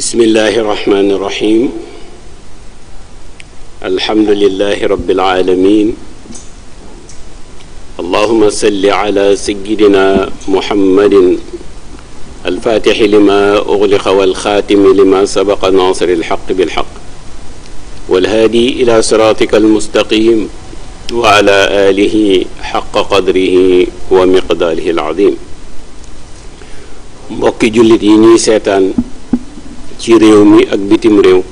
bismillahi irrahmani irrahim alhamdulilahi rabiilalamin allahuma salli ala sayidina muhammadin alfatixi lima uxliqa walxaatimi lima sabaqa nasir ilxaq bilxaq walhaadi ila siraatika almustaqim wa ala alihi xaqa qadrihi wa miqdaarihi alazim mbokki jullit yi ñuy seetaan ci réew mi ak bitim réew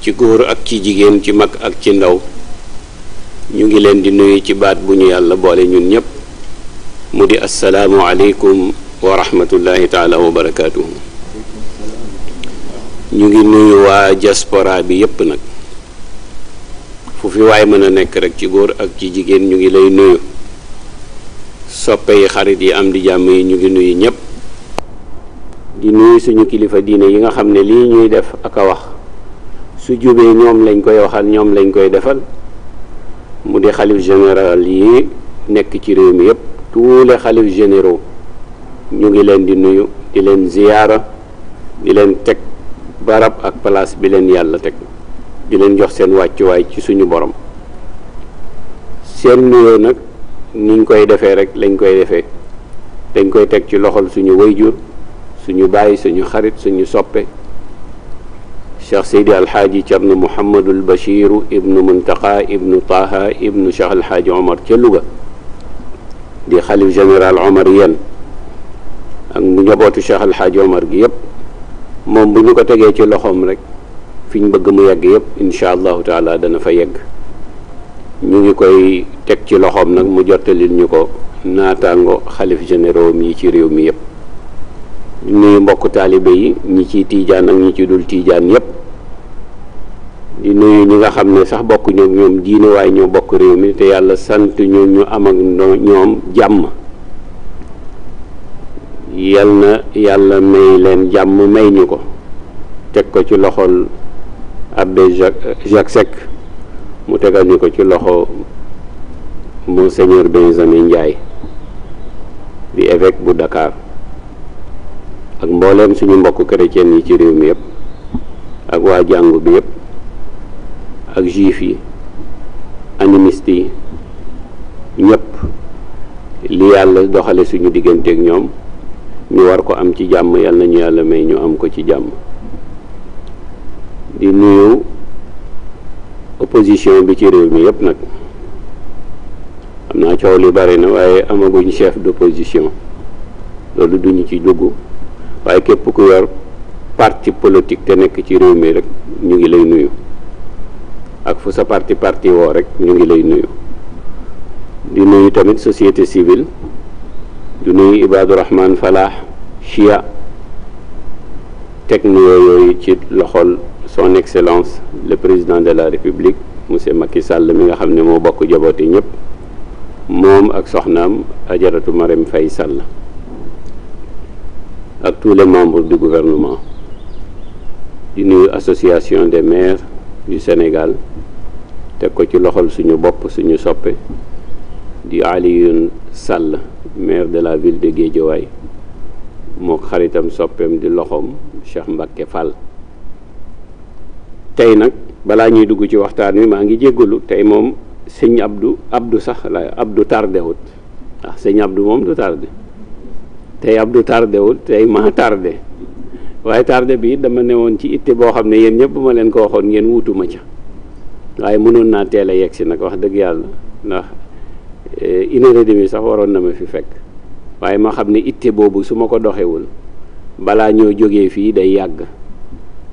ci góor ak ci jigéen ci mag ak ci ndaw ñu ngi leen di nuyu ci baat bu ñu yàlla boole ñun ñépp mu di assalaamu aleykum wa rahmatullahi taala wa barakaatuhu ñu ngi nuyu waa jasporaa bi yépp nag fu fi waay mën a nekk rek ci góor ak ci jigéen ñu ngi lay nuyu soppe yi xarit yi am di jàmm yi ñu ngi nuyu ñépp di nuyu suñu kilifa diine yi nga xam ne lii ñuy def ak wax su jubee ñoom lañ koy waxal ñoom lañ koy defal mu di xalif général yi nekk ci réew mi yëpp tous les xalif généraux ñu ngi leen di nuyu di leen ziyaara di leen teg barab ak place bi leen yàlla teg di leen jox seen wàccuwaay ci suñu borom seen nuyoo nag nuñ koy defee rek lañ koy defee dañ koy teg ci loxol suñu wayjur suñu bàyyi suñu xarit ñu soppe cheikh seydi alxaaji cerno muhammadul bachiru ibnu muntaqa ibnu taha ibnu cheikh alxaaji omar ca luga di xalif général omar yéen ak mu njabootu cheikh alxaaji omar gi yépp moom bu ñu ko tegee ci loxoom rek fi ñu bëgg mu yegg yépp incha allahu taala dana fa yegg ñu ngi koy teg ci loxoom nag mu jottalil ñu ko naataangoo xalif généraux yi ci réew mi yépp nuyu mbokk taalibe yi ñi ci tiijaan ak ñi ci dul tiijaan yépp di nuyu ñi nga xam ne sax bokk ñoom ñoom diine waaye ñoo bokk réew mi te yàlla sant ñu ñu am ak ñoom jàmm yal yàlla may leen jàmm may ñu ko teg ko ci loxol abbé Jacques Jacques mu tegal ñu ko ci loxo monseigneur Benjamin Ndiaye di évêque bu dakaar ak mbooleem suñu mbokk chrétien yi ci réew mi yëpp ak waa jàngu bi yépp ak juif yi animiste yi ñëpp li yàlla doxale suñu digganteeg ñoom ñu war ko am ci jàmm yal na ñu yàlla may ñu am ko ci jàmm di nuyu opposition bi ci réew mi yëpp nag xam naa coow li bari na waaye amaguñ chef d'opposition loolu duñu ci dugg waaye képp ku yor parti politique te nekk ci réew mi rek ñu ngi lay nuyu ak fu sa parti parti woo rek ñu ngi lay nuyu di nuyu tamit société civile di nuyu Ibadu Rahman Falah Chia teg yooyu ci loxol son excellence le président de la république monsieur Macky Sall mi nga xam ne moo bokk jaboote ñëpp moom ak soxnaam ajaratu Marème fay Sall ak tous les membres du gouvernement di nuyu association des maires du Sénégal teg ko ci loxol suñu bopp suñu soppe di Alioune sàll maire de la ville de Guédiawaye moo xaritam soppeem di loxoom Cheikh Mbacké Fall tey nag balaa ñuy dugg ci waxtaan wi maa ngi jéggalu tey moom sëñ Abdou Abdou sax la Abdou tardé wut ah sëñ Abdou moom du tardé tey Abdou tardé wul tey maa tarde waaye tarde bii dama newoon ci itte boo xam ne yéen ñëpp ma leen ko waxoon ngeen wuutu ma ca waaye mënoon naa teel a yegg si nag wax dëgg yàlla ndax in eh, heure et sax waroon na ma fi fekk waaye ma xam ne itte boobu su ma ko doxewul balaa ñoo jóge fii day yàgg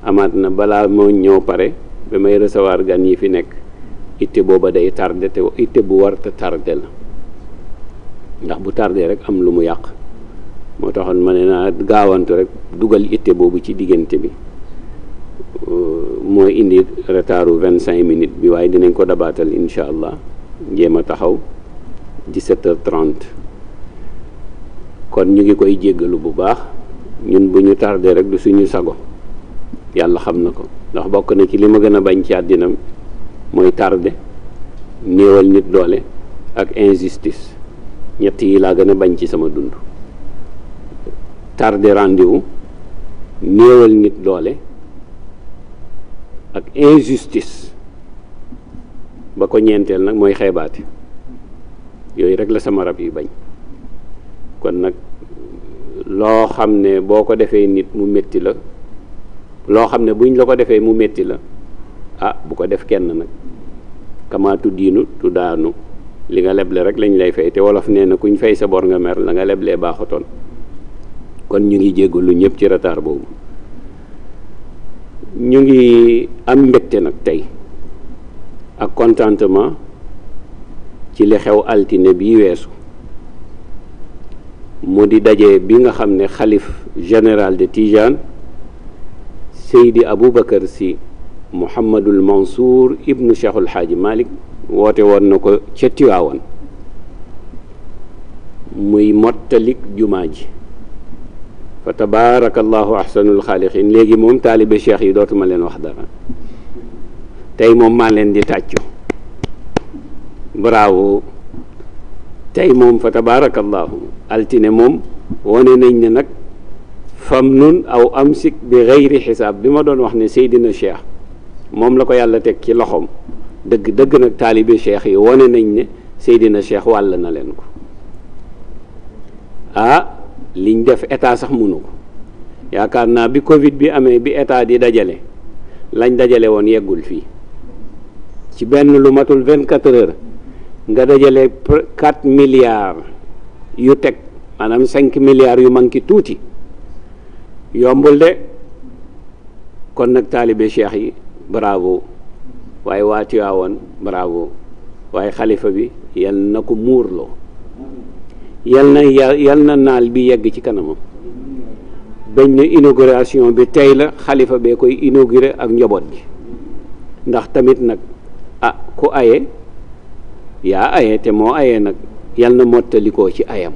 amaat na balaa moo ñëw pare ba may recevoir gan yi fi nekk itte booba day tardé te itte bu warta tardé la ndax bu tardé rek am lu mu yàq moo taxoon ma ne naa gaawantu rek dugal itte boobu ci diggante bi mooy indi retardu vingt cinq minutes bi waaye dinañ ko dabaatal incha allah jéem a taxaw 17 heures kon ñu ngi koy jéggalu bu baax ñun bu ñu tardé rek du suñu sago yàlla xam na ko ndax bokk na ci li ma gën a bañ ci àddina mooy tardé néewal nit doole ak injustice ñett yi laa gën a bañ ci sama dund tardé rendez-vous néewal nit doole ak injustice ba ko ñeenteel nag mooy xeebaate yooyu rek la sama rab yi bañ kon nag loo xam ne boo ko defee nit mu metti la loo xam ne buñ la ko defee mu metti la ah bu ko def kenn nag kamaatu diinu tu daanu li nga leble rek lañ lay fay te wolof nee na kuñ fay sa bor nga mer la nga leblee baaxutoon kon ñu ngi lu ñëpp ci retard boobu ñu ngi am mbégte nag tey ak contentement ci li xew altine bi weesu mu di daje bi nga xam ne xalif général de Tijane Seydi Aboubacar Sy Mouhamadul Mansour ibnu Cheikhul Xaaji Malik woote woon na ko ca Tiwaawan muy mottalik jumaa ji fa tabarakallahu ahsanul xaaliqin léegi moom taalibe cheikh yi dootuma leen wax dara tey moom maa leen di tàccu bravo tey moom fa tabarakallahu altine moom wone nañ ne nag fam nun aw amsik bi gayri xisaab bi ma doon wax ne seydina cheikh moom la ko yàlla teg ci loxoom dëgg dëgg nag taalibe cheikh yi wone nañ ne seydina cheikh wàll na leen ko ah liñ def état sax munu ko yaakaar naa bi Covid bi amee bi état di dajale lañ dajale woon yeggul fii ci benn lu matul vingt quatre heures nga dajale quatre milliards yu teg maanaam cinq milliards yu manqué tuuti yombul de kon nag taalibe cheikh yi bravo waaye waa Tiwaawoon bravo waaye xalifa bi yal na ko muurloo yal na yal na naal bi yegg ci kanamam bañ na inauguration bi tey la xalifa bee koy inauguré ak njaboot gi ndax tamit nag ah ku aye yaa aye te moo aye nag yal na mottalikoo ci ayam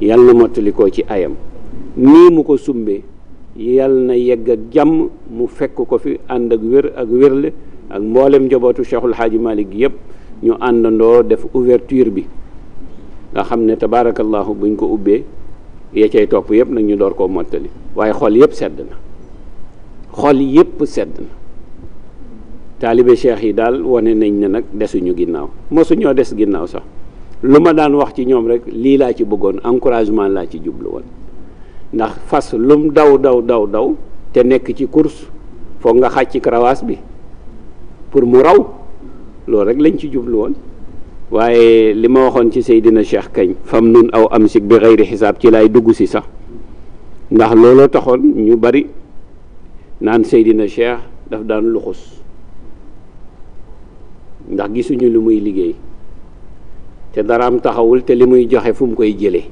yal na mottalikoo ci ayam nii mu ko sumbee yal na yegg ak jàmm mu fekk ko fi ànd ak wér ak wérle ak mboolem njabootu Cheikhul Hadji Malick yëpp ñu àndandoo def ouverture bi nga xam ne bu ñu ko ubbee ya cey topp yëpp nag ñu door koo mottali waaye xol yëpp sedd na xol yëpp sedd na taalibe cheikh yi daal wane nañ ne nag desuñu ginnaaw mosuñoo des ginnaaw sax lu ma daan wax ci ñoom rek lii laa ci bëggoon encouragement laa ci jublu woon ndax fas lum daw daw daw daw te nekk ci course foog nga xàcc karawaas bi pour mu raw loolu rek lañ ci jublu woon waaye li ma waxoon ci Seydina Cheikh kañ fam nun aw am sik bi xëyri xisaab ci lay dugg si sax ndax looloo taxoon ñu bari naan Seydina Cheikh daf daan luxus ndax gisuñu lu muy liggéey te dara am taxawul te li muy joxe fu mu koy jëlee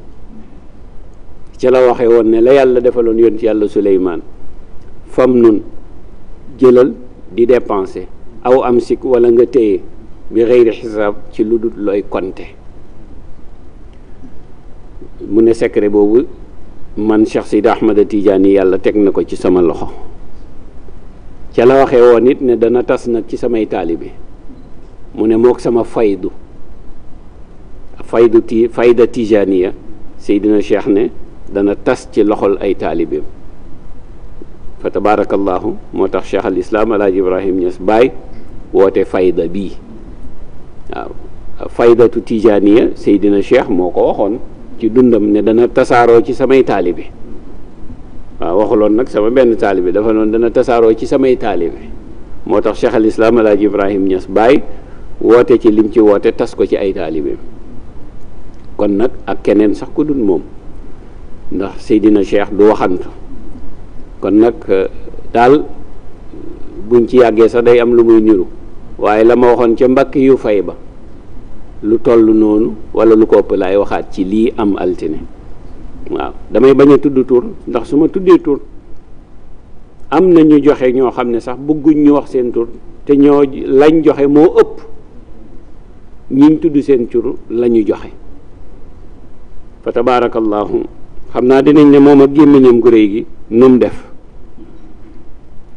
ca la waxe woon ne la yàlla defaloon yoon ci yàlla Suleymaan fam nun jëlal di dépenser aw am sik wala nga téye bi xëyri xisaab ci lu dul looy konte mu ne secret boobu man Cheikh Sidi Ahmada Tidiane yàlla teg na ko ci sama loxo ca la waxee woon it ne dana tas nag ci samay taalibe mu ne mook sama faydu faydu ti fayda tijaniya seydina cheikh ne dana tas ci loxol ay taalibeem fa tabaarakallaahu moo tax cheikh al islaam alaaji ibrahim ñas baay woote fayda bii waaw faydatu tijaniya Seydina Cheikh moo ko waxoon ci dundam ne dana tasaaroo ci samay taalibe waaw waxuloon nag sama benn taalibe dafa noonu dana tasaaroo ci samay taalibe moo tax Cheikh al Islam El Hadj Ibrahim Niass Baye woote ci lim ci woote tas ko ci ay taalibeem kon nag ak keneen sax ku dul moom ndax Seydina Cheikh du waxantu kon nag daal buñ ci yàggee sax day am lu muy niru waaye la ma waxoon ca mbakk yu fay ba lu toll noonu wala lu ko ëpp laay waxaat ci lii am altine waaw damay bañ a tudd tur ndax su ma tuddee tur am na ñu joxe ñoo xam ne sax bëgguñ ñu wax seen tur te ñoo lañ joxe moo ëpp ñiñ tudd seen tur la ñu joxe fa tabaarakallaahu xam naa dinañ ne moom ak gémmiñam gu réy gi nu mu def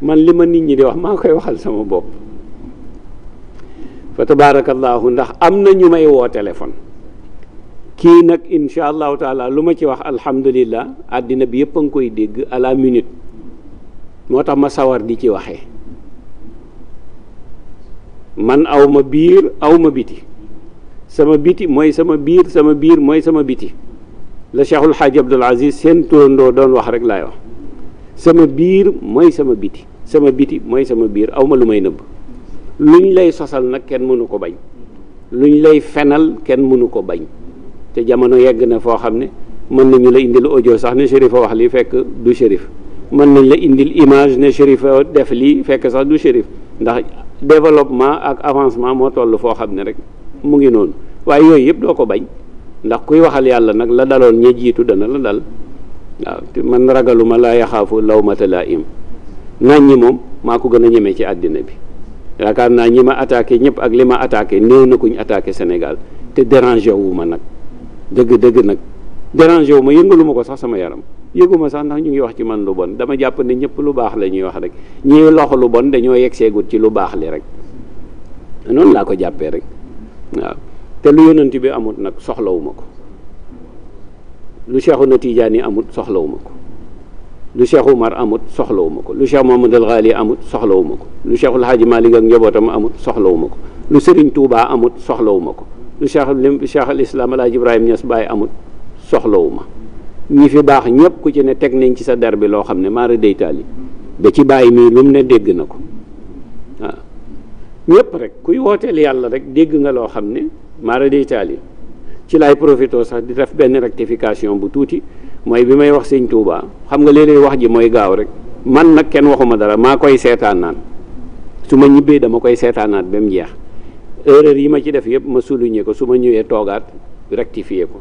man li ma nit ñi di wax maa koy waxal sama bopp fa tabaarakallaahu ndax am na ñu may woo téléphone kii nag incha allah taala lu ma ci wax alhamdulillah àddina bi yëpp a ngi koy dégg à la minute moo tax ma sawar di ci waxe man awma ma biir aw ma biti sama biti mooy sama biir sama biir mooy sama biti la Cheikhul Xaaji Abdul Aziz seen wax rek laay wax sama biir mooy sama biti sama biti mooy sama biir aw ma lu may nëbb luñ lay sosal nag kenn mënu ko bañ lu luñ lay fenal kenn mënu ko bañ te jamono yegg na foo xam ne mën nañu la indil audio sax ne shérif a wax lii fekk du shérif mën nañ la indil image ne shérif a def lii fekk sax du shérif ndax développement ak avancement moo toll foo xam ne rek mu ngi noonu waaye yooyu yëpp doo ko bañ ndax kuy waxal yàlla nag la daloon ña jiitu dana la dal waaw te man ragaluma laa yaxaafu law mata laa im nañ ñi moom maa ko gën a ñeme ci àddina bi yaakaar naa ñi ma attaqué ñëpp ak li ma attaqué néew na ñu attaqué Sénégal te dérangé wu ma nag dëgg dëgg nag dérangé wu ma yëngalu ma ko sax sama yaram yëguma sax ndax ñu ngi wax ci man lu bon dama jàpp ne ñëpp lu baax la ñuy wax rek ñii loxo lu bon dañoo yegg seegut ci lu baax li rek noonu laa ko jàppee rek waaw te lu yonent bi amut nag soxlawu ma ko lu Seexuna Tijaan yi amut soxlawu ma ko lu Cheikh Umar amut soxlawuma ko lu Cheikh Mohamad al Ghali amut soxlawuma ko lu Cheikh El Hadji Malick ak njabootam amut soxlawuma ko lu Serigne Touba amut soxlawuma ko lu Cheikh Cheikh al Islam El Hadji Ibrahima Niass Baye amut soxlawuma ñi fi baax ñëpp ku ci ne teg nañ ci sa der bi loo xam ne maara deytaal yi ba ci bàyyi mii lu mu ne dégg na ko waaw ñëpp rek kuy wooteel yàlla rek dégg nga loo xam ne maara deytaal yi ci laay profité sax di def benn rectification bu tuuti mooy bi may wax sëñ Touba xam nga léeg-léeg wax ji mooy gaaw rek man nag kenn waxuma dara maa koy seetaan naan su ma ñibbee dama koy seetaanaat ba mu jeex erreur yi ma ci def yëpp ma souligner ko su ma ñëwee toogaat rectifier ko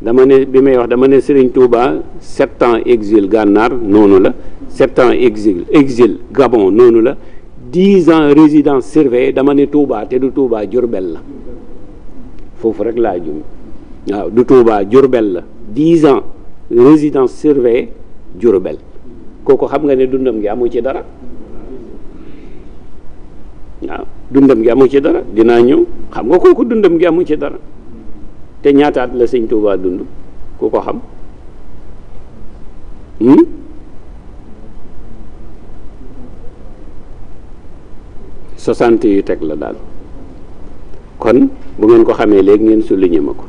dama ne bi may wax dama ne Serigne Touba sept ans exil gànnaar noonu la sept ans exil exil Gabon noonu la dix ans résidence surveillée dama ne Touba te du Touba Jurbel la foofu rek laa jum waaw du Touba Jurbel la dix ans résidence surveillée Diourbel kooku xam nga ne dundam gi amu ci dara waaw dundam gi amu ci dara dinaa ñëw xam nga kooku dundam gi amu ci dara te ñaataat la sëñ Touba dund ku ko xam hmm? soixante yu teg la daal kon bu ngeen ko xamee léegi ngeen souligner ma ko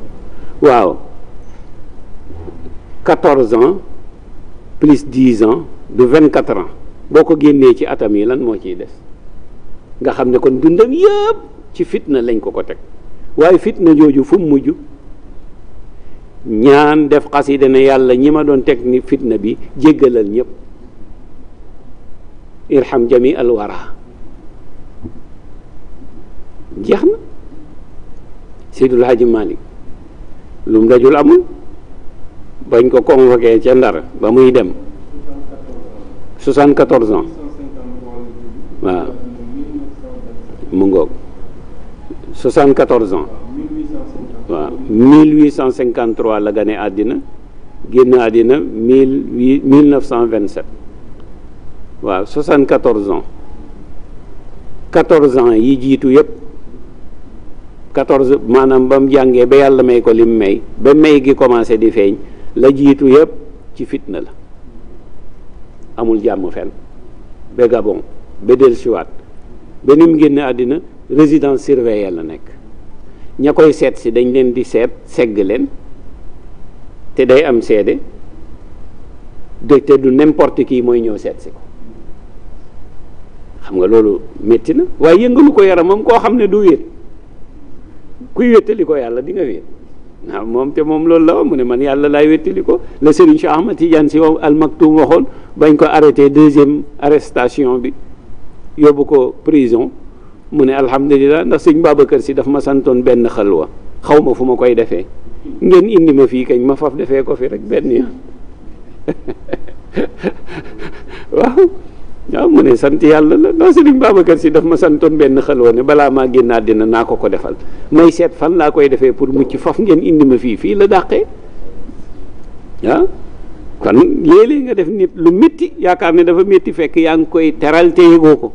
waaw quatorze ans plus dix ans de vingt quatre ans boo ko génnee ci atam yi lan moo ciy des nga xam ne kon dundam yëpp ci fitna lañ ko ko teg waaye fitna jooju fu mu mujj ñaan def xasida ne yàlla ñi ma doon teg ni fitna bi jéggalal ñëpp irham jami al wara jeex na Seydul Haaji Malik lu mu dajul amul bañ ko convoqué ca ndar ba muy dem soixante-quatorze ans waaw mu ngoog soixante mille huit cent cinquante-trois la gane àddina génn àddina mille huit mille neuf cent vingt-sept waaw soixante-quatorze ans quatorze ans yi jiitu yëpp quatorze maanaam ba mu jàngee ba yàlla may ko lim may ba may gi commencé di feeñ la jiitu yëpp ci fitna la amul jàmm fen ba Gabon ba dellusiwaat ba ni mu génne àddina résidence surveillée la nekk ña koy seet si dañ leen di seet segg leen te day am seede de te du n'importe qui mooy ñëw seet si ko xam nga loolu metti na waaye yëngalu ko yaramam koo xam ne du wéet kuy wéttali ko yàlla di nga wéet naa ah, moom te moom loolu la mu ne man yàlla laay wettali ko la Serigne si Ahmad Tidiane si wa Al Maktoum waxoon bañ ko arrêté deuxième arrestation bi yóbbu ko prison mu ne alhamdulilah ndax sëñ kër si daf ma santoon benn xalwa xaw ma fu ma koy defee ngeen indi ma fii kañ ma faf defee ko fi rek benn yoon waaw waaw mu ne sant yàlla la non Serigne Babacar si daf ma santoon benn xalwa ne balaa maa génn àddina naa ko ko defal may seet fan laa koy defee pour mucc faf ngeen indi ma fii fii la dàqee waaw kon léeg nga def nit lu métti yaakaar ne dafa métti fekk yaa ngi koy teral te yëgoo ko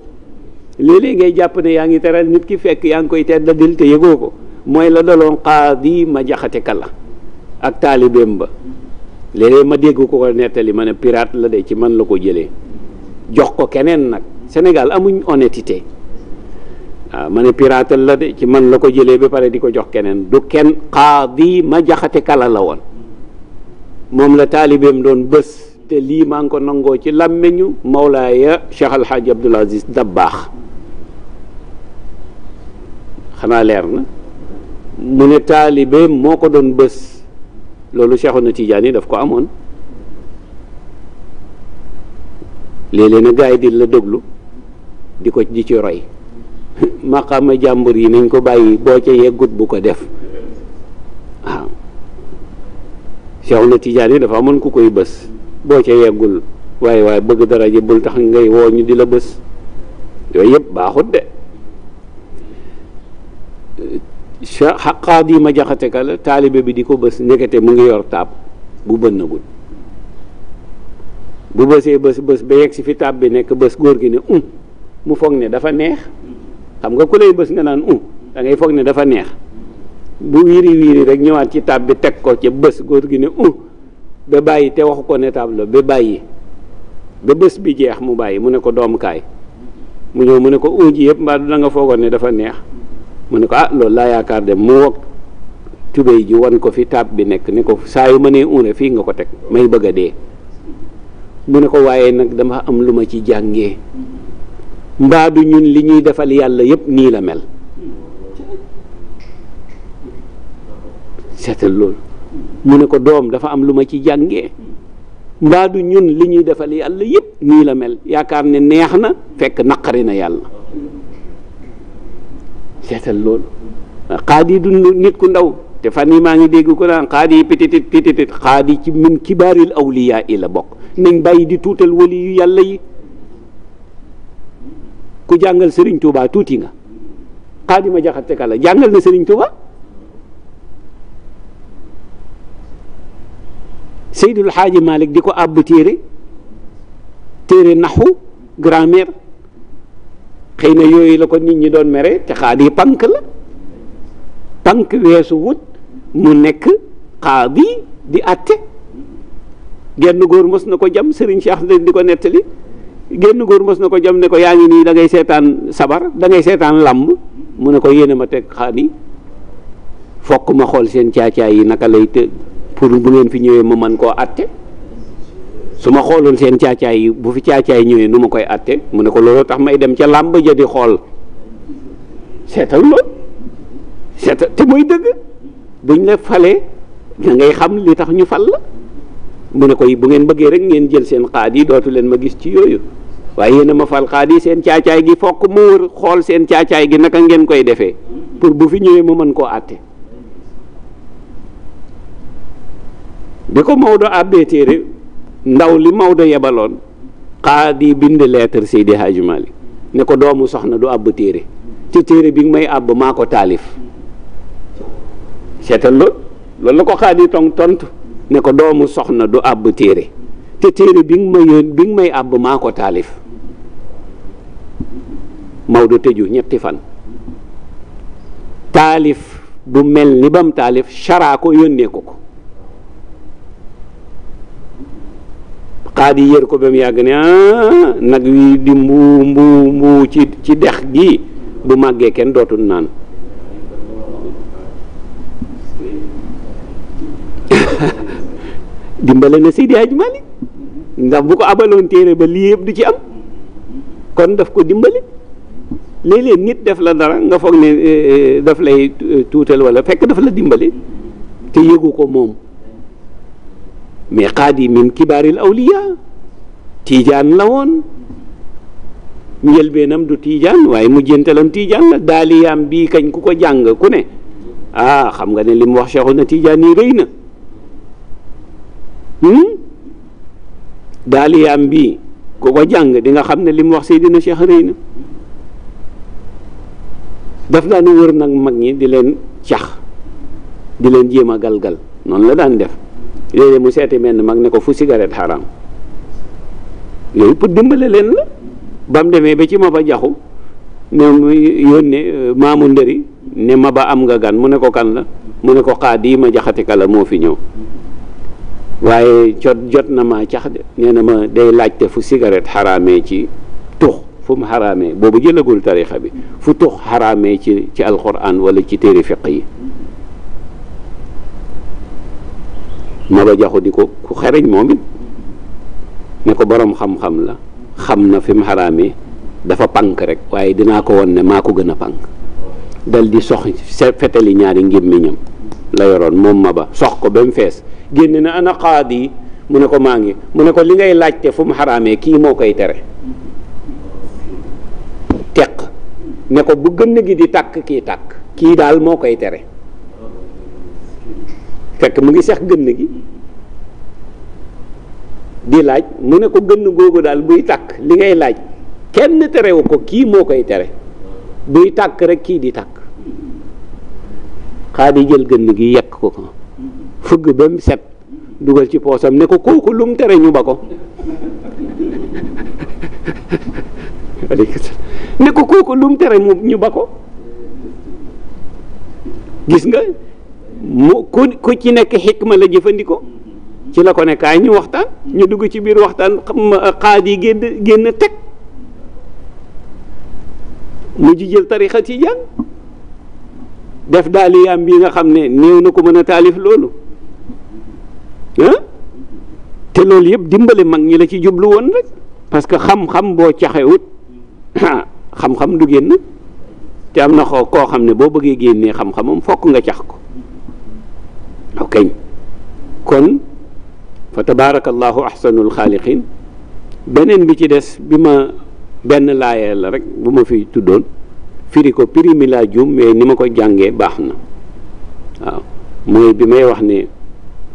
léeg ngay jàpp ne yaa ngi teral nit ki fekk yaa ngi koy teddadil te yégoo ko mooy la daloon di ma jaxate kala ak taalibeem ba léeg ma dégg ko ko nettali ma ne pirate la de ci man la ko jëlee jox ko keneen nag Sénégal amuñ honnêteté waaw ah, ma ne piratal la de ci man la ko jëlee ba pare di ko jox keneen du kenn xaadi ma jaxate kala la woon moom la taalibeem doon bës te lii maa ngi ko nangoo ci làmmeñu mawlaaya Cheikh Al Hadj Abdoul Aziz baax xanaa leer na mu ne taalibeem moo ko doon bés loolu Cheikhu na tiijaan yi daf ko amoon léeg-léeg na gars yi la déglu di ko di ci roy a jàmbur yi nañ ko bàyyi boo ca yeggut bu ko def waaw Seexuna Tijaan yi dafa mën ku koy bës boo ca yeggul waaye waaye bëgg dara ji bul tax ngay woo ñu di la bës yooyu yëpp baaxut de xaqaad yi ma jaxate ka la taalibe bi di ko bës nekkete mu ngi yor taab bu bënnagul bu bësee bës bës ba yegg si fi tab bi nekk bës góor gi ne um mu foog ne dafa neex xam nga ku lay bës nga naan um da ngay foog ne dafa neex bu wiiri wiiri rek ñëwaat ci tab bi teg ko ca bës góor gi ne um ba bàyyi te waxu ko ne tab la ba bàyyi ba bës bi jeex mu bàyyi mu ne ko doomukaay mu ñëw mu ne ko uuji yëpp mbaa du la foogoon ne dafa neex mu ne ko ah loolu laa yaakaar de mu wog tubéy ji wan ko fi tab bi nekk ni ko saa yu ma nee un fii nga ko teg may bëgg a dee mu ne ko waaye nag dama am lu ma ci jàngee mbaadu ñun li ñuy defal yàlla yépp nii mel seetal loolu mu ne ko doom dafa am lu ma ci jàngee mbaadu ñun li ñuy defal yàlla yépp nii la mel yaakaar ne neex na fekk naqari na yàlla seetal loolu xaadi du nit ku ndaw te fan yi maa ngi dégg ko naan xaadi pititit pititit xaadi ci min kibaaril awliyaa yi la bokk nañ bàyyi di tuutal wali yu yàlla yi ku jàngal Serigne Touba tuuti nga xaadima jaxate kala jàngal na sëriñ Touba Seydul Xaaji Malik di ko àbb téere téere naxu grammaire xëy na yooyu la ko nit ñi doon mere te xaadi pank la pank weesu wut mu nekk xaadi di atte genn góor mos na ko jam Serigne Cheikh di ko nettali genn góor mos na ko jam ne ko yaa ngi nii da ngay seetaan sabar dangay seetaan làmb mu ne ko yéene ma teg xaani fokk ma xool seen caacaay yi naka lay pour bu ngeen fi ñëwee ma mën koo atte su ma xooloon seen caacaay yi bu fi caacaay ñëwee nu ma koy atte mu ne ko looloo tax may dem ca làmb ja di xool seetal lool seetal te mooy dëgg buñ la fale dangay xam li tax ñu fal la mu ne ko koy bu ngeen bëggee rek ngeen jël seen xaad dootu leen ma gis ci yooyu waaye yéen ma fal xaad seen caacaay gi fokk ma wër xool seen caacaay gi naka ngeen koy defee pour bu fi ñëwee ma mën koo àtte bi ko Maodo àbbee téere ndaw li Maodo yebaloon xaadi bind lettre Seydi Hadji ne ko doomu soxna du àbb téere te téere bi may àbb maa ko taalif seetal loolu loolu la ko xaadi tong ne ko doomu soxna du àbb téere te téere bi nga may àbb maa ko taalif Maodo tëju ñetti fan taalif bu mel ni bam taalif sharaa ko yónnee ko ko xaadi yër ko ba mu yàgg ne ah, nag wi di mbuu mbuu mbuu ci ci dex gi bu màggee kenn dootul naan dimbale na Seydi Hadji Malick ndax bu ko abaloon téere ba lii yëpp du ci am kon daf ko dimbale léeg nit def la dara nga foog ne eh, eh, daf lay eh, tuutal wala fekk daf la dimbale te yëgu ko moom mais xaadi min kibaaril awliya tiijaan la woon nam du tiijaan waaye mujjantalam tiijaan la daaliyaam bii kañ ku ko jàng ku ne ah xam nga ne li mu wax na Tiijaan yi rëy na Hmm? daaliyaam bii ku ko jàng di nga xam ne li mu wax see Cheikh rëy na daf daan wër nag mag ñi di leen cax di leen jéem a galgal noonu la daan def léeg mu seeti mel mag ne ko fu cigarette xaraam yooyu pour dimbale leen la ba demee ba ci ma ba jaxu ne yónne euh, maamu ndëri ne ma ba am nga gan mu ne ko kan la mu ne ko xaad yi ma jaxatika la moo fi ñëw waaye jot jot na maa cax de nee ma day laajte fu cigarette xaraamee ci tux fu mu boobu jëlagul tarixa bi fu tux xaraamee ci ci alquran wala ci téere fiq yi maba jaxu di ko ku xereñ moom it ne ko boroom xam-xam la xam na fi mu dafa pànk rek waaye dinaa ko won ne maa ko gën a pànk dal di sox fetali ñaari ngémmiñam la yoroon moom maba sox ko ba mu fees génn na ana qaadi mu ne ko maa ngi mu ne ko li ngay laajte fu mu xaraamee kii moo koy tere teq ne ko bu gën gi di tàkk kii tàkk kii daal moo koy tere fekk mu ngi sex gën gi di laaj mu ne ko gën googu daal buy tàkk li ngay laaj kenn terewu ko kii moo koy tere buy tàkk rek kii di tàkk xaa di jël gën gi yekk ko ko fëgg ba set dugal ci poosam ne ko kooku lu tere ñu ba ko ne ko tere mu ñu ba gis nga mu ku ku ci nekk xikma la jëfandikoo ci la ko ne kaay ñu waxtaan ñu dugg ci biir waxtaan xaad yi génn génn teg mu ji jël tarixa ci jàng def daaliyaam bi nga xam ne néew na ko mën a taalif loolu te loolu yëpp dimbali mag ñi la ci jublu woon rek parce que xam-xam boo caxewut xam-xam du génn te am na xoo koo xam ne boo bëggee génnee xam-xamam fokk nga cax ko ok kon fa tabarakallahu ahsanul xaaliqin beneen bi ci des bi ma benn laayee la rek bu ma fi tuddoon firi ko primi laa juum mais ni ma ko jàngee baax na waaw mooy bi may wax ne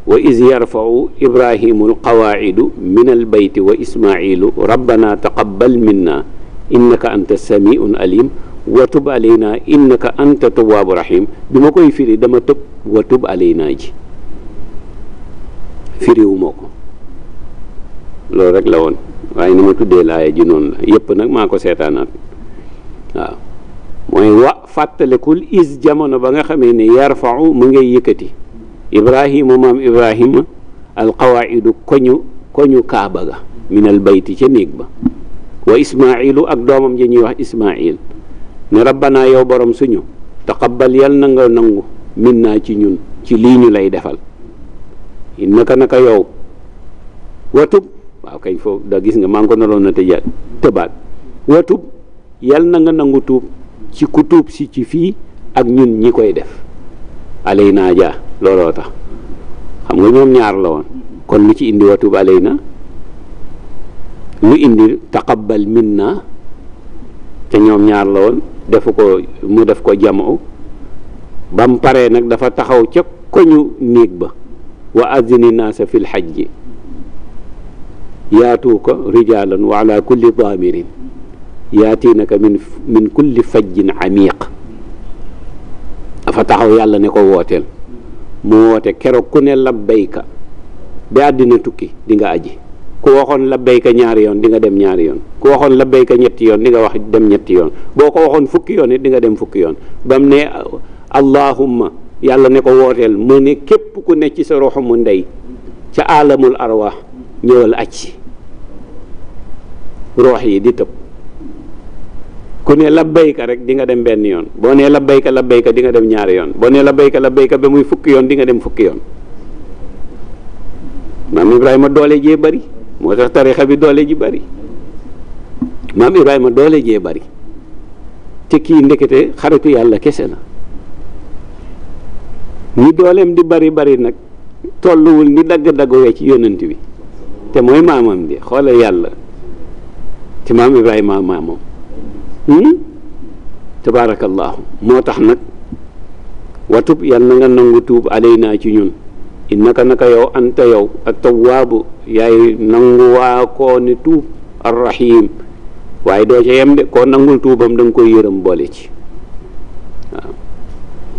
wa is yarfau ibrahimu alqawaidu min albeyti wa ismailu rabbana taqabal minna innaka anta samiun alim wa tub alayna innaka anta tawaabu rahim bi ma koy firi dama tëb wa tub alayna ji firiwu ma ko loolu rek la woon waaye ni ma tuddee laaya ji noonu la yëpp nag maa ko seetaanaat waaw mooy wa fàttalikul is jamono ba nga xamee ne yarfau mu ngay yëkkati ibrahima maam ibrahima alqawaidu koñu koñu kaaba ga min al bayti ca néeg ba wa ismailu ak doomam ja ñuy wax ismail ne rabbana yow borom suñu taqabbal yal na nga nangu min naa ci ñun ci lii ñu lay defal innaka naka yow watub waaw kañ foofu da gis nga maa ngi ko naroon na tëja tëbaat watub yal na nga nangu tuub ci ku tuub si ci fii ak ñun ñi koy def alayna ja looloo tax xam nga ñoom ñaar la woon kon lu ci indi watub alayna lu indi taqabal minna te ñoom ñaar la woon defu ko mu def ko jamoo ba mu paree nag dafa taxaw ca koñu néeg ba wa azini naasa fil xajji yaatuuka rijaalan wa ala kulli daamirin yaatiinaka min min kulli fajjin amiq fa taxaw yàlla ne ko wooteel mu woote keroog ku ne labbayka bi àddina tukki di nga aji ku waxoon labbayka ñaari yoon di nga dem ñaari yoon ku waxoon labbayka ñetti yoon di nga wax dem ñetti yoon boo ko waxoon fukki yoon it di nga dem fukki yoon ba mu ne allahumma yàlla ne ko wooteel mu ne képp ku ne ci sa roxu mu ndey ca alamul arwaax ñëwal aj si roox yi di tëb ku ne labbayka rek di nga dem benn yoon boo nee labbayka labbayka di nga dem ñaari yoon boo nee labbayka labbayka bi muy fukki yoon di nga dem fukki yoon maam Ibrahima doole jee bari moo bi doole ji bari maam Ibrahima doole jee bari te kii ndekete xaritu yàlla kese la ñi dooleem di bari bari nag tolluwul ni dagg-dagg wee ci yonent bi te mooy maamam di xoola yàlla ci maam Ibrahima maamam Hmm? tabaarakallaahu moo tax nag watub yal na nga nangu tuub alaynaa ci ñun innaka naka yow anta yow ak tawwaabu yay nanguwaa koo ni tuub arrahim waaye doo ca yem de koo nangul tuubam da nga koy yërëm boole ci waaw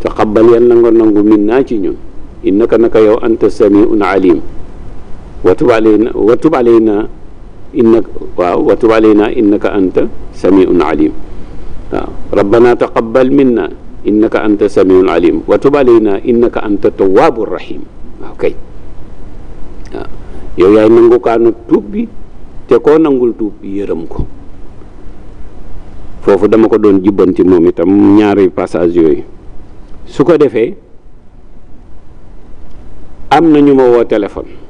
taqabbal yal na nga nangu minnaa ci ñun innaka naka yow anta samiun alim watub alayna watub innaka waaw wa tub alaynaa innaka anta samiun alim waaw rabbana taqabbal minna innaka anta samiun alim wa tub alaynaa innaka anta tawaabu rahim waaw kay waaw yow yaay nangukaanu tuub bi te koo nangul tuub yërëm ko foofu dama ko doon jubbanti moom itam ñaari passage yooyu su ko defee am na ñu ma woo téléphone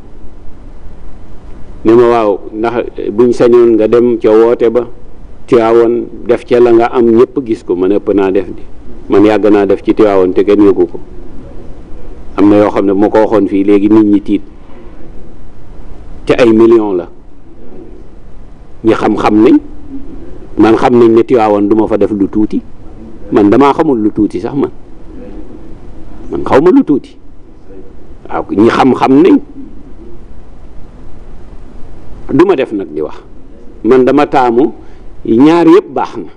ne waaw ndax buñ sañoon nga dem ca woote ba Tiwaawoon def ca la nga am ñépp gis ko man ëpp naa def di man yàgg naa def ci Tiwaawoon te kenn yëgu ko am na yoo xam ne moo ko waxoon fii léegi nit ñi tiit te ay la ñi xam-xam nañ man xam nañ ne Tiwaawoon du fa def lu tuuti man damaa xamul lu tuuti sax man man xaw ma lu tuuti waaw ñi xam-xam nañ du ma def nag di wax man dama taamu ñaar yëpp baax na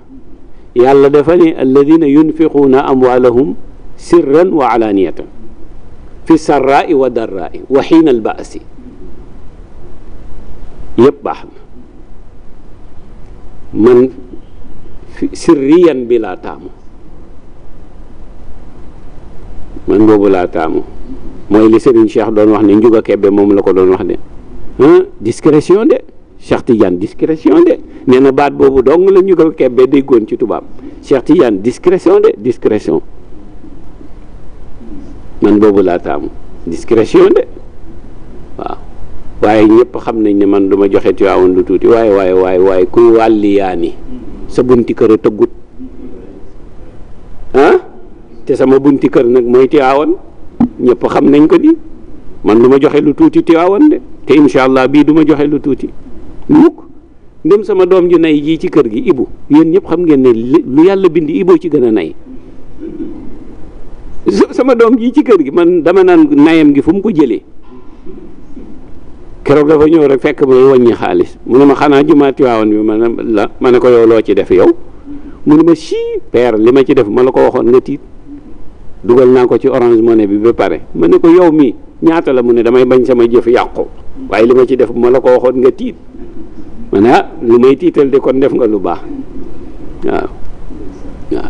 yàlla dafa ne alladina yunfiquuna amwaalahum sirran wa alaaniyatan fi sarraai wa darraai wa xiina al baasi yëpp baax na man sirriyan bi laa taamu man boobu laa taamu mooy li Serigne Cheikh doon wax ne njuga kebbe moom la ko doon wax de Euh, discrétion de Cheikh Tidiane discrétion de nee na baat boobu dong la ñu ko kebbee déggoon ci tubaab Cheikh Tidiane discrétion de discrétion man boobu laa taamu discrétion de waaw waaye ñëpp xam nañ ne man du ma joxe Tiwaawan lu tuuti waaye waaye waaye waaye kuy wàlliyaani sa bunti kër a tëggut ah te sama bunti kër nag mooy Tiwaawan ñëpp xam nañ ko di man lu ma joxe lu tuuti tiwaawan de te incha allah bii duma joxe lu tuuti mukk ndem sama doom ju nay jii ci kër gi ibu yéen ñëpp xam ngeen ne lu yàlla bind iboo ci gën a nay sama doom jii ci kër gi man dama naan nayam gi fu mu ko jëlee keroog dafa ñëw rek fekk may wàññi xaalis mu ne ma xanaa jumaa tiwaawan bi ma ne la ma ne ko yow loo ci def yow mu ne ma sii père li ma ci def ma la ko waxoon nga tiit dugal naa ko ci orange money bi ba pare ma ne ko yow mii ñaata la mu ne damay bañ sama jëf yàqu waaye li ma ci def bu ma la ko waxoon nga tiit ma ah, lu may tiital de kon def nga lu baax waaw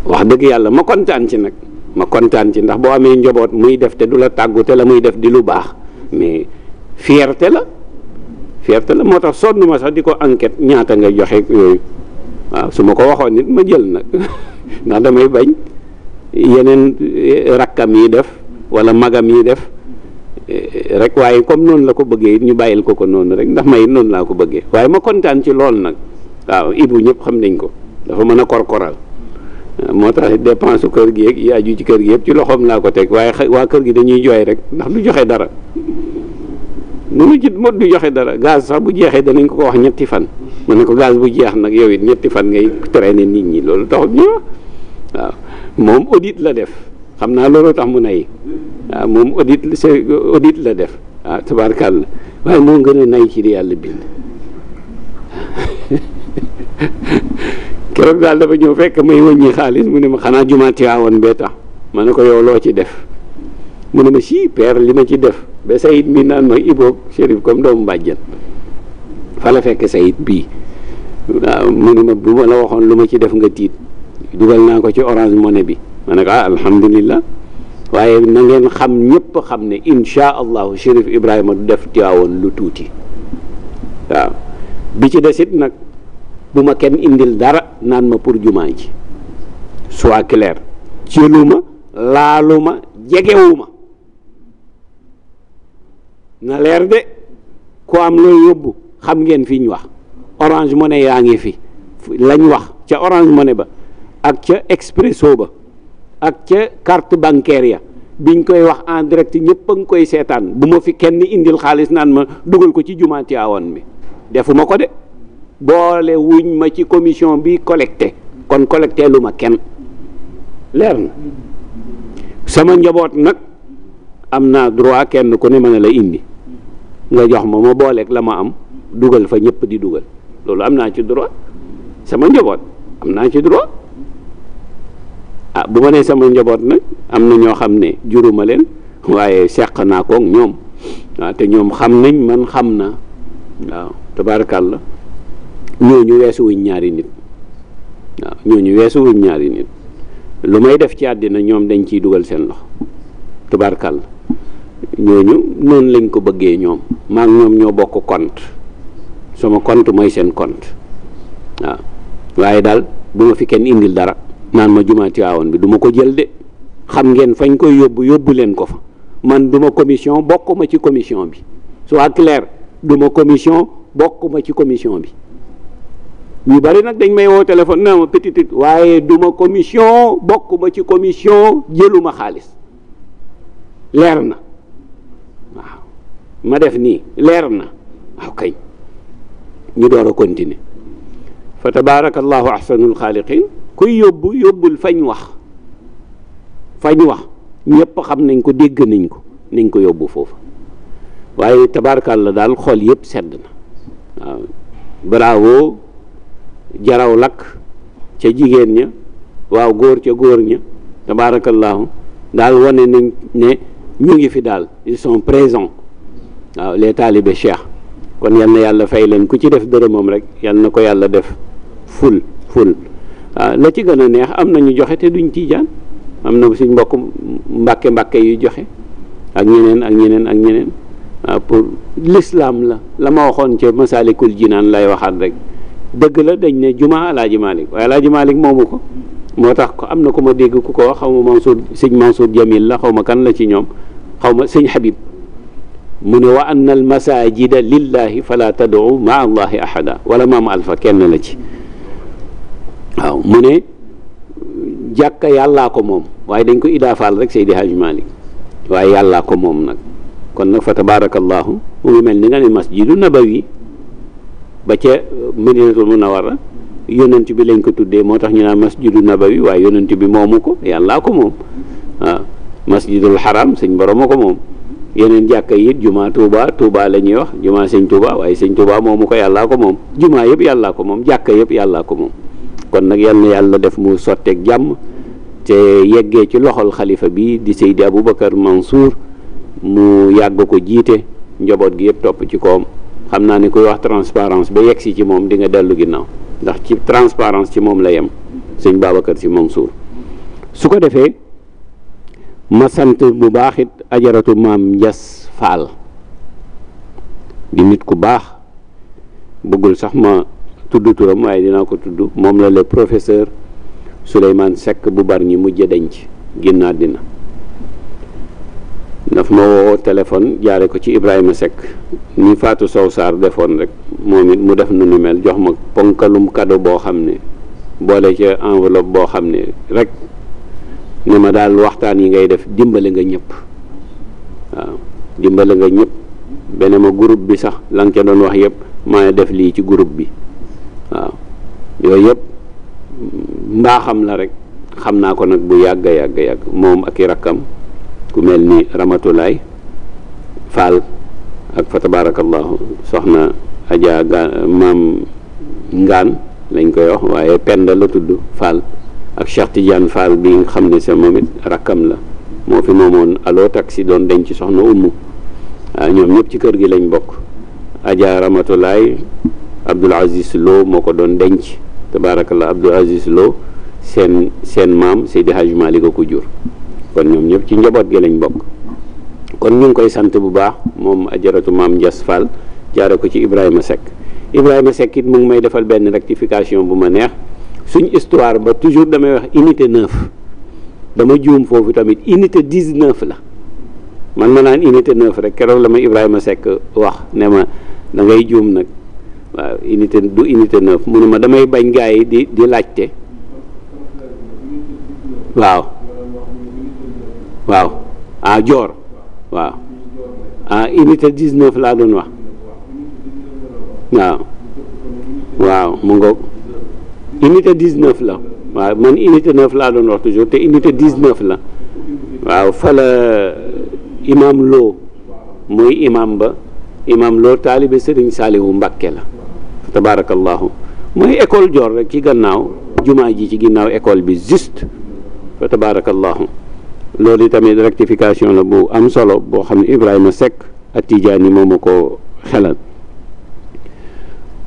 waaw wax dëgg yàlla ma kontaan ci nag ma kontaan ci ndax boo amee njaboot muy def te du la tàggu te la muy def di lu baax mais fierté la fierté la moo tax sonn ma sax di ko enquête ñaata nga joxe yooyu waaw su ma ko waxoon nit ma jël nag ndax damay bañ yeneen rakkam yi def wala magam yi def Eh, rek waaye comme noonu la ko bëggee it ñu bàyyil ko ko noonu rek ndax may noonu laa ko bëggee waaye ma kontaan ci lool nag waaw ibu ñëpp xam nañ ko dafa mën a korkoral eh, moo tax dépense su kër gi yeeg yi ci kër yëpp ci loxoom laa ko teg waaye waa kër gi dañuy jooy rek ndax du joxe dara munu ci mot du joxe dara gaz sax bu jeexee danañ ko ko wax ñetti fan mu ne ko gaz bu jeex nag yow it fan ngay traîner nit ñi loolu taxut ñu wax moom audit la def xam naa looloo tax mu nay waaw ah, moom audit audit la def waaw ah, tabaarkàlla waaye moo gën a nay ci li yàlla bind keroog daal dafa ñëw fekk may wëññi xaalis mu ne ma xanaa jumaa Tiwaawan bee tax ma ne ko yow loo ci def mu ne ma si père li ma ci def ba sayit mi naan ma iboog shérif comme doomu bàjjan fa la fekk sayit bii waaw ah, mu ne ma bu ma la waxoon lu ma ci def nga tiit dugal naa ko ci orange money bi ma ne ko ah alhamdulilah waaye na ngeen xam ñëpp xam ne insha allahu ibrahima du def Tiwaawoon lu tuuti waaw bi ci desit nag bu ma kenn indil dara naan ma pour jumaa ji soit clair cëluma laaluma jegewuma na leer de ku am looy yóbbu xam ngeen fi ñu wax orange money yaa ngi fi lañ wax ca orange money ba ak ca expresso ba ak ca carte bancaire ya biñ koy wax en direct ñëpp a ngi koy seetaan bu ma fi kenn indil xaalis naan ma dugal ko ci jumaa Tiwaawan bi defuma ko de boole wuñ ma ci commission bi collecté kon collecté lu ma kenn leer na sama njaboot nag am naa droit kenn ku ne mën a la indi nga jox ma ma booleeg la ma am dugal fa ñëpp di dugal loolu am naa ci droit sama njaboot am naa ci droit ah bu ma nee sama njaboot nag am na ñoo xam ne juruma leen waaye seq naa koog ñoom waaw ah, te ñoom xam nañ man xam naa waaw la ñooñu weesuwuñ ñaari nit waaw ñooñu weesuwuñ ñaari nit lu may def ci àddina ñoom dañ ciy dugal seen loxo tabaarakàlla ñooñu noonu lañ ko bëggee ñoom maa ñoom ñoo bokk compte sama compte mooy seen compte waaw waaye daal bu ma fi kenn indil dara naan ma jumaa Tiwaawan bi duma ko jël de xam ngeen fañ koy yóbbu yóbbu leen ko fa man du ma commission bokkuma ci commission bi soit clair du ma commission bokkuma ci commission bi ñu bari nag dañ may woo téléphone na ma petit waaye du ma commission bokkuma ci commission jëluma xaalis leer na waaw ma def nii leer na waaw kay ñu door a continuer fa tabaarakallahu ahsanul xaaliqin kuy yóbbu yóbbul fañ wax fañ wax ñëpp xam nañ ko dégg nañ ko nañ ko yóbbu foofu waaye la daal xol yëpp sedd na waaw bravo jaraw lakk ca jigéen ña waaw góor ca góor ña tabaarakallaahu daal wane nañ ne ñu ngi fi daal ils sont présents waaw les talibés cheikh kon yal yàlla fay leen ku ci def dërëmam rek yal na ko yàlla def ful ful Ah, la ci gën a neex am na ñu joxe te duñ tiijaan am na suñ mbokk mbàkke mbàkke yu joxe ak ñeneen ak ñeneen ak ñeneen ah, pour l'islam la la ma waxoon ca Masaalikul Jinaan lay waxaat rek dëgg la dañ ne jumaa alaaji Malik waaye alaaji Malik moomu ko moo tax ko am na ko ma dégg ku ko wax xaw ma Mansour sëñ Mansour Jamil la xaw ma kan la ci ñoom xaw ma sëñ mu ne wa anna al masajida lillahi fala tad'u ma allahi ahada wala maam alfa kenn la ci waaw mu ne jàkka yàllaa ko moom waaye dañ ko idaafaal rek Seydi Hadji Malick waaye yàllaa ko moom nag kon nag fa tabaarakallaahu mu ngi mel ni nga ne masjidu nabawi ba ca uh, madinatul munawara yonent bi lañ ko tuddee moo tax ñu naan masjidu nabawi waaye yonent bi moomu ko yàllaa ko moom waaw masjidul haram sëñ borom a ko moom yeneen jàkka yi it juma Touba Touba la ñuy wax juma sañ Touba waaye sëñ Touba moomu ko yàllaa ko moom jumaa yëpp yàllaa ko moom jàkka yëpp yàllaa ko moom kon nag yal yàlla def mu sotteeg jàmm te yeggee ci loxol xalifa bi di Seydi Aboubacar Mansour mu yàgg ko jiite njaboot gi yëpp topp ci koom xam naa ni koy wax transparence ba yegg si ci moom di nga dellu ginnaaw ndax ci transparence ci moom la yem sëñ Babacar si Mansour su ko defee ma sant bu baax it ajaratu maam Njas Faal di nit ku baax bëggul sax ma tudd turam waaye dinaa ko tudd moom la le professeur Souleymane sekk bu bar ñi mujj denc génn àddina ndax ma woo téléphone jaare ko ci Ibrahima sekk ni faatu Sow saar defoon rek moom it mu def na ni mel jox ma ponkalum cadeau boo xam ne boole ca enveloppe boo xam ne rek ne ma daal waxtaan yi ngay def dimbale nga ñëpp waaw dimbale nga ñëpp beneen ma groupe bi sax la nga doon wax yépp maa def lii ci groupe bi waaw yooyu yëpp mbaaxam la rek xam naa ko nag bu yàgg a yàgg moom ak i rakkam ku mel ni Ramatulaay Faal ak fa tabarakallahu soxna Adja Ga maam Ngaan lañ koy wax waaye Penda la tudd Faal ak Cheikh Tidiane Faal bi xam ne sa moom it rakkam la moo fi moomoon allo taxi doon denc soxna Umu waaw ñoom ñëpp ci kër gi lañ bokk Adja Ramatulaay Abdoul Aziz Lo moo ko doon denc tabaarakallah Abdoul Aziz Lo seen seen maam Seydi Hadj Malick a ko jur kon ñoom ñëpp ci njaboot gi bokk kon ñu ngi koy sant bu baax moom jaratu maam Ndias Fall jaare ko ci Ibrahima sekk Ibrahima Seck it mu ngi may defal benn rectification bu ma neex suñ histoire ba toujours damay wax unité 9 dama juum foofu tamit unité 19 la man ma naan unité 9 rek keroog la ma Ibrahima sekk wax ne ma da ngay juum nag waaw unité du unité neuf mu ne ma damay bañ gaa yi di di laajte waaw waaw ah joor waaw ah unité dix neuf laa doon wax waaw waaw mu dix neuf la waaw man unité neuf laa doon wax toujours te unité dix neuf la waaw fala euh, imam loo mooy imam ba imam loo taalibe sëriñ saaliwu mbàkke la tabaarakallaahu mooy école Dior rek ci gannaaw jumaa ji ci ginnaaw école bi juste fa tabaarakallaahu loolu tamit rectification la bu am solo boo xam ne Ibrahima sekk ak tiijaan Tijaani moom a ko xelal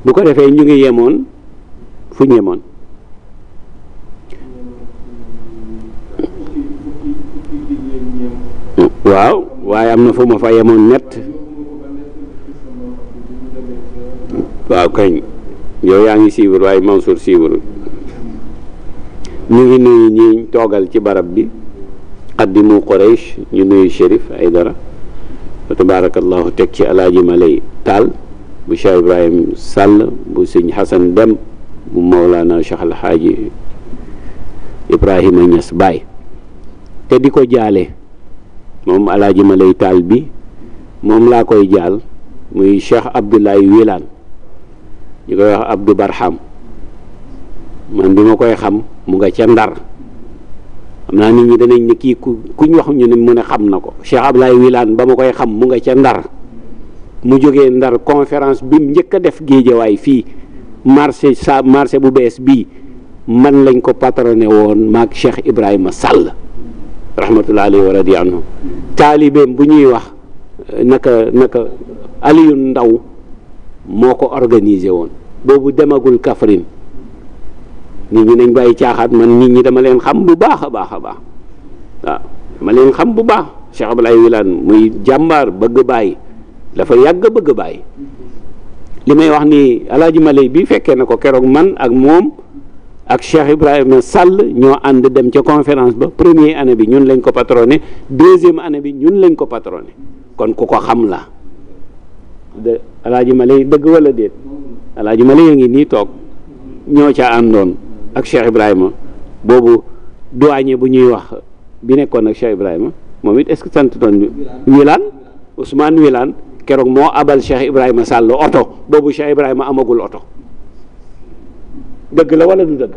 bu ko defee ñu ngi yemoon fu ñu waaw waaye am na fu ma fa yemoon nett waaw kañ yow yaa ngi siiwul waaye Mansour siiwul mu ngi nuyu ñi toogal ci barab bi xaddimu Quraysh ñu nuyu Chérif Aydara fa tabarakallahu teg ci alaaji Malay Tall bu Cheikh Ibrahim Sall bu sëñ Xasan Dem bu Mawlana Cheikh Alxaaji Ibrahima Ñas Baay te di ko jaale moom alaaji Malay Tall bi moom laa koy jaal muy Cheikh Abdoulaye Wilane ñu koy wax Abdou Barham man bi ma koy xam mu nga ca ndar xam naa nit ñi danañ ne kii ku kuñ wax ñu mu ne xam na ko Cheikh Ablaye Wilane ba ma koy xam mu nga ca ndar mu jógee ndar conférence bi mu njëkk a def géejawaay fii marché sa marché bu bees bii man lañ ko patroné woon maag Cheikh Ibrahima Sall rahmatullahi alayhi wa radi anhu taalibeem bu ñuy wax naka naka Alioune Ndaw moo ko organisé woon boobu demagul Kaffrine nit ñi nañ bàyyi caaxaat man nit ñi dama leen xam bu baax a baax a baax waaw dama leen xam bu baax Cheikh Abdoulaye Wilane muy jàmbaar bëgg bàyyi dafa yàgg bëgg bàyyi li may wax ni alaaji Malay bi fekkee na ko keroog man ak moom ak Cheikh Ibrahima Sall ñoo ànd dem ca conférence ba premier année bi ñun lañ ko patronné deuxième année bi ñun lañ ko patronné kon ku ko xam la de alaaji Malay dëgg wala déet alaaji ma ngi nii toog ñoo ca àndoon ak Cheikh Ibrahima boobu douanier bu ñuy wax bi nekkoon ak Cheikh Ibrahima moom it est-ce que sant doon Wilane Ousmane Wilane keroog moo abal Cheikh Ibrahima Sall oto boobu Cheikh Ibrahima amagul oto dëgg la wala du dëgg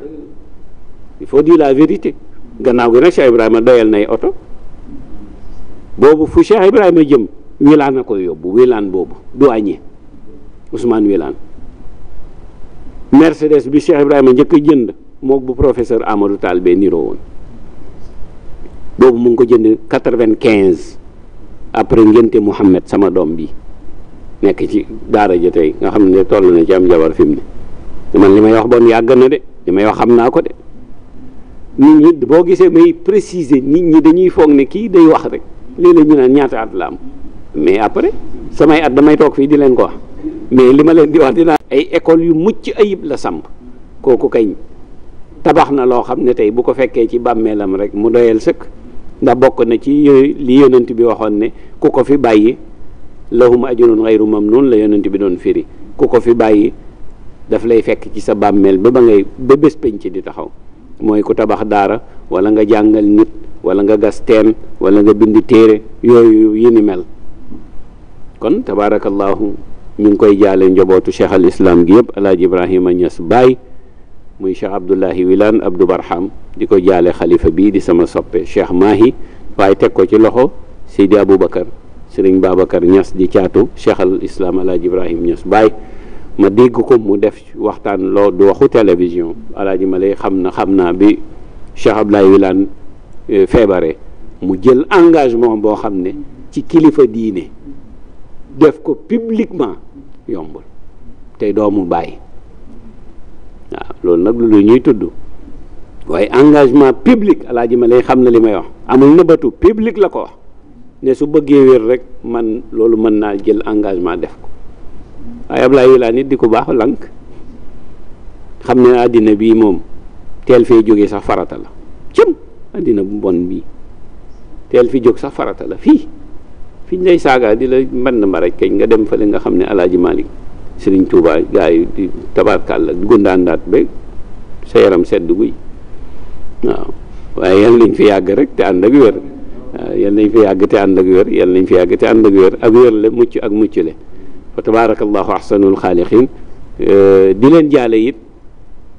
il faut dire la vérité gannaaw gi nag Cheikh Ibrahima doyal nay oto boobu fu Cheikh Ibrahima jëm Wilane a koy yóbbu Wilane boobu douanier Ousmane Wilane Mercedes bi Cheikh Ibrahima njëkk a jënd mook bu professeur Amadou Tall bee niroo woon boobu mu ngi ko jënd quatre-vingt-quinze après ngénte Mouhamed sama doom bi nekk ci daara ja tey nga xam ne toll na ci am jabar fi mu ne man li may wax bon yàgg na de li may wax xam naa ko de nit ñi boo gisee may préciser nit ñi dañuy foog ne kii day wax rek léeg-léeg ñu ñaata at la am mais après samay at damay toog fii di leen ko wax mais li ma leen di wax dinaa ay école yu mucc ayib la samp kooku kañ tabax na loo xam ne tey bu ko fekkee ci bàmmeelam rek mu doyal sëkk ndax bokk na ci yooyu li yonent bi waxoon ne ku ko fi bàyyi lahum ajrun ghayru mamnun la yonent bi doon firi ku ko fi bàyyi daf lay fekk ci sa bàmmeel ba ba ngay ba bés penc di taxaw mooy ku tabax daara wala nga jàngal nit wala nga gas teen wala nga bind téere yooyu yi ni mel kon tabaarakallaahu ñu ngi koy jaale njobootu cheikh al islam gi yëpp alaaji ibrahima ñas baay muy cheikh abdoulahi wilaan abdou barham di ko jaale xalifa bii di sama soppe cheikh maahi waaye teg ko ci loxo seydi aboubacar sëriñ babacar ñas di caatu cheikh al islam alaaji ibrahim ñas baay ma dégg ko mu def waxtaan loo du waxu télévision alaaji ma lay xam na xam naa bi cheikh abdoulahi wilaan euh, feebare mu jël engagement boo xam ne ci kilifa diine def ko publiquement yombul tey doomu bàyyi waaw loolu nag lu ñuy tudd waaye engagement public alaaji ma lay xam na li may wax amul nëbbatu public la ko wax ne su bëggee wér rek man loolu mën naa jël engagement def ko waaye Ablaye Wilane nit di ko baax lank xam ne àddina bii moom teel fee jóge sax farata la cëm àddina bu bon bii teel fi jóg sax farata la fii fi ñu lay saaga di la mband ma rek kañ nga dem fa fële nga xam ne alaaji Malick Serigne Touba gars yi di tabarkàlla gundaandaat ba sa yaram sedd guy waaw waaye yal nañ fi yàgg rek te ànd ak wér waaw nañ fi yàgg te ànd ak wér yal nañ fi yàgg te ànd ak wér ak wér la mucc ak mucc le fa tabaarakallahu ahsanul xaaliqin euh, di leen jaale it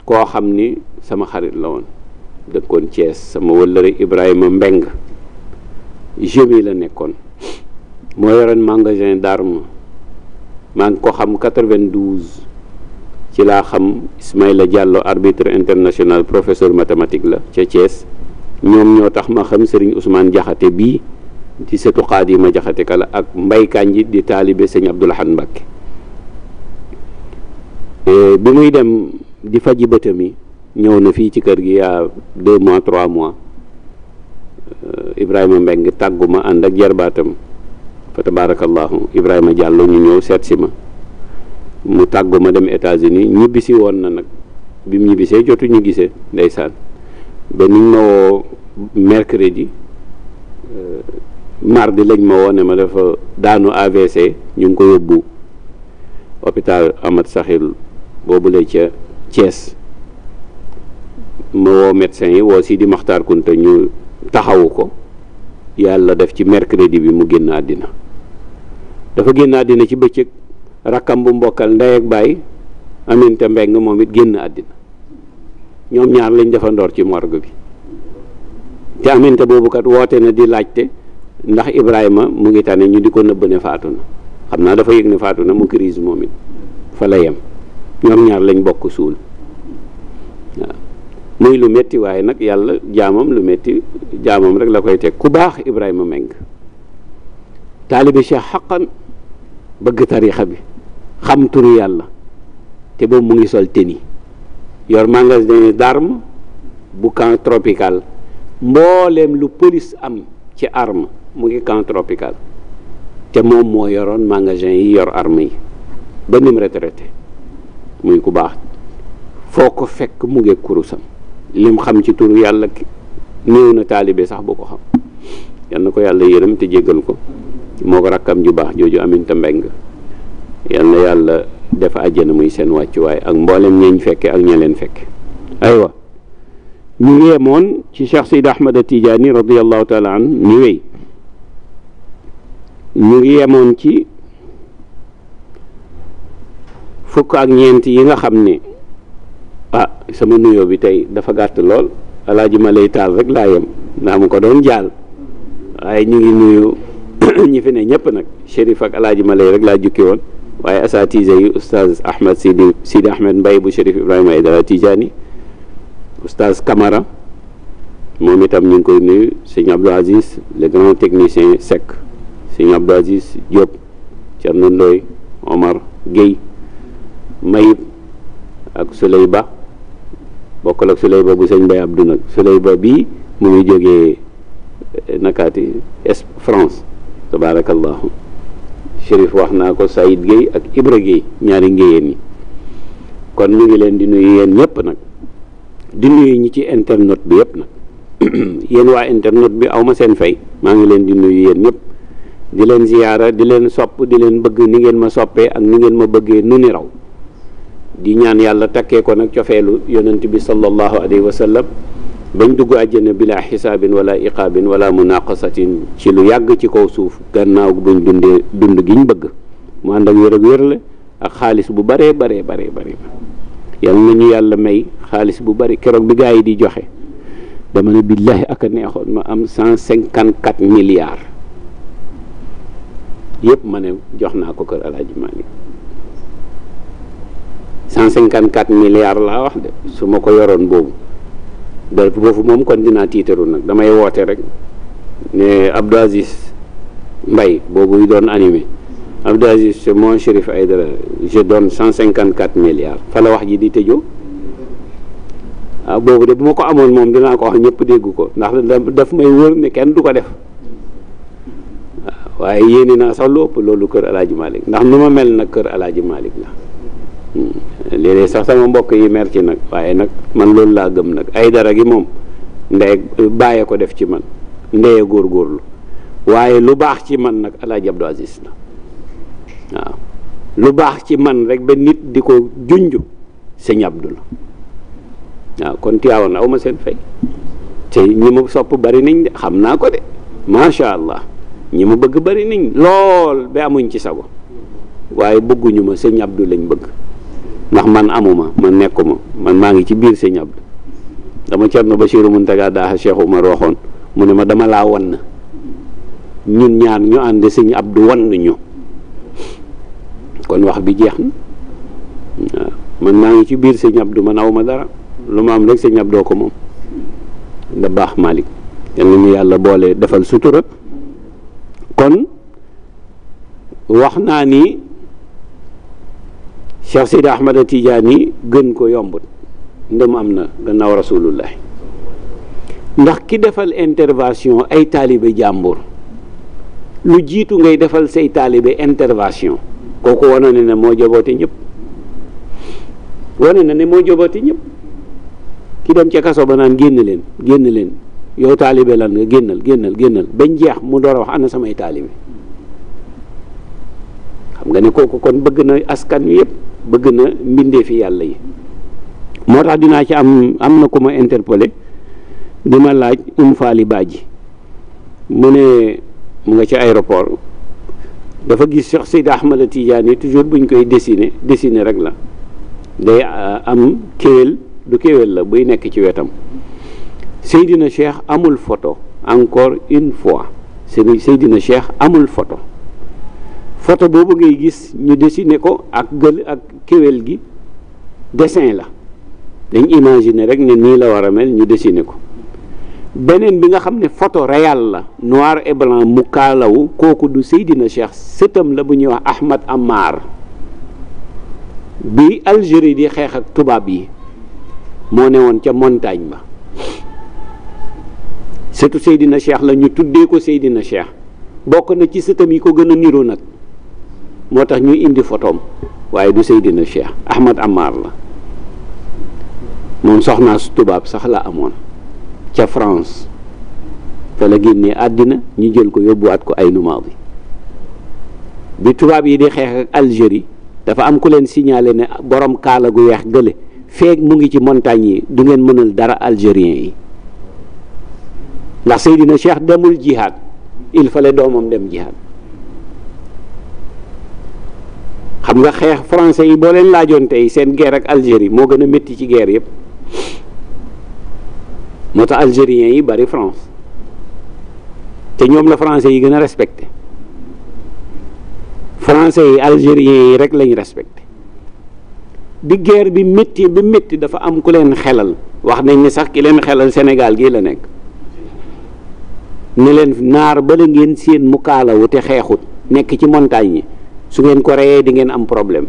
koo xam ni sama xarit la woon dëkkoon Thiès sama wëllëre Ibrahima Mbeng jémi la nekkoon moo yoroon magasin d'armes maa ngi ko xam 92 ci laa xam Ismaïla Diallo arbitre international professor mathématique la ca Thiès ñoom ñoo tax ma xam Serigne Ousmane Diakhaté bii ci sëtu Xaadima Diakhaté kala ak Mbaye Kandji di taalibe sëñ Abdoul Ahad Mbacké eh, bi muy dem di faji bëtam yi ñëw na fii ci kër gi yaa deux mois trois mois euh, Ibrahima Mbengue tàgguma ànd ak jarbaatam fa tabaarakallaahu Ibrahima Diallo ñu ñëw seet ma mu tàggu ma dem États-Unis ñibbisi woon na nag bi mu ñibbisee jotu ñu gisee ndeysaan ba niñ ma woo mercredi euh, mardi lañ ma woo ne ma dafa daanu AVC ñu ngi ko yóbbu hôpital Ahmad Sakhir boobu la ca Thiès ma woo médecin yi woo Sidi Makhtar Kounta ñu taxawu ko yàlla def ci mercredi bi mu génn àddina dafa génn àddina ci bëccëg rakkam bu mbokkal ndey ak baay Aminata Mbengue moom it génn àddina ñoom ñaar lañ defandoor ci morgue bi te Aminata boobu kat woote na di laajte ndax Ibrahima mu ngi tane ñu di ko nëbb ne faatu na xam naa dafa yëg ne faatu na mu crise moom it fa la yem ñoom ñaar lañ bokk suul muy lu metti waaye nag yàlla jaamam lu metti jaamam rek la koy teg ku baax Ibrahima Mbengue taalibi Cheikh xaqan bëgg tariixa bi xam turu yàlla te boobu mu ngi sol tenue yor magasin d'arme bu camp tropical mbooleem lu polis am ci arme mu ngi camp tropical te moom moo yoroon magasin yi yor arme yi ba nim retraité muy ku baax foo ko fekk mu ngi kurusam lim xam ci turu yàlla néew na taalibe sax bu ko xam yal na ko yàlla yërëm te jéggal ko moo rakkam ju baax jooju Aminta Mbeng yal na yàlla defa àjjana muy seen wàccuwaay ak mboolem ñeeñ fekke ak ña leen fekke aywa ñu ngi yemoon ci Cheikh Seydi Ahmad Tijaani radiallahu ci fukk ak ñeent yi nga xam ni ah sama nuyo bi tey dafa gàtt lool alaaji lay taal rek laa yem naa ma ko doon jaal waaye ñu ngi nuyu ñi fi ne ñëpp nag Chérif ak alaaji Malay rek laa jukki woon waaye asatise yi oustaz Ahmed Sidi Sidi Ahmed Mbaye bu Chérif Ibrahima Aïdara Tidiane oustaz Camara moom itam ñu ngi koy nuyu sëñ Abdou Aziz le grand technicien sec sëñ Abdou Aziz Diop Thierno Omar Guèye Mayib ak Souley bokkal ak Souley bu sëñ Mbaye Abdou nag Souley Ba bii mu ngi jógee eh, nakaati France tabaarakallaahu Chérif wax naa ko Saïd Guèye ak Ibra Guèye ñaari ngéyeen yi kon ñu ngi leen di nuyu yéen ñëpp nag di nuyu ñi ci internet bi yëpp nag yéen waa internet bi aw ma seen fay maa ngi leen di nuyu yéen ñëpp di leen ziyaara di leen sopp di leen bëgg ni ngeen ma soppee ak ni ngeen ma bëggee nu ni raw di ñaan yàlla takkee ko nag cofeelu yonent bi sallallahu alayhi wa bañ dugg àjjana bilaa xisaabin wala iqaabin wala munaqasatin ci lu yàgg ci kaw suuf gannaaw buñ dundee dund giñ bëgg mu ànd ak wér ak ak xaalis bu bare bare baree bare yal na ñu yàlla may xaalis bu bari keroog bi gaa yi di joxe dama ne billaahi ak a neexoon ma am cent cinquante quatre milliards yëpp ma ne jox naa ko kër Alaaji Maalik cent laa wax de su ma ko yoroon boobu da foofu moom kon dinaa tiitaru nag damay woote rek ne Abdou Aziz mbay boobu doon animé Abdou Aziz c'est mon Chérif Aïdara je donne cent cinquante quatre milliards fa wax ji di tëjoo waaw ah, boobu de bu ma ko amoon moom dinaa ko wax ñëpp dégg ko ndax daf may wër ni kenn du ko def ah, waaye yéene naa sax lu ëpp loolu kër Alaaji Malick ndax nu ma mel nag kër Alaaji Malick la léeg sax sama mbokk yi mer nag waaye nag man loolu laa gëm nag ay dara gi moom ndey bàyyee ko def ci man góor góorgóorlu waaye lu baax ci man nag alaaji Abdou Aziz la waaw lu baax ci man rek ba nit di ko junj sëñ Abdou la waaw kon Tiwaawan aw ma seen fay te ñi ma sopp bari nañ de xam naa ko de macha allah ñi ma bëgg bari nañ lool ba amuñ ci sago waaye bëgguñu ma sëñ Abdou lañ bëgg ndax man amuma man nekkuma man maa ngi ci biir sëñ Abdou dama Cerno Basiiru Muntaga daaxa Cheikh Umar waxoon mu ne ma dama laa wan na ñun ñaar ñu ànd sëñ Abdou wan ñu kon wax bi jeex na waaw man maa ngi ci biir sëñ Abdou man awma dara lu ma am rek sëñ Abdou ko moom da baax Malick yal ñu yàlla boole defal sutura kon wax naa ni Cheikh Seydi Ahmada Tidiane gën ko yombut ndëm am na gannaaw rasulullahi ndax ki defal intervention ay taalibe jàmbur lu jiitu ngay defal say taalibe intervention kooku wane na ne moo joboote ñépp wane na ne moo joboote ñëpp ki dem ca kaso ba naan génn leen génn leen yow taalibe lan nga génnal génnal génnal bañ jeex mu door a wax ana samay taalibe xam nga ne kooku kon bëgg na askan wi yëpp bëgg na mbindee fi yàlla yi moo tax dinaa ci am am na ku ma interpellé di ma laaj um faali baaji mu ne mu nga ci aéroport dafa gis Cheikh Seydi tiijaan Tidiane toujours buñ koy dessiner dessiner rek la day euh, am kéwél du kéwél la buy nekk ci wetam Seydina Cheikh amul photo encore une fois Seydina Cheikh amul photo photo boobu ngay gis ñu dessiné ko ak gël ak kéwél gi desin la dañ imaginer rek ne nii la war a mel ñu dessiné ko beneen bi nga xam ne photo reyal la noir et blanc mu kaalawu kooku du Seydina Cheikh sëtam la bu ñuy wax Ahmad Ammar bi Algérie di xeex ak tubaab yi moo ne woon ca montagne ba sëtu Seydina Cheikh la ñu tuddee ko Seydina Cheikh bokk na ci sëtam yi ko gën a niroo nag moo tax ñuy indi photoom waaye du Seydina Cheikh Ahmad Amar la moom soxnaa su tubaab sax la amoon ca France fa la génnee àddina ñu jël ko yóbbuwaat ko ay numaa bi tubaab yi di xeex ak Algérie dafa am ku leen siñaale ne borom kaala gu weex gële feek mu ngi ci montagne yi du ngeen mënal dara algérien yi ndax dina Cheikh demul jihaad il fallait doomam dem jihaad xam nga xeex français yi boo leen laajoon tey seen guerre ak Algérie moo gën a métti ci guerre yëpp moo tax algériens yi bari France te ñoom la français yi gën a respecté français yi algériens yi rek lañ respecté bi guerre bi métti bi métti dafa am ku leen xelal wax nañ ni sax ki leen xelal Sénégal gii la nekk ne leen naar bala ngeen seen mu kaalawu te xeexut nekk ci montagne yi su ngeen ko reyee di ngeen am problème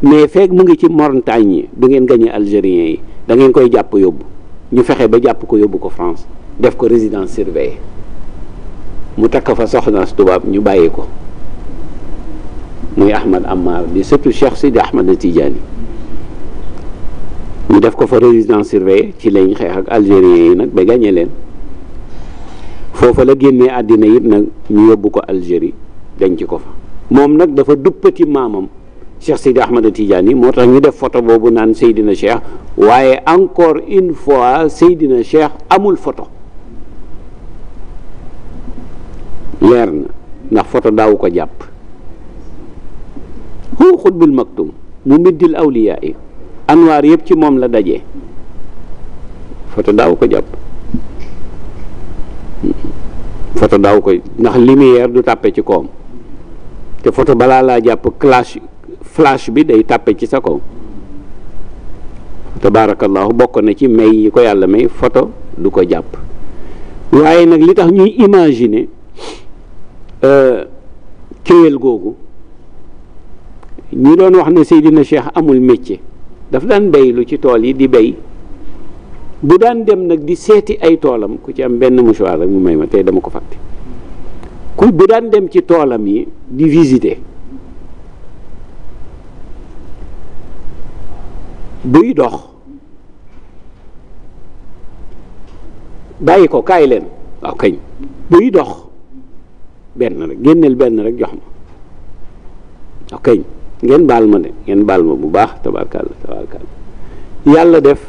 mais feeg mu ngi ci montagne yi du ngeen gañe algérien yi dangeen koy jàpp yóbbu ñu fexe ba jàpp ko yóbbu ko France def ko résidence surveillée mu takk fa soxna tubaab ñu bàyyi ko muy Ahmad Ammar di surtout Cheikh Sidi Ahmad na Tidiane ñu def ko fa résidence surveillée ci lañ xeex ak algériens yi nag ba gañe leen foofa la génnee àddina it nag ñu yóbbu ko Algérie denc ko fa moom nag dafa duppati maamam Cheikh Seydi Ahmada Tidiane yi moo tax ñu def foto boobu naan na Cheikh waaye encore une fois Seydina Cheikh amul photo leer na ndax foto daaw ko jàpp hu xutbul maktum mu middil awliyaa yëpp ci moom la dajee photo daaw ko jàpp photo daaw ko ndax lumière du tàppe ci koom te photo balaa laa jàpp clash flash bi day tàppe ci sa kaw tabaarakallaahu bokk na ci may yi ko yàlla may photo du ko jàpp waaye nag li tax ñuy imaginer kéwél euh, googu ñi doon wax ne Seydina Cheikh amul métier daf daan béy lu ci tool yi di bay bu daan dem nag di seeti ay toolam ku ci am benn mouchoir rek mu may ma tey dama ko fàtte ku bu daan dem ci toolam yi di visiter buy dox bàyyi ko kaay leen waaw kañ buy dox benn rek génneel benn rek jox ma waaw kañ ngeen baal ma de ngeen baal ma bu baax tabarkàlla tabarkàlla yàlla def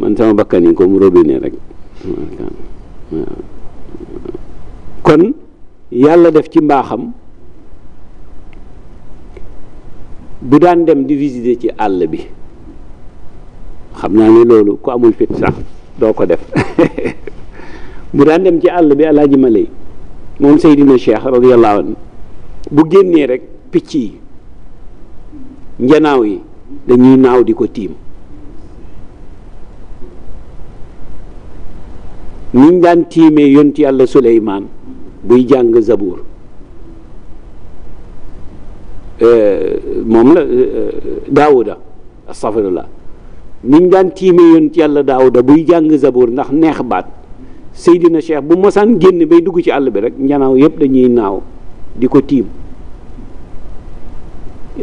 man sama bakkan yi comme robinet rek kon yàlla def ci mbaaxam bu daan dem di visiter ci àll bi xam naa ni loolu ku amul fit sax doo ko def bu daan dem ci àll bi alaaji Malay moom Seydina Cheikh radiyallahu anhu bu génnee rek picc yi njanaaw yi dañuy naaw di ko tiim niñ daan tiimee yonti yàlla Suleymaan buy jàng zabuur euh, moom la euh, daawuda astafirullah niñ daan tiime yonent yàlla daawuda buy jàng zabuur ndax neex baat seydina cheikh bu mosaan génn bay dugg ci àll bi rek njanaaw yëpp dañuy naaw di ko tiim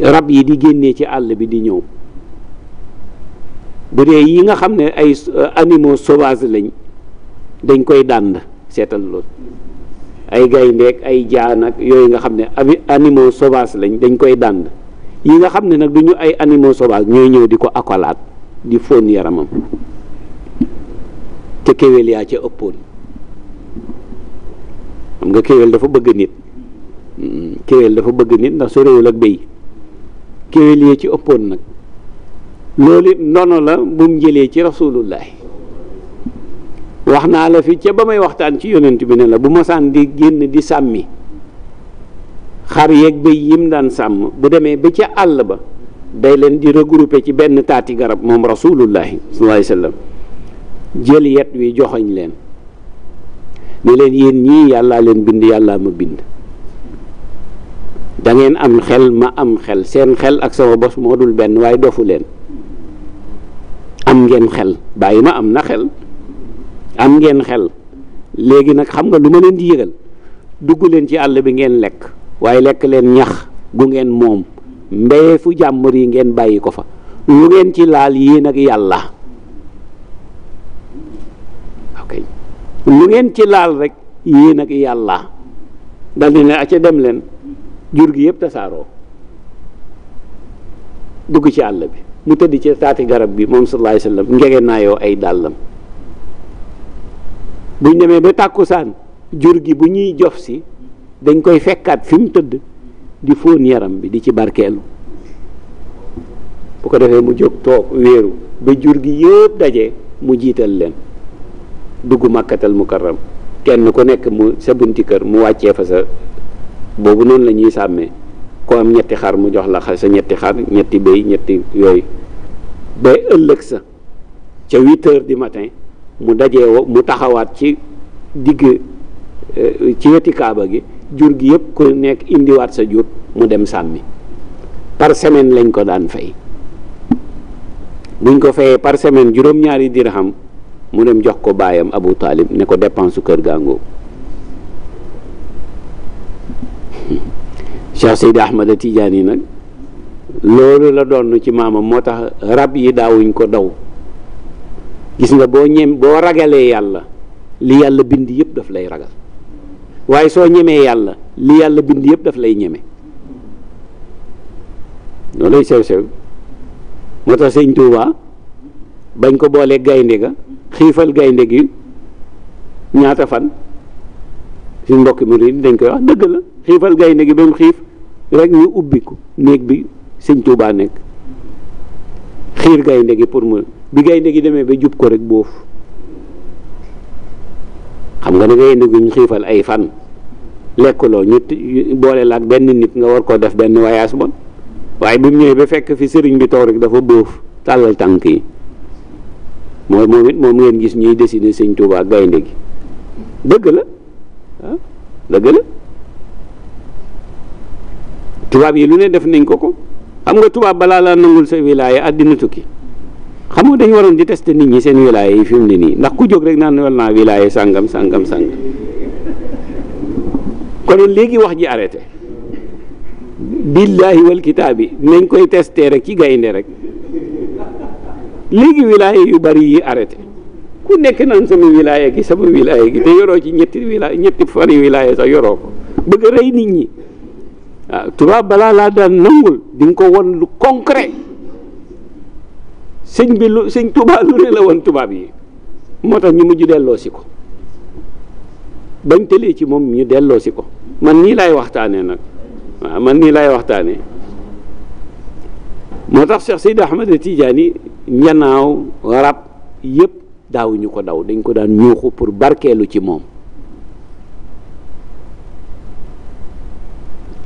rab yi di génnee ci àll bi di ñëw bu dee yi nga xam ne ay euh, animaux sauvages lañ dañ koy dànd seetal loolu ay gayndeek ay jaan yooyu nga xam ne abi animaux sauvages lañ dañ koy dànd yi nga xam ne nag du ñu ay animaux sauvages ñooy ñëw di ko akolaat di fóon yaramam te kéwél yaa ca ëppoon xam nga kéwél dafa bëgg nit hmm, kéwél dafa bëgg nit ndax sorewul ak béy kéwél yee ci ëppoon nag loolu ndono la bu jëlee ci rasulullahi wax naa la fi ca ba may waxtaan ci yonent bi ne la bu mosaan di génn di sàmmi xar yéeg bëy yim daan sàmm bu demee ba ca àll ba day leen di regrouper ci benn taati garab moom rasulullahi sallallahu alayhi jël yet wi joxoñ leen ne leen yéen ñii yàllaa leen bind yàllaa ma bind dangeen am xel ma am xel seen xel ak sama bos moo dul benn waaye dofu leen am ngeen xel bàyyi ma am na xel am ngeen xel léegi nag xam nga lu ma leen di yëgal dugg leen ci àll bi ngeen lekk waaye lekk leen ñax gu ngeen moom mbéyee fu jàmbur yi ngeen bàyyi ko fa lu ngeen ci laal yéen ak yàlla ok lu ngeen ci laal rek yéen ak yàlla dal leen ne aca dem leen jur gi yëpp tasaaroo dugg ci àll bi mu tëdd ci taati garab bi moom sallallahu alayhi wa sallam ngege naayoo ay dàllam buñ demee ba tàkkusaan jur gi bu ñuy jof si dañ koy fekkaat fi mu tëdd di fóon yaram bi di ci barkeelu bu ko defee mu jóg toog wéeru ba jur gi yëpp daje mu jiital leen dugg màkkatal mukarram kenn ku nekk mu sa bunti kër mu wàccee fa sa boobu noonu la ñuy sàmmee ku am ñetti xar mu jox la sa ñetti xar ñetti béy ñetti yooyu ba ëllëg sa ca huit heures matin mu dajee wo mu taxawaat ci digg eh, ci weti kaaba gi jur gi yëpp ko nekk indiwaat sa jur mu dem sàmmi par semaine lañ ko daan fay buñ ko fayee par semaine juróom-ñaari xam mu dem jox ko baayam Abu Talib ne ko dépense su kër gàngoo Cheikh Seydi Ahmada Tidiane yi nag loolu la doon ci maamam moo tax rab yi daawuñ ko daw gis nga boo ñem boo ragalee yàlla li yàlla bind yëpp daf lay ragal waaye soo ñemee yàlla li yàlla bind yëpp daf lay ñeme loolu lay sew sew moo tax sëñ Tuuba bañ ko boolee gaynde ga xiifal gaynde gi ñaata fan suñ mbokki murid dañ koy wax dëgg la xiifal gaynde gi ba mu xiif rek ñu ubbi ko néeg bi sëñ Tuuba nekk xiir gaynde gi pour mu bi gaynde gi demee ba jub ko rek boof xam nga ne gaynde gi ñu xiifal ay fan lekkuloo ñu boole laak benn nit nga war koo def benn wayaas bon waaye bu mu ñëwee ba fekk fi sëriñ bi toog rek dafa bóof tàllal tànk yi mooy moom it moom ngeen gis ñuy desine sëñ Tuubaa ak gaynde gi dëgg la ah la tubaab yi lu ne def nañ ko ko xam nga tubaab balaa laa nangul sa wilaaya àddina tukki xam nga dañu waroon di tester nit ñi seen wilaya yi fi mu ne nii ndax ku jóg rek naan wal naa wilaya sàngam sàngam sàngam kon léegi wax ji arrêté billahi wal kitaabi nañ koy teste rek ci gaynde rek léegi wilaya yu bari yi arrêté ku nekk naan sama wilaya gi sama wilaya gi te yoroo ci ñetti wilaya ñetti fari wilaya sax yoroo ko bëgg a rey nit ñi ah, tubaab balaa laa daan nangul di nga ko won lu concret sëñ bi lu sëñ Touba lu ne la woon tubaab yi moo tax ñu mujj delloosi ko bañ tëlee ci moom ñu delloosi ko man nii laay waxtaanee nag waaw man nii laay waxtaanee moo tax Cheikh Seydi Ahmed Tidiane ñanaaw rab yépp daawuñu ko daw dañ ko daan ñuuxu pour barkeelu ci moom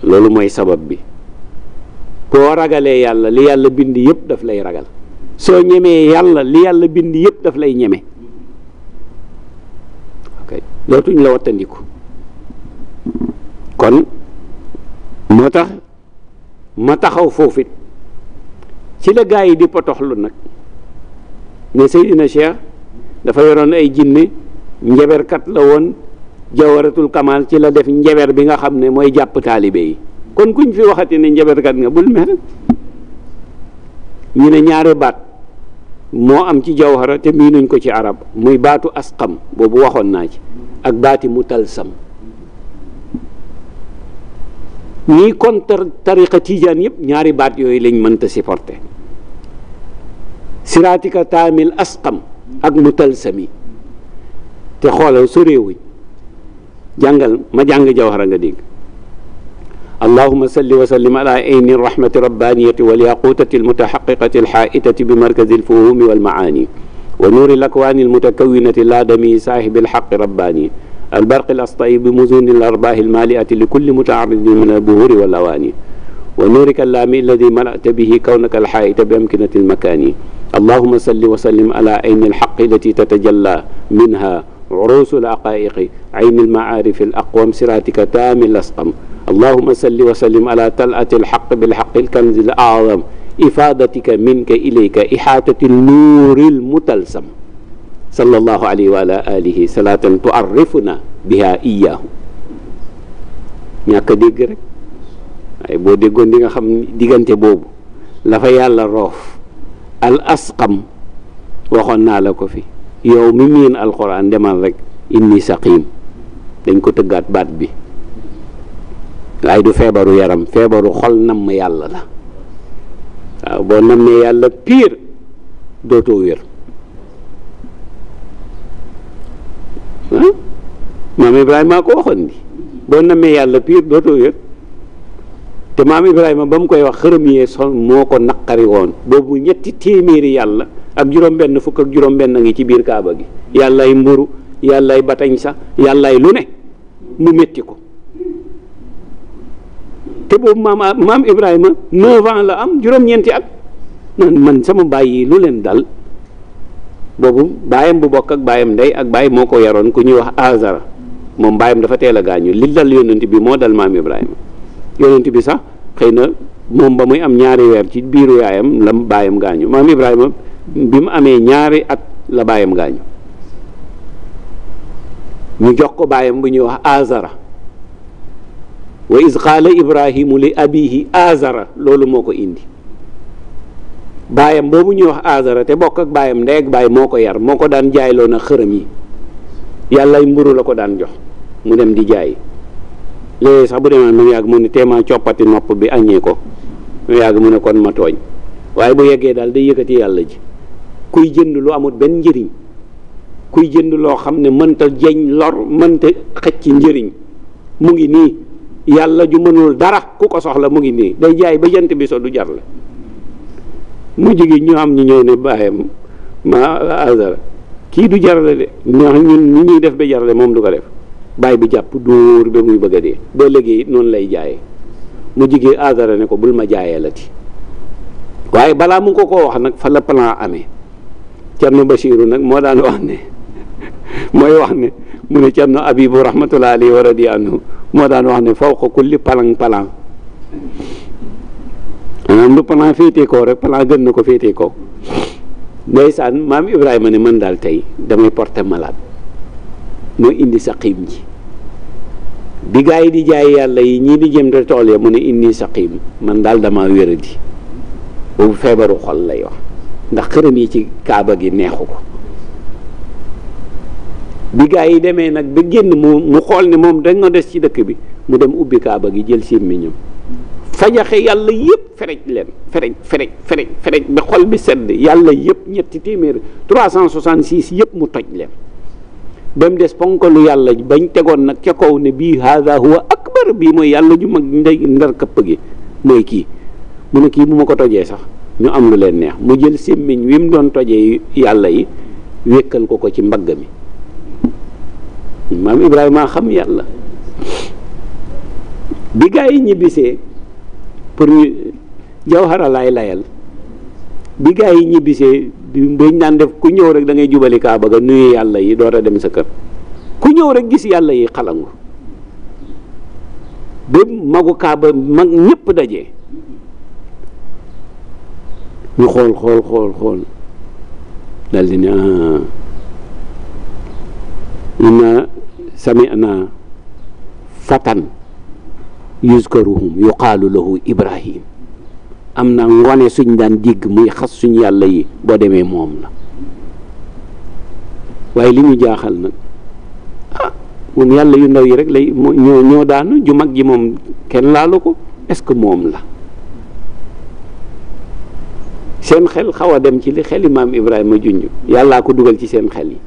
loolu mooy sabab bi koo ragalee yàlla li yàlla bind yëpp daf lay ragal. soo ñemee yàlla li yàlla bind yëpp daf lay ñeme ok la wattandiku kon moo tax ma taxaw foofu it ci la gaa yi di potoxlu nag ne Seydina Cheikh dafa yoroon ay jinne njeberkat la woon jawaratul kamal ci la def njeber bi nga xam ne mooy jàpp taalibe yi kon kuñ fi waxati ne njeberkat nga bul mer ñu ne ñaari baat moo am ci jawhara te mii nuñ ko ci arab muy baatu asqam boobu waxoon naa ci ak baati mutalsam ñii contre tariqa tijaan yëpp ñaari baat yooyu lañ mënta supporter siraatika taamil askam ak mutalsami te xoolal soreewuñ jàngal ma jàng jawhara nga dégg allahuma salli wa sallim ala ayni rahmati rabbaniyati wal yaqutati almutahaqiqati alhaitati bi markazi alfuhumi walmaani wa nuuri lakwani almutakawinati laadami saahibi alhaqi rabbani albarqi alastayi bi muzuni alarbahi almaliati li kulli mutaaridin min albuhuri wal awani wa nuurika allaami alladi malata bihi kawnaka alhaita bi amkinati almakani allahuma salli wa sallim ala ayni alhaqi allati tatajalla minha عروس العقائق عين المعارف الأقوم سراتك تام الأسقم اللهم صل وسلم على تلأة الحق بالحق الكنز الأعظم إفادتك منك إليك إحاطة النور المتلسم صلى الله عليه وعلى آله صلاة تعرفنا بها إياه ñàkk dégg rek waaye boo déggoon di nga xam diggante boobu la fa yàlla roof al asqam waxoon naa la ko fi yow mi miin alxuraan demal rek inni saqim dañ ko tëggaat baat bi waaye du feebaru yaram feebaru xol namm yàlla la waaw boo nammee yàlla piir dootoo wér maam Ibrahima yàlla piir dootoo wér te maam Ibrahima ba mu koy wax xërëm yee son moo ko naqari woon boobu ñetti téeméeri yàlla ak juróom-benn fukk ak juróom-benn a ngi ci biir kaaba gi yàllaay mburu yàllaay batañ sa yàllaay lu ne mu metti ko te boobu maam maam Ibrahima neuf la am juróom-ñeenti at man sama baay yi lu leen dal boobu baayam bu bokk ak baayam ndey ak baay moo ko yaroon ku ñuy wax azara moom baayam dafa teela gaañu li dal yonent bi moo dal maam Ibrahima yonent bi sax xëy na moom ba muy am ñaari weer ci biiru yaayam la baayam gaañu maam Ibrahima. bi mu amee ñaari at la baayam gaañu ñu jox ko baayam bu ñuy wax azara wa iz qaala ibrahimu li abihi azara loolu moo ko indi baayam boobu ñuy wax azara te bokk ak baayam ndey ak baay moo ko yar moo ko daan jaayloo na xërëm yi yàllay mburu la ko daan jox mu dem di jaay léegi sax bu demee mu yàgg mu ne teema coppati nopp bi aññee ko mu yàgg mu ne kon ma tooñ waaye bu yeggee daal day yëkkati yàlla ji kuy jënd lu amul benn njëriñ kuy jënd loo xam ne mënta jeñ lor mënta xëcc njëriñ mu ngi nii yàlla ju mënul dara ku ko soxla mu ngi nii day jaay ba jant bi so du jar mu jigi ñu am ñu ñëw ne bàyyam kii du jarale de ñuy def ba jarale moom du ko def bàyyi bi jàpp dóor ba muy bëgg dee ba léegi noonu lay jaayee mu jigee azara ne ko bul ma jaayee la ti waaye balaa mu ko koo wax nag fa la plan amee Cerno Bachiru nag moo daan wax ne mooy wax ne mu ne Cerno Abibu rahmatullahi alayhi moo daan wax ne fawqa kulli palang palang maanaam lu palang féetee koo rek palang gën na ko féete koo ndeysaan maam Ibrahima ne man daal tey damay porte malaat moo indi saqiim ji bi gaa yi di jaay yàlla yi ñii di jëm te tool ya mu ne indi saqiim man daal damaa wéradi boobu feebaru xol lay wax ndax xërëm yi ci kaaba gi neexu ko bi gaa yi demee nag ba génn mu mu xool ne moom dañoo des ci dëkk bi mu dem ubbi kaaba gi jël sémmiñam fajaxe yàlla yëpp ferej leen ferej ferej ferej ferej ba xol bi sedd yàlla yëpp ñetti téeméer cent 366 yëpp mu toj leen ba mu des ponkalu yàlla bañ tegoon nag ca kaw ne bii haada huwa akbar bii mooy yàlla ju mag ndey ndar gi mooy kii mu ne kii bu ma ko tojee sax ñu am lu leen neex mu jël simmiñ wi mu doon tojee yàlla yi wékkal ko ko ci mbagg mi maam Ibrahima xam yàlla bi gaa yi ñibbisee pour ñu jawhara layal bi gaa yi ñibbisee bañ daan def ku ñëw rek da ngay jubali kaaba ga nuyu yàlla yi doota dem sa kër ku ñëw rek gis yàlla yi xalangu ba magu kaaba mag ñëpp daje. ñu xool xool xool xool daal di ne inna ah. sami'na fatan yuzkaruhum yuqaalu lahu ibrahim am na ngone suñ daan digg muy xas suñ yàlla yi boo demee moom la waaye li ñu jaaxal nag ah mun yàlla yu ndaw yi rek lay ñoo ñoo ju mag ji moom kenn laalu ko est-ce que moom la seen xel xaw a dem ci li xeli maam Ibrahima junj yàllaa ko dugal ci seen xel yi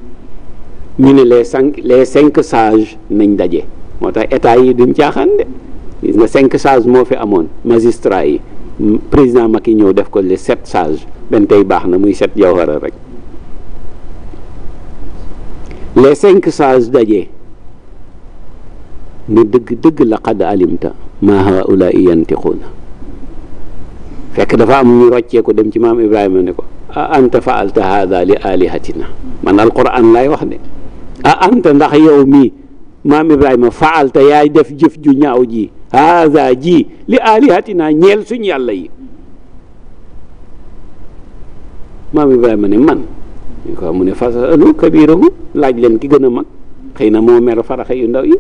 ñu ne les cinq les cinq sages nañ daje moo tax état yi duñ caaxaan de nga cinq sages moo fi amoon magistrat yi président yi ñëw def ko les sept sages benn tey baax na muy sept jawhara rek les cinq sages daje ne dëgg dëgg laqad alimta ma haula yantiquna fekk dafa am ñu rocceeku dem ci maam Ibrahima ne ko a anta faalta haada li alihatina man alquran lay wax de a anta ndax yow mi maam Ibrahima faalta yaay def jëf ju ñaaw ji haada ji li alihatina ñeel suñ yàlla yi maam Ibrahima ne man ñu ko mu ne fasalu kabirahu laaj leen ki gën a mag xëy na moo mer faraxa yu ndaw yi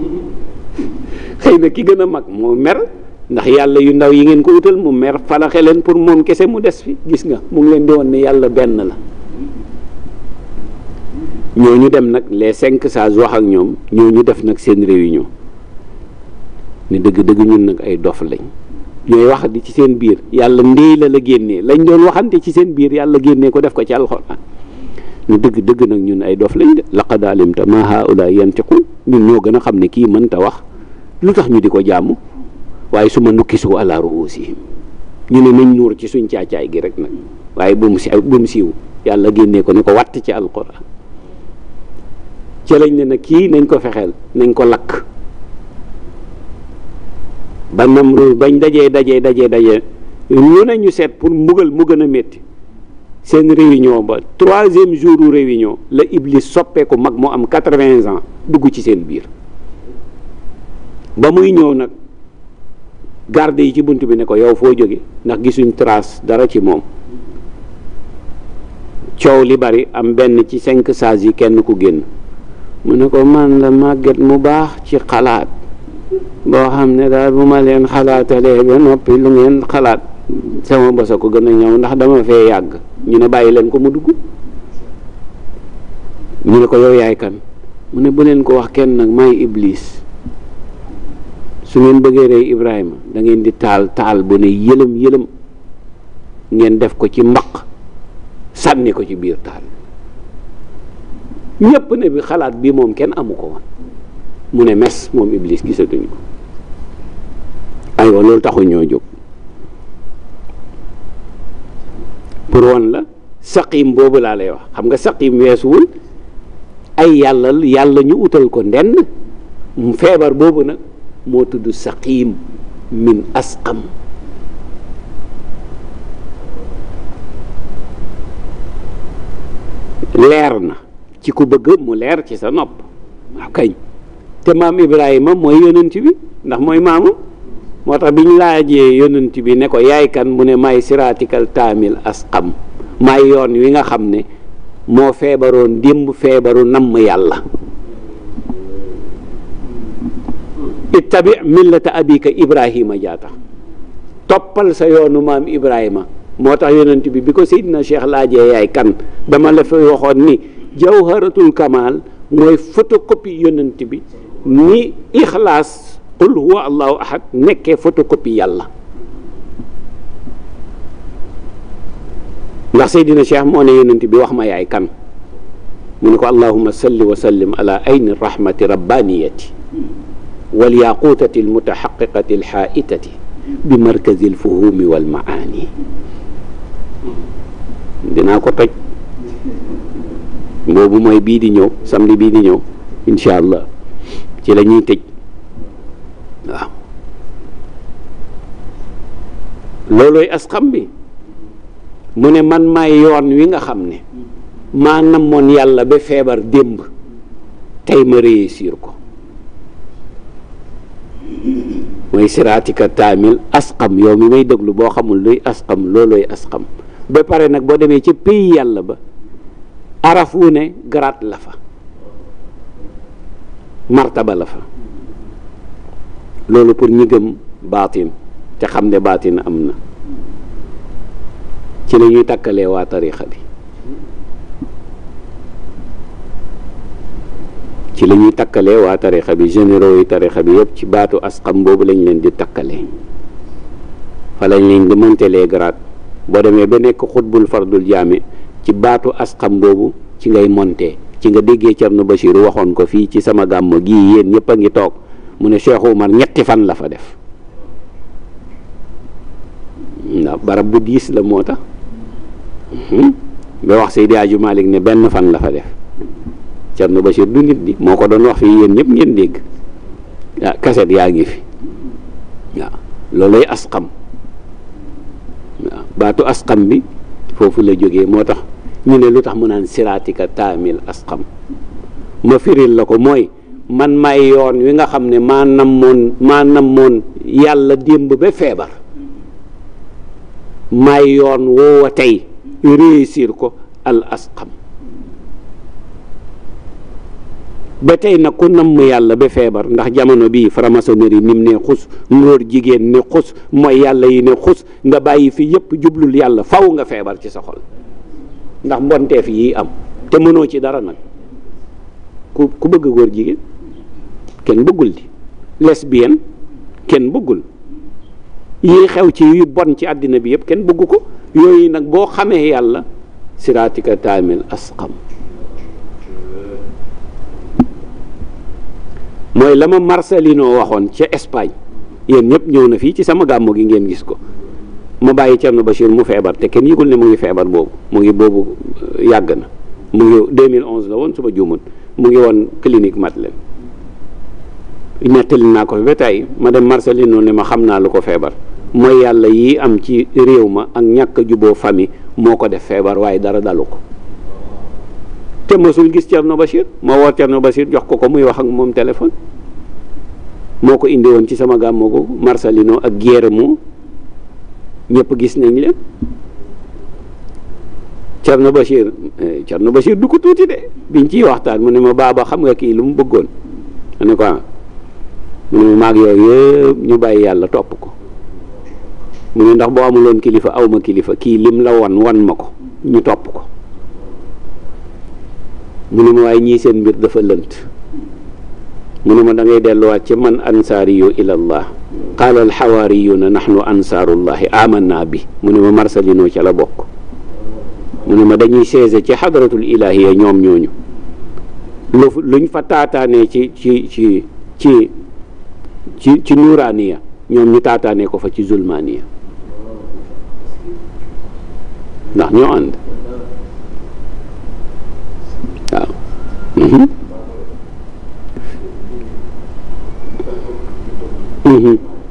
xëy na ki gën a mag moo mer ndax yàlla yu ndaw yi ngeen ko utal mu mer falaxe leen pour moom kese mu des fi gis nga mu ngi leen di woon ne yàlla benn la ñoo ñu dem nag les cinq sages wax ak ñoom ñu def nag seen réunion ni dëgg-dëgg ñun nag ay dof lañ ñooy wax di ci seen biir yàlla ndéy la la génnee lañ doon waxante ci seen biir yàlla génnee ko def ko ci alxuraan ñu dëgg dëgg nag ñun ay dof lañ de laqad alimta ma haula yantiqun ñoo gën a xam ne kii mënta wax lu tax ñu di ko jaamu waaye su ma nukki su alaaru aussi ñu ne nañ nuur ci suñ caacaay gi rek nag waaye bu mu si bu siiw yàlla génnee ko ne ko watt ci alxuraan ci lañ ne nag kii nañ ko fexeel nañ ko lakk ba Namruud bañ dajee dajee dajee dajee lu ne ñu seet pour mbugal mu gën a métti seen réunion ba troisième jour réunion la Iblis soppeeku mag mu am quatre-vingts ans dugg ci seen biir ba muy ñëw nag. garde yi ci bunt bi ne ko yow foo jóge ndax gisuñ trace dara ci moom coow li bari am benn ci cinq sages yi kenn ku génn mu ne ko man la màgget mu baax ci xalaat boo xam ne daal bu ma leen xalaatalee ba noppi lu ngeen xalaat sama bosa ko gën a ñëw ndax dama fee yàgg ñu ne bàyyi leen ko mu dugg ñu ne ko yow yaay kan mu ne bu leen ko wax kenn nag may iblis su ngeen bëggee rey Ibrahima dangeen di taal taal bu ne yëlëm yëlëm ngeen def ko ci mbaq sànni ko ci biir taal ñépp ne bi xalaat bi moom kenn amu ko woon mu ne mes moom Iblis gisatuñ ko aywa loolu taxu ñoo jóg pour woon la saqim boobu laa lay wax xam nga saqim weesuwul ay yàlla yàlla ñu utal ko ndenn feebar boobu nag moo tudd saqiim min asqam leer na ci ku bëgg mu leer ci sa nopp waaw kañ te maam Ibrahima mooy yonent bi ndax mooy maamu moo tax bi ñu laajee yonent bi ne ko yaay kan mu ne may siraatikal taamil askam may yoon wi nga xam ne moo feebaroon démb feebaru namm yàlla ittabi millata abika ibrahima jaata toppal sa yoonu maam ibrahima moo tax yonent bi bi ko Seydina Cheikh laajee yaay kan dama la fa waxoon ni jawharatul kamal mooy photocopie yonent bi ni ixlaas qul huwa allahu ahad nekkee photocopie yàlla ndax Seydina Cheikh moo ne yonent bi wax ma yaay kan mu ne ko allahuma salli wa sallim ala ayni rahmati rabbaniyati walyaquutati almutaxaqiqati alxaaitati bi markazi alfuhumi walmaani dinaa ko toj boobu mooy bii di ñëw samedi bii di ñëw incha allah ci la ñuy tëj waaw loolooy asxam bi mu ne man maay yoon wi nga xam ne maa namoon yàlla ba feebar démb tey ma réussir ko mooy siraatika taamil asqam yow mi may déglu boo xamul luy asqam loolooy asqam ba pare nag boo demee ci pays yàlla ba araf wu ne garaat la fa martaba la fa loolu pour ñi gëm baatin te xam ne baatin am na ci la ñuy takkalee waa tarixa bi ci la ñuy takkalee waa tarixa bi généraux yi tarixa bi yépp ci baatu asxam boobu lañ leen di takkale fa lañ leen di mëntelee garaat boo demee ba nekk xutbul fardul jaame ci baatu asxam boobu ci ngay monte ci nga déggee Cerno Bachir waxoon ko fii ci sama gàmm gi yéen ñëpp a ngi toog mu ne Cheikh Oumar ñetti fan la fa def barab bu diis la moo tax hmm? ba wax Seydi Hadji Malick ne benn fan la fa def Thierno Bachir du nit di moo ko doon wax fii yéen ñëpp ngeen dégg kaset ah, yaa ngi fi waaw ah, loolay asxam ah, baatu asxam bi foofu la jóge moo tax ñu ne lu tax mu naan siraatika taamil asxam ma firil la ko mooy man may yoon wi nga xam ne maa namoon maa namoon yàlla démb ba feebar may yoon woowa tey réussir ko al asxam ba tey nag ku namm yàlla ba feebar ndax jamono bii franc-maçonnerie nim ne xus ngóor jigéen ne xus mooy yàlla yi ne xus nga bàyyi fi yëpp jublul yàlla faw nga feebar ci sa xol ndax mbonteef yi am te mënoo ci dara nag ku ku bëgg góor jigéen kenn bëggul di lesbienne kenn bëggul yi xew ci yu bon ci àddina bi yëpp kenn bëggu ko yooyu nag boo xamee yàlla siraatika taamil asqam mooy la ma Marcelino waxoon ca Espagne yéen ñëpp ñëw na fii ci sama gàmmoo gi ngeen gis ko ma bàyyi ba Bachir mu feebar te kenn yëgul ne mu ngi feebar boobu mu ngi boobu euh, yàgg na mu ngi 2011 la woon su ma mu ngi woon clinique Madeleine nettali naa ko fi ba tey ma dem Marcelino ne ma xam naa lu ko feebar mooy yàlla yi am ci réew ma ak ñàkk juboo famille moo ko def feebar waaye dara dalu ko te mosul gis Thierno Bachir moo woo Thierno Bachir jox ko ko muy wax ak moom téléphone moo ko indi ci sama gàmmu gu Marcelino ak Guillermo ñépp gis nañ leen Thierno Bachir eh, Thierno Bachir du ko tuuti de biñ ciy waxtaan mu ne ma baaba xam nga kii lu mu bëggoon ko ah mu ne maag yooyu yëpp ñu bàyyi yàlla topp ko mu ne ndax boo amuloon kilifa awma kilifa kii lim la wan wan ma ko ñu topp ko mu ne ma waaye ñii seen mbir dafa lënt mu ne ma da ngay delluwaat ci man ansaariyu ilallah qaala alxawaariyuuna nahnu ansaarullahi amanna bi mu ne ma marsalino ca bokk mu ne ma dañuy seese ci xadratul ilahiya ñoom ñooñu lu luñ fa taataanee ci ci ci ci ci ci nuuraaniya ñoom ñu taataanee ko fa ci zulmaaniya ndax ñoo ànd waaw mhm.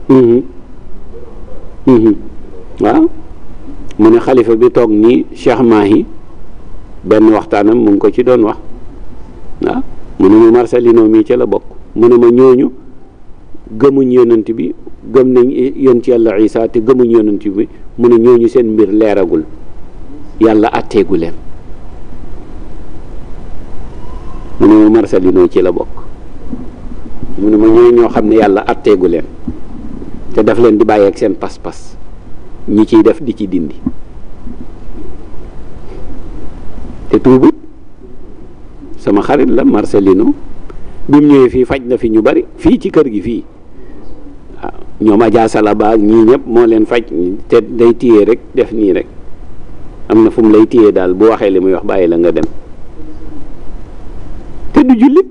Mhm. Mhm. waaw mu ne xalifa bi toog nii Cheikh Mahi benn waxtaanam mu ngi ko ci doon wax waaw mu ne ma Marcelino mii ci la bokk mu ne ma ñooñu gëmuñ yonent bi gëm nañ yon ci yàlla Isa te gëmuñ yonent bi mu ne ñooñu seen mbir leeragul yàlla àtteegu leen mu ne ma Marcelino ci la bokk mu ne ma ñoo xam ne yàlla atteegu leen te daf leen di bàyyi ak seen pas-pas ñi ciy def di ci dindi te tuubut sama xarit la Marcelino bi mu ñëwee fii faj na fi ñu bari fii ci kër gi fii waaw ah, ñoom Adja Salaba ak ñii ñëpp moo leen faj te day tiye rek def nii rek am na fu mu lay téye daal bu waxee li muy wax bàyyi la nga dem. te du jullit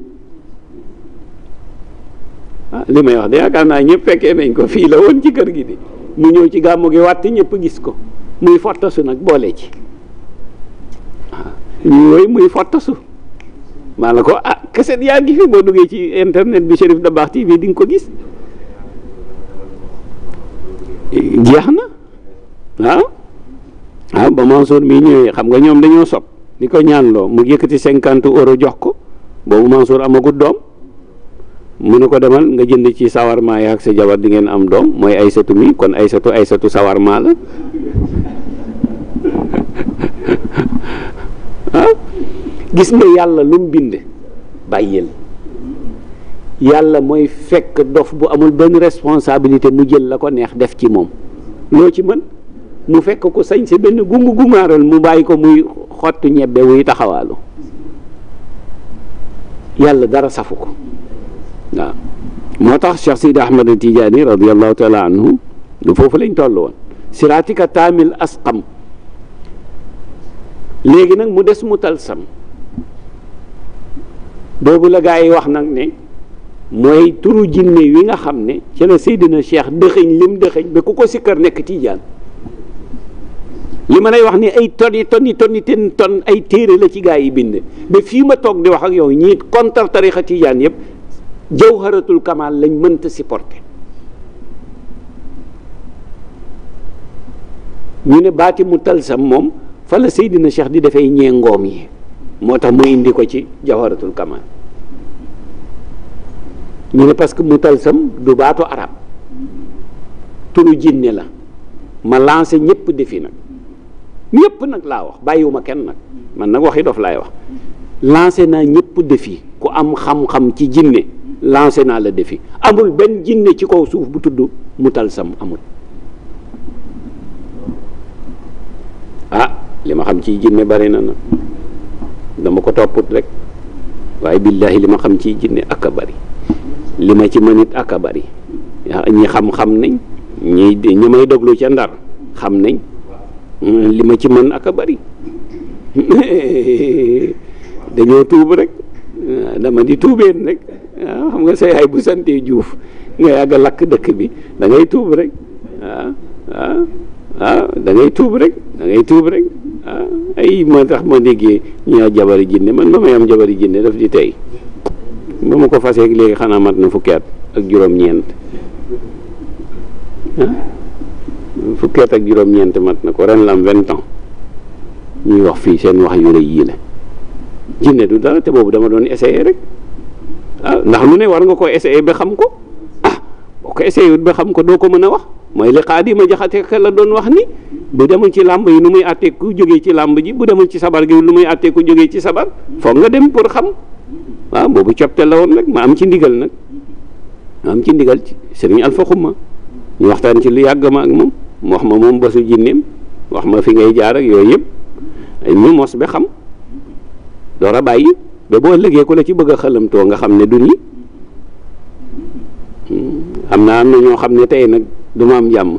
ah li may wax de yaakaar naa ñëpp fekkee nañ ko fii la woon ci kër gi de mu ñëw ci gàmmu gi wàtt ñëpp gis ko muy fottasu nag boole ci ah, ñu wooyu muy fottasu maa la ko ah kaset yaa ngi fi boo duggee ci internet bi Cherif Dabakh TV di nga ko gis jeex na waaw ah? ah, waaw ba Mansour mii ñëwee xam nga ñoom dañoo sob di ko ñaanloo mu yëkkati cinquante euro jox ko boobu Mansour amagut doom mu ne ko demal nga jënd ci sawarma ak sa jabar di ngeen am doom mooy aysatu mi kon aysatu aysatu sawarma la ah? gis nga yàlla lu mu bind bàyyil yàlla mooy fekk dof bu amul benn responsabilité mu jël la ko neex def ci moom loo ci mën mu fekk ko sañ si benn gungu gumaaral mu bàyyi ko muy xottu ñebbe wuy taxawaalu yàlla dara safu ko waaw moo tax Cheikh Sidi Ahmad Tijaani radiallahu taala anhu lu foofu lañ toll woon siraatika taamil asqam léegi nag mu des mu talsam boobu la gaa yi wax nag ne mooy turu jinne wi nga xam ne ci la Seydina Cheikh dëxëñ lim dëxëñ ba ku ko sikkar nekk tiijaan li ma lay wax ni ay tonni tonni tonni ten ton ay téere la ci gaa yi bind ba fii ma toog di wax ak yow ñii contre tarixa tijaan yëpp jawharatul kamal lañ mënta supporter ñu ne baati mu talsam moom fa la Seydina Cheikh di dafay ñee ngoom yi moo tax mu indi ko ci jawaratul kamal ñu ne parce que mu talsam du baatu arab turu jinne la ma lancé ñëpp defi na ñëpp nag laa wax bàyyiwuma kenn nag man nag waxi dof laay wax lancé naa ñëpp défi ku am xam-xam ci jinne lancé naa la défi amul benn jinne ci kaw suuf bu tudd mu tal sam amul ah li ma xam ciy jinne bari na nag dama ko topput rek waaye billaahi li ma xam ciy jinne ak a bari li ma ci mënit ak a bari ñi xam-xam nañ ñi ñi may déglu ca ndar xam nañ li ma ci mën ak a bari dañoo tuub rek dama di tuubeen rek waaw ah, xam nga sa yaay bu santee juuf nga yàgg lakk dëkk bi da ngay tuub rek waaw ah, ah, waaw waaw da tuub rek dangay ngay tuub rek waaw ay ma tax ma déggee ñaa a jabari jinne man ba may am jabari jinne daf di tey ba ma ko faseeg léegi xanaa mat na fukki at ak juróom-ñeent fukki at juróom-ñeent mat na ko ren la am vingt ans ñuy wax fii seen wax yu rëy yii la jinne du dara te boobu dama doon essayer rek ah, ndax lu ne war nga ko essayer ba xam ko ah, boo ko essayer wut xam ko doo ko mën a wax mooy li ma jaxate ka la doon wax ni bu demul ci làmb yi nu muy àttee ku jógee ci làmb ji bu demul ci sabar gi lu muy àttee ku jógee ci sabar foog nga dem pour xam waaw ah, boobu copte la woon nag ma am ci ndigal nag ma am ci ndigal ci sëriñ Alfa Xumma ñu waxtaan ci lu yàgg ma wax ma moom bésu jinnim wax ma fi ngay jaar ak yooyu yëpp ñu mos ba xam door a bàyyi ba boo ëllëgee ku la ci bëgg a xëlamtoo nga xam ne du nii hmm, am naa am na ñoo xam ne tey nag du ma am jàmm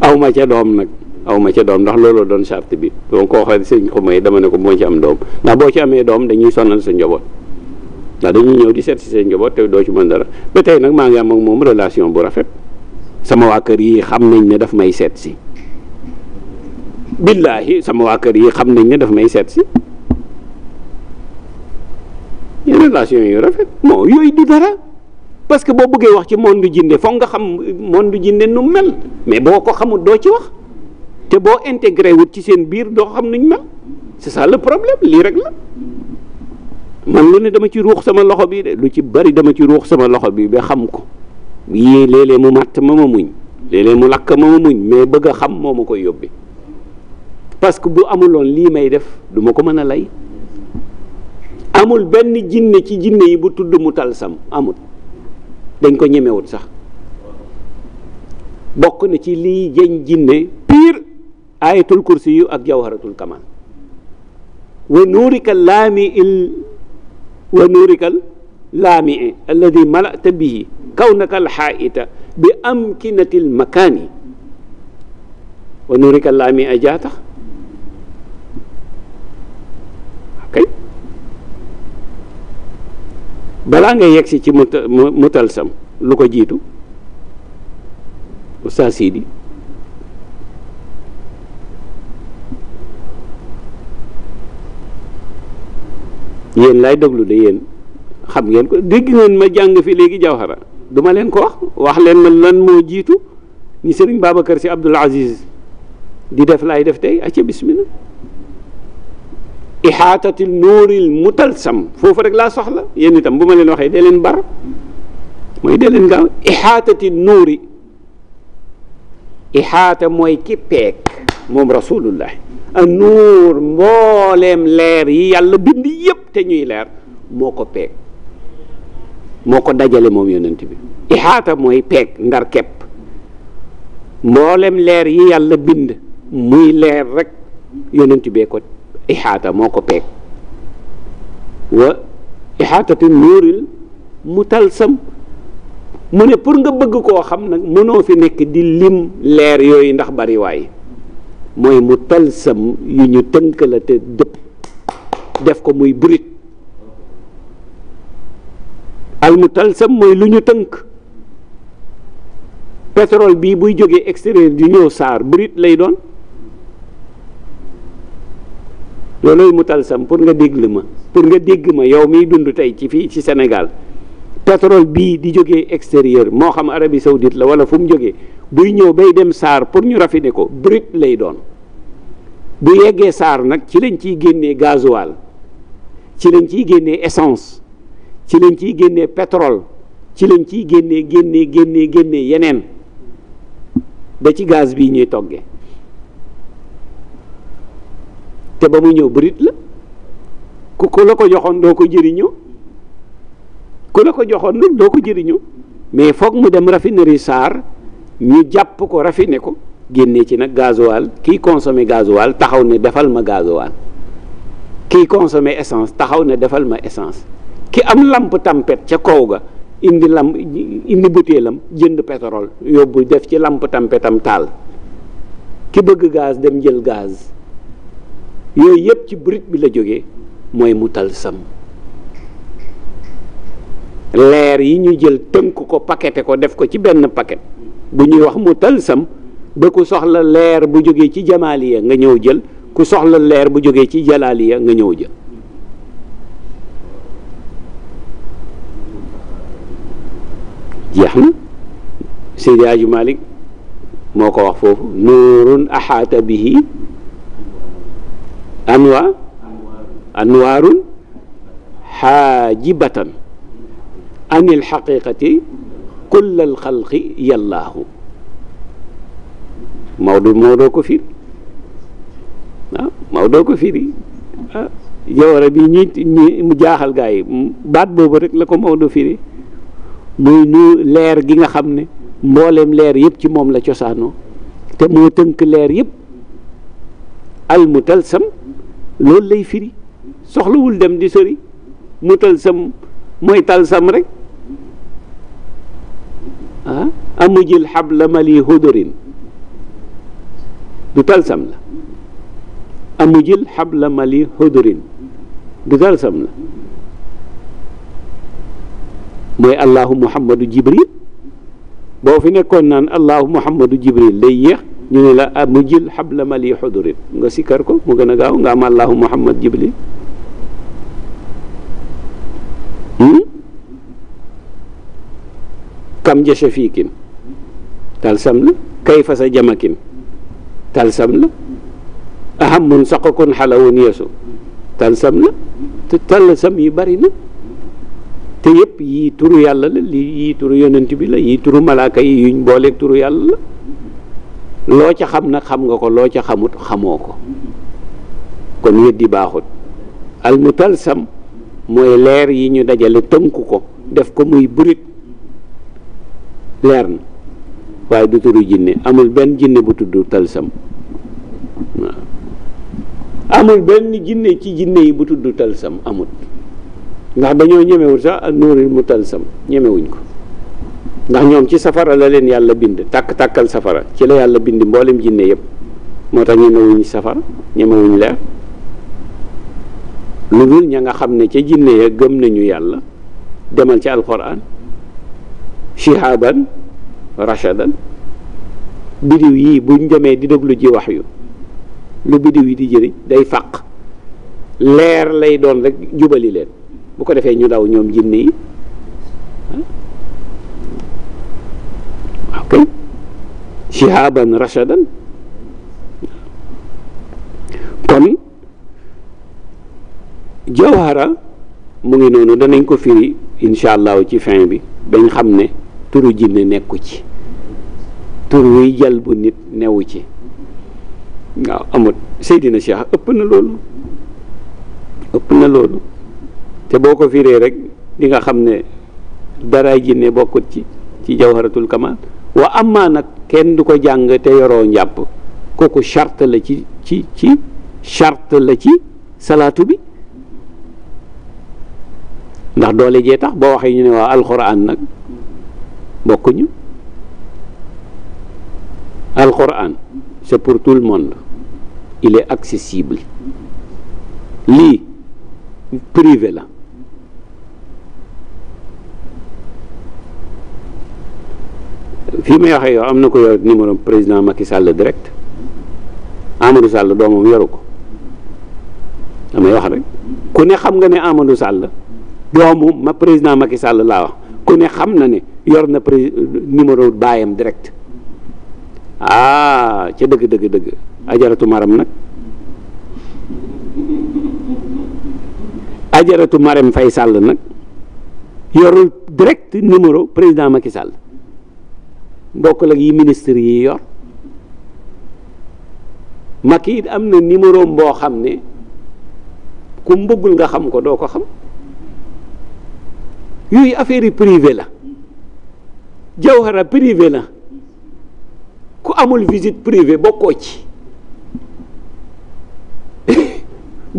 aw ma ca doom nag aw ma ca doom ndax looloo doon charte bi donc koo xam ne sëñ ko may dama ne ko moo ci am doom ndax boo ci amee doom dañuy sonal sa njaboot ndax dañuy ñëw di seet si seen njaboot te doo ci mën dara ba tey nag maa ngi am ak moom relation bu rafet. sama waa kër yi xam nañ ne daf may seet si billaahi sama waa kër yi xam nañ ne daf may seet si yenn relation yu rafet bon yooyu du dara parce que boo bëggee wax ci moom monde jinde foog nga xam monde jinde nu mel mais boo ko xamul doo ci wax te boo intégré wut ci seen biir doo xam nuñ mel c'est ça le problème lii rek la man lu ne dama ci ruux sama loxo bi de lu ci bari dama ci ruux sama loxo bii ba xam ko yii léeg-léeg mu màtt ma ma muñ léeg-léeg mu lakk ma ma muñ mais bëgg a xam moo ma koy yóbbi parce que bu amuloon lii may def duma ko mën a lay amul benn jinne ci jinne yi bu tudd mu talsam amul dañ ko ñemewut sax bokk na ci lii jëñ jinne pire ayatul kursi yu ak jawharatul kamal wa nuurikal laami il wa nuurikal laamii e, alladi malata bihi kawnaka alxaaita bi amkinati almakaani wa nurika laamii jaata kay balaa ngay yegsi ci mutalsam lu ko jiitu Oustaz Sidi yéen laay déglu de yéen xam ngeen ko dégg ngeen ma jàng fi léegi jawhara du leen ko wax wax leen ma lan moo jiitu ni sëriñ Babacar si Abdoul Aziz di def laay def tey acca bismillah ihaatatil mutal sam foofu rek laa soxla yéen itam bu ma leen waxee de leen bar mooy dee leen gaaw ihaatatil nuuri ihaata mooy ki peek moom rasulullah a nuur mbooleem leer yi yàlla bind yépp te ñuy leer moo ko peek moo ko dajale moom yonent bi ixaata mooy peeg ndar kepp mboolem leer yi yàlla bind muy leer rekk yonent bee ko ixaata moo ko peeg wa ixaatati nuuril mu talsam mu ne pour nga bëgg koo xam nag mënoo fi nekk di lim leer yooyu ndax bariwaay waay mooy mu talsam yu ñu tënk la te dëpp def ko muy burit almutalsam mooy lu ñu tënk pétrole bii buy jógee extérieur di ñëw saar brut lay doon looloy mutalsam pour nga déglu ma pour nga dégg ma yow mii dund tey ci fii ci Sénégal pétrole bii di jógee extérieur moo xam Arabie Saoudite la wala fu mu jógee buy ñëw bay dem saar pour ñu raffiner ko brut lay doon bu yeggee saar nag ci lañ ciy génnee gasoil ci lañ ciy génnee essence ci lañ ciy génnee pétrole ci lañ ciy génnee génne génnee génne yeneen ba ci gaz bii ñuy toggee te ba mu ñëw bërit la ku ku la ko joxoon doo ko jëriñu ku la ko joxoon nag doo ko jëriñu mais foog mu dem raffinerie SAR ñu jàpp ko raffiné ko génne ci nag gasoil kii consommé gasoil taxaw ne defal ma gasoil kii consommé essence taxaw ne defal ma essence ki am lampe tempête ca kaw ga indi lamp indi butéelam jënd pétrole yóbbu def ci lampe tempête am taal ki bëgg gaz dem jël gaz yooyu yëpp ci brut bi la jóge mooy mu tal sam leer yi ñu jël tënk ko pakete ko def ko ci benn paquet bu ñuy wax mu tal sam ba ku soxla leer bu jógee ci jamaaliya nga ñëw jël ku soxla leer bu jóge ci jalaaliya nga ñëw jël jeex na Seydi Hadji Malick moo ko wax foofu nuurun axaata bihi anwa anwaarun xaajibatan anil xaqiqati kull al xalqi yallaahu Maodo Maodo ko firi ah Maodo ko firi ah jawara bi ñi ñi mu jaaxal gaa yi baat boobu rek la ko Maodo firi mu nu leer gi nga xam ne mboolem leer yëpp ci moom la cosaanoo te moo tënk leer yépp almutalsam loolu lay firi soxlawul dem di sori mutalsam mooy talsam rek ah amujil xabla mali hudurin du talsam la amujil xabla mali hudurin du talsam la mooy allahu muhammadu jibril boo fi nekkoon naan allahu muhammadu jibril day yéex ñu ne la ah, mu jël xabla mali xudurin nga sikkar ko mu gën a gaaw nga am allahu muhammad jibril hmm? kam jasha fiikim talsam la talsam la yesu talsam la te talsam yi bari na te yëpp yii turu yàlla la li yii turu yonent bi la yii turu malaaka yi yuñ booleeg turu yàlla la loo ca xam nag xam nga ko loo ca xamut xamoo ko kon weddi baaxut al mutalsam mooy leer yi ñu dajale tënku ko def ko muy burit leer na waaye du turu jinne amul benn jinne bu tudd amul benn jinne ci jinne yi bu tudd talsam amut ndax dañoo ñemewul sax ak nuuril mu talsam ñemewuñ ko ndax ñoom ci safara la leen yàlla bind tàkk-tàkkal safara ci la yàlla bind mboolem jinne yëpp moo tax ñemewuñ safara ñemewuñ leer lu dul ña nga xam ne ca jinne ya gëm nañu yàlla demal ci alquran shihaban rashadan bidiw yi bu demee di déglu ji wax yu lu bidiw yi di jëriñ day fàq leer lay doon rek jubali leen bu ko defee ñu daw ñoom jinne yi waaw kay shihaban rashadan kon jawhara mu ngi noonu danañ ko firi incha allahu ci fin bi dañ xam ne turu jinne nekku ci tur wuy jal bu nit newu ci waaw amut Seydina Cheikh ëpp na loolu ëpp na loolu te boo ko fiiree rek di nga xam ne dara jinne bokkut ci ci jawharatul kamal wa amma nag kenn du ko jàng te yoroo njàpp kooku charte la ci ci ci charte la ci salaatu bi ndax doole jee tax boo waxee ñu ne waa alxuraan nag bokkuñu alxuraan c'est pour tout le monde il est accessible lii privé la fii may waxee yow am na ko yor numéro président Macky Sall direct Amadou Sall doomam yoru ko damay wax rek ne xam nga ne Amadou Sall doomu ma président Macky Sall laa wax ku ne xam na ne yor na pré numéro baayam direct ah ca dëgg dëgg dëgg ajaratu maram nag ajaratu maram fay sàll nag yorul direct numéro président Macky Sall bokkul ak yi ministre yi yor Macky it am na numéro boo xam ne ku mu nga xam ko doo ko xam yooyu affaire yi privé la jawhara privé la ku amul visite privée bokkoo ci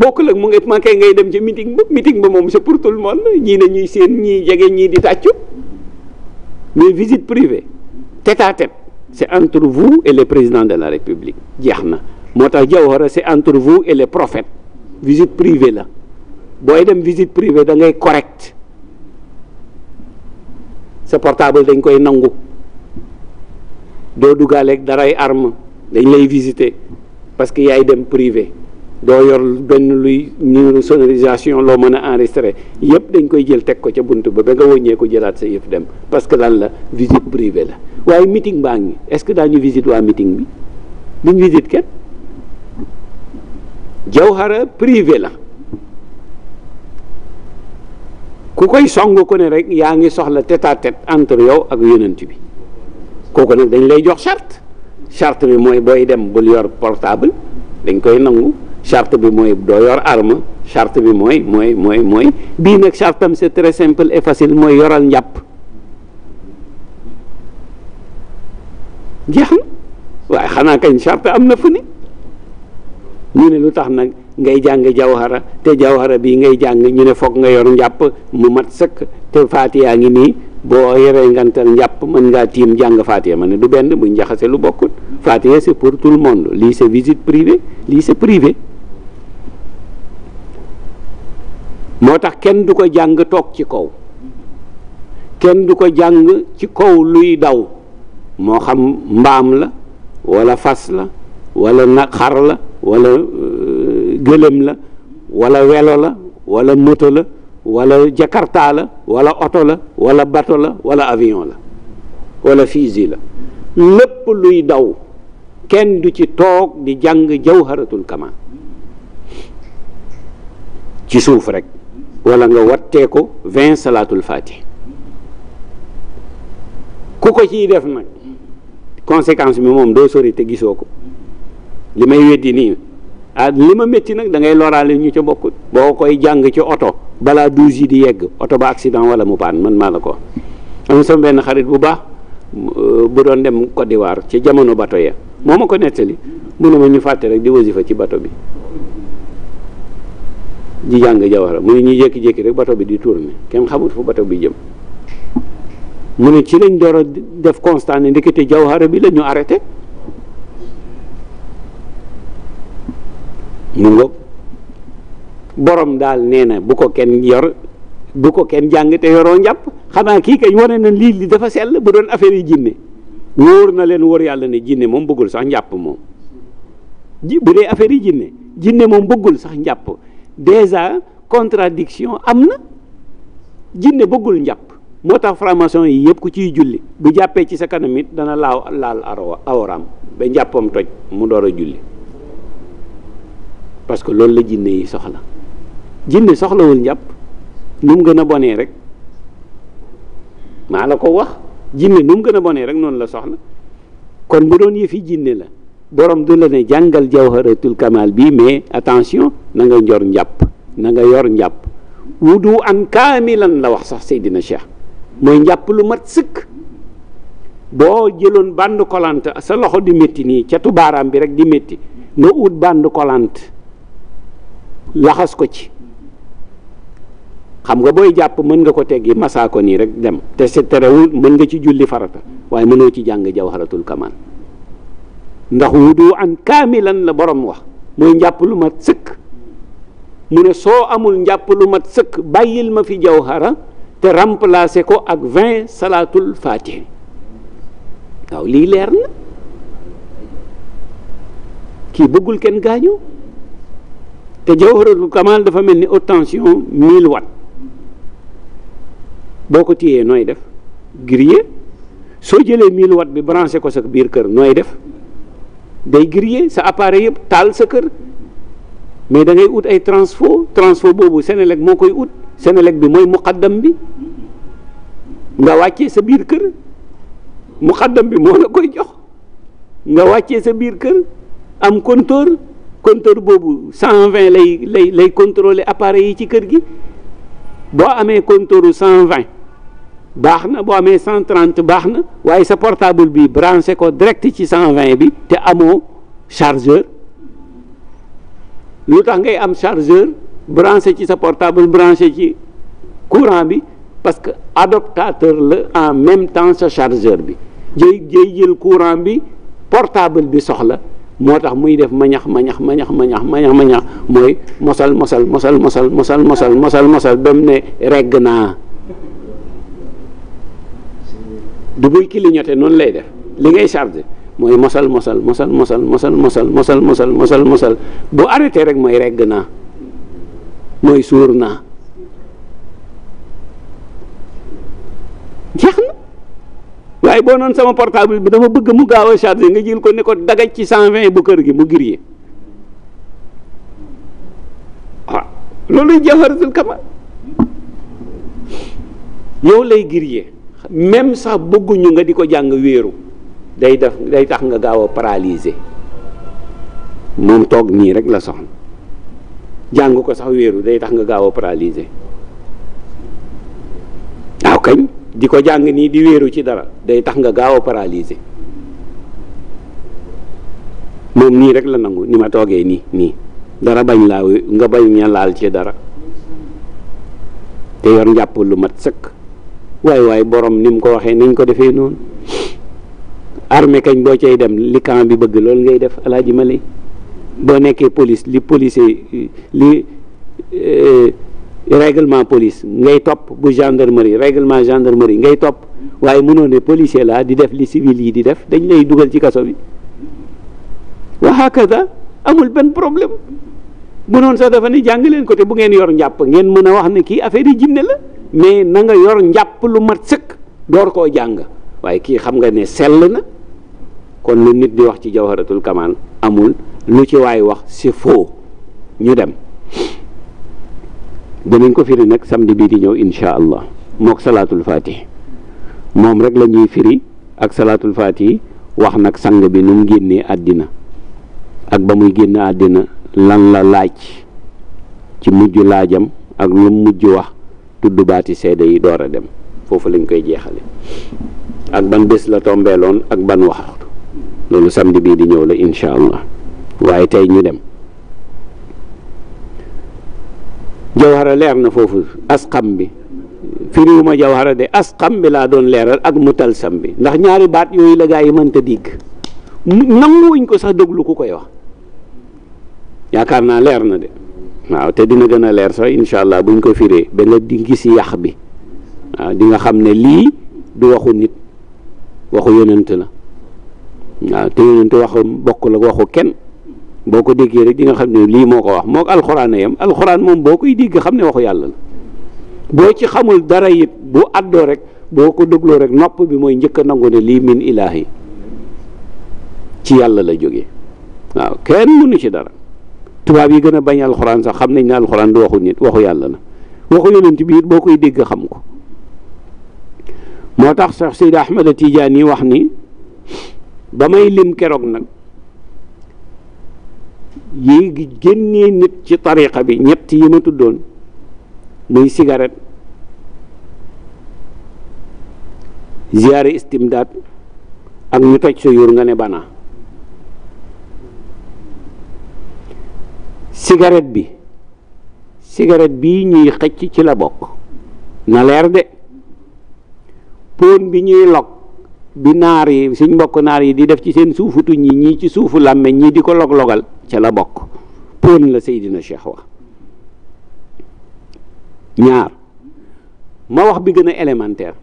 bokkul ak mu nga manqué ngay dem ci meeting ba meeting ba moom sa pour tout le ñii ne ñuy seen ñii jege ñii di tàccu mais visite privée tête à tête c'est entre vous et le président de la république jeex na moo tax Jawhara c'est entre vous et les prophètes visite privée la booy dem visite privée da ngay correct sa portable dañ koy nangu doo duggaaleeg daray arme dañ lay visiter parce que yaay dem privé doo yor benn luy numéro sonorisation loo mën a enregistré yëpp dañ koy jël teg ko ca bunt ba ba nga wëññee ko jëlaat sa yëf dem parce que lan la visite privée la waaye meeting baa ngi est-ce que daañu visite waa meeting bi duñ visite kenn jawhara privé la ku koy song ko ne rek yaa ngi soxla tête à entre yow ak yonent bi kooku nag dañ lay jox charte charte bi mooy booy dem bul yor portable dañ koy nangu charte bi mooy doo yor arme charte bi mooy mooy mooy mooy bii nag charte am c'est très simple et facile mooy yoral njàpp jeex na waaye xanaa kañ charte am na fu ni ñu ne lu tax nag ngay jàng jawhara te jawhara bii ngay jàng ñu ne foog nga yor njàpp mu mat sëkk te faat yaa ngi nii boo yoree ngantal njàpp mën ngaa tiim jàng faatiya ma ne du benn buñ jaxase lu bokkul faatiya c'est pour tout le monde lii c'est visite privée lii c'est privé moo tax kenn du ko jàng toog ci kaw kenn du ko jàng ci kaw luy daw moo xam mbaam la walla fas la wala na xar la wala euh, gëlëm la walla welo la walla moto la walla jakarta la wala oto la wala bato la wala avion la wala fusil la lépp luy daw kenn du ci toog di jàng jawharatul kamal ci suuf rek wala nga wattee ko vingt salaatul faati ku ko ciy def nag conséquence bi moom doo sori te gisoo ko li may weddi nii ah li ma métti nag da ngay loraale ñu ci bokkut boo koy jàng ci oto balaa douze yi di yegg oto ba accident wala mu paan man maa la ko am sama benn xarit bu baax euh, bu doon dem Côte d'Ivoire ci jamono bato ya moo ma ko nettali mu ne ma ñu fàtte rek di wasifa ci bato bi di jàng jawhara mu ne ñu jékki-jékki rek bato bi di tourné kenn xamut fu bato bi jëm mu ne ci lañ door def constat ne ndekete jawhara bi la ñu arrêté mu ngoog borom daal nee na bu ko kenn yor bu ko kenn jàng te yoroo njàpp xanaa kii kay wane na lii li dafa sell bu doon affaire yi jinne wóor na leen wóor yàlla ne jinne moom bëggul sax njàpp moom ji bu dee affaire yi jinne jinne moom bëggul sax njàpp déjà contradiction am na jinne bëggul njàpp moo tax franc yi yëpp ku ciy julli bu jàppee ci sa kanam it dana laaw laal awraam ba njàppam toj mu door a julli parce que loolu la jinne yi soxla jinne soxlawul njàpp nu mu gën a bonee rek maa la ko wax jinne nu mu gën a bonee rek noonu la soxla kon bu doon yëfi jinne la borom du la ne jàngal jawharatul kamal bii mais attention na nga njor njàpp na nga yor njàpp wudu an kaamilan la wax sax Seydina Cheikh mooy njàpp lu mat sëkk boo jëloon bande collante sa loxo di métti nii catu baaraam bi rek di metti nga ut bande collante laxas ko ci xam nga booy jàpp mën nga ko teggi masaa ko nii rek dem te se terewul mën nga ci julli farata waaye mënoo ci jàng jawharatul kamal ndax wudu an kaamilan la borom wax mooy njàpp lu mat sëkk mu ne soo amul njàpp lu mat sëkk bàyyil ma fi jawhara te remplacer ko ak vingt salaatul fatih waaw lii leer na kii bëggul kenn gaañu te jawharatul kamal dafa mel ni haute tension mille boo ko téyee nooy def grillé soo jëlee mille wat bi branché ko sa biir kër nooy def day griller sa appareil yëpp taal sa kër mais da ngay ut ay transfo transfo boobu Senelec moo koy ut Senelec bi mooy muqaddam bi nga wàcce sa biir kër muqaddam bi moo la koy jox nga wàccee sa biir kër am compteur compteur boobu cent vingt lay lay lay contrôler appareil yi ci kër gi boo amee compteuru cent vingt baax na boo amee cent baax na waaye sa portable bi branché ko direct ci cent vingt bi te amoo chargeur lu tax ngay am chargeur branché ci sa portable branché ci courant bi parce que adaptateur la en même temps sa chargeur bi jëy jëy jël courant bi portable bi soxla moo tax muy def mañax mañax mañax mañax mañax mañax mooy mosal mosal mosal mosal mosal mosal mosal mosal ba mu ne regg naa du buy clignoté noonu lay def li ngay chargé mooy mosal mosal mosal mosal mosal mosal mosal mosal mosal mosal bu arrêté rek mooy regg naa mooy suur naa jeex na waaye boo noon sama portable bi dama bëgg mu gaaw a chargé nga jël ko ne ko dagaj ci cent vingt bu kër gi mu grillé ah loolu jawharatul kamal yow lay grillé même sax bëgguñu nga di ko jàng wéeru day def day tax nga gaaw a paralysé moom toog nii rek la soxla jàng ko sax wéeru day tax nga gaaw a paralysé waaw kañ di ko jàng nii di wéeru ci dara day tax nga gaaw a paralysé moom nii rek la nangu ni ma toogee nii nii dara bañ laa nga bañ a laal ci dara te yor njàpp lu mat sëkk waaye waaye borom ni mu ko waxee nañ ko defee noonu armée kañ boo cay dem li camp bi bëgg loolu ngay def alaaji mali boo nekkee police li policier li eh, règlement police ngay topp bu gendarmerie règlement gendarmerie ngay topp waaye mënoo ne policier laa di def li civil yi di def dañ lay dugal ci kaso bi wa hakaza amul benn problème mënoon sax dafa ne jàng leen ko te bu ngeen yor njàpp ngeen mën a wax ne kii affaire di jinne la mais na nga yor njàpp lu mat sëkk door koo jàng waaye kii xam nga ne sell na kon lu nit di wax ci jawaratul kamal amul lu ci waay wax c'est faux ñu dem dinañ ko firi nag samedi bii di ñëw insha allah mook salaatul fatih moom rek la ñuy firi ak salaatul fatih wax nag sang bi nu mu génnee àddina ak ba muy génn àddina lan la laaj ci mujj laajam ak lu mu mujj wax tudd baati seede yi door a dem foofu lañ koy jeexale ak ban bés la tombeeloon ak ban waxtu loolu samedi bii di ñëw la incha allah waaye tey ñu dem jawhara leer na foofu asxam bi firiwuma jawhara de asxam bi laa doon leeral ak mutalsam bi ndax ñaari baat yooyu la gaa yi mënta digg nanguwuñ ko sax déglu ku koy wax yaakaar naa leer na de waaw te dina gën a leer sax incha allah buñ ko fiiree ba nga di gis yàq bi waaw di xam ne lii du waxu nit waxu yonent la waaw te yonent waxu bokk la waxu kenn boo ko déggee rek di nga xam ne lii moo ko wax moo ko alxuraan a alxuraan moom boo koy dégg xam ne waxu yàlla la boo ci xamul dara it bu àddoo rek boo ko dégloo rek nopp bi mooy njëkk a nangu ne lii min ilaahi ci yàlla la jóge waaw kenn mënu ci dara tubaab yi gën a bañ alxuraan sax xam nañ ne alxuraan du waxu nit waxu yàlla la waxu yonent bi boo koy dégg xam ko moo tax sax Seyd Ahmada Tiijaan yi wax ni ba may lim keroog nag yi génnee nit ci tariqa bi ñett yi ma tuddoon muy cigarette ziyaare istimdaad ak ñu toj sa yuur nga ne banaa cigarette bi cigarette bii ñuy xëcc ci la bokk na leer de pon bi ñuy log bi naar yi suñ mbokk naar yi di def ci seen suufu tuñ yi ñii ci suufu làmmeñ ñii di ko log-logal ca la bokk pon la Seydina Cheikh wax ñaar ma wax bi gën a élémentaire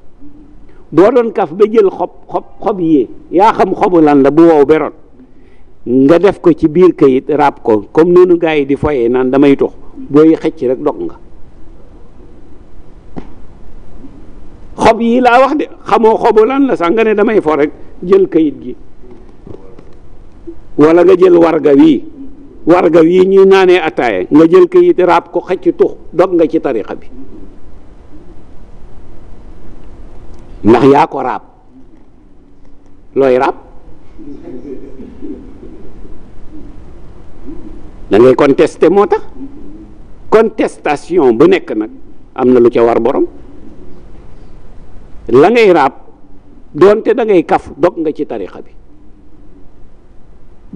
boo doon kaf ba jël xob xob xob yii yaa xam xobu lan la bu wow beroon nga def ko ci biir kayit raab ko comme noonu gaa yi di foyee naan damay tux booy xëcc rek dog nga xob yii laa wax de xamoo xobu lan la sax nga ne damay fo rek jël kayit gi wala nga jël warga wii warga wii ñuy naanee ataaya nga jël kayit raab ko xëcc tux dog nga ci tarixa bi ndax yaa ko raab looy raab da ngay contester moo tax contestation bu nekk nag am na lu ca war borom la ngay ràbb doonte da ngay kaf dog nga ci tarixa bi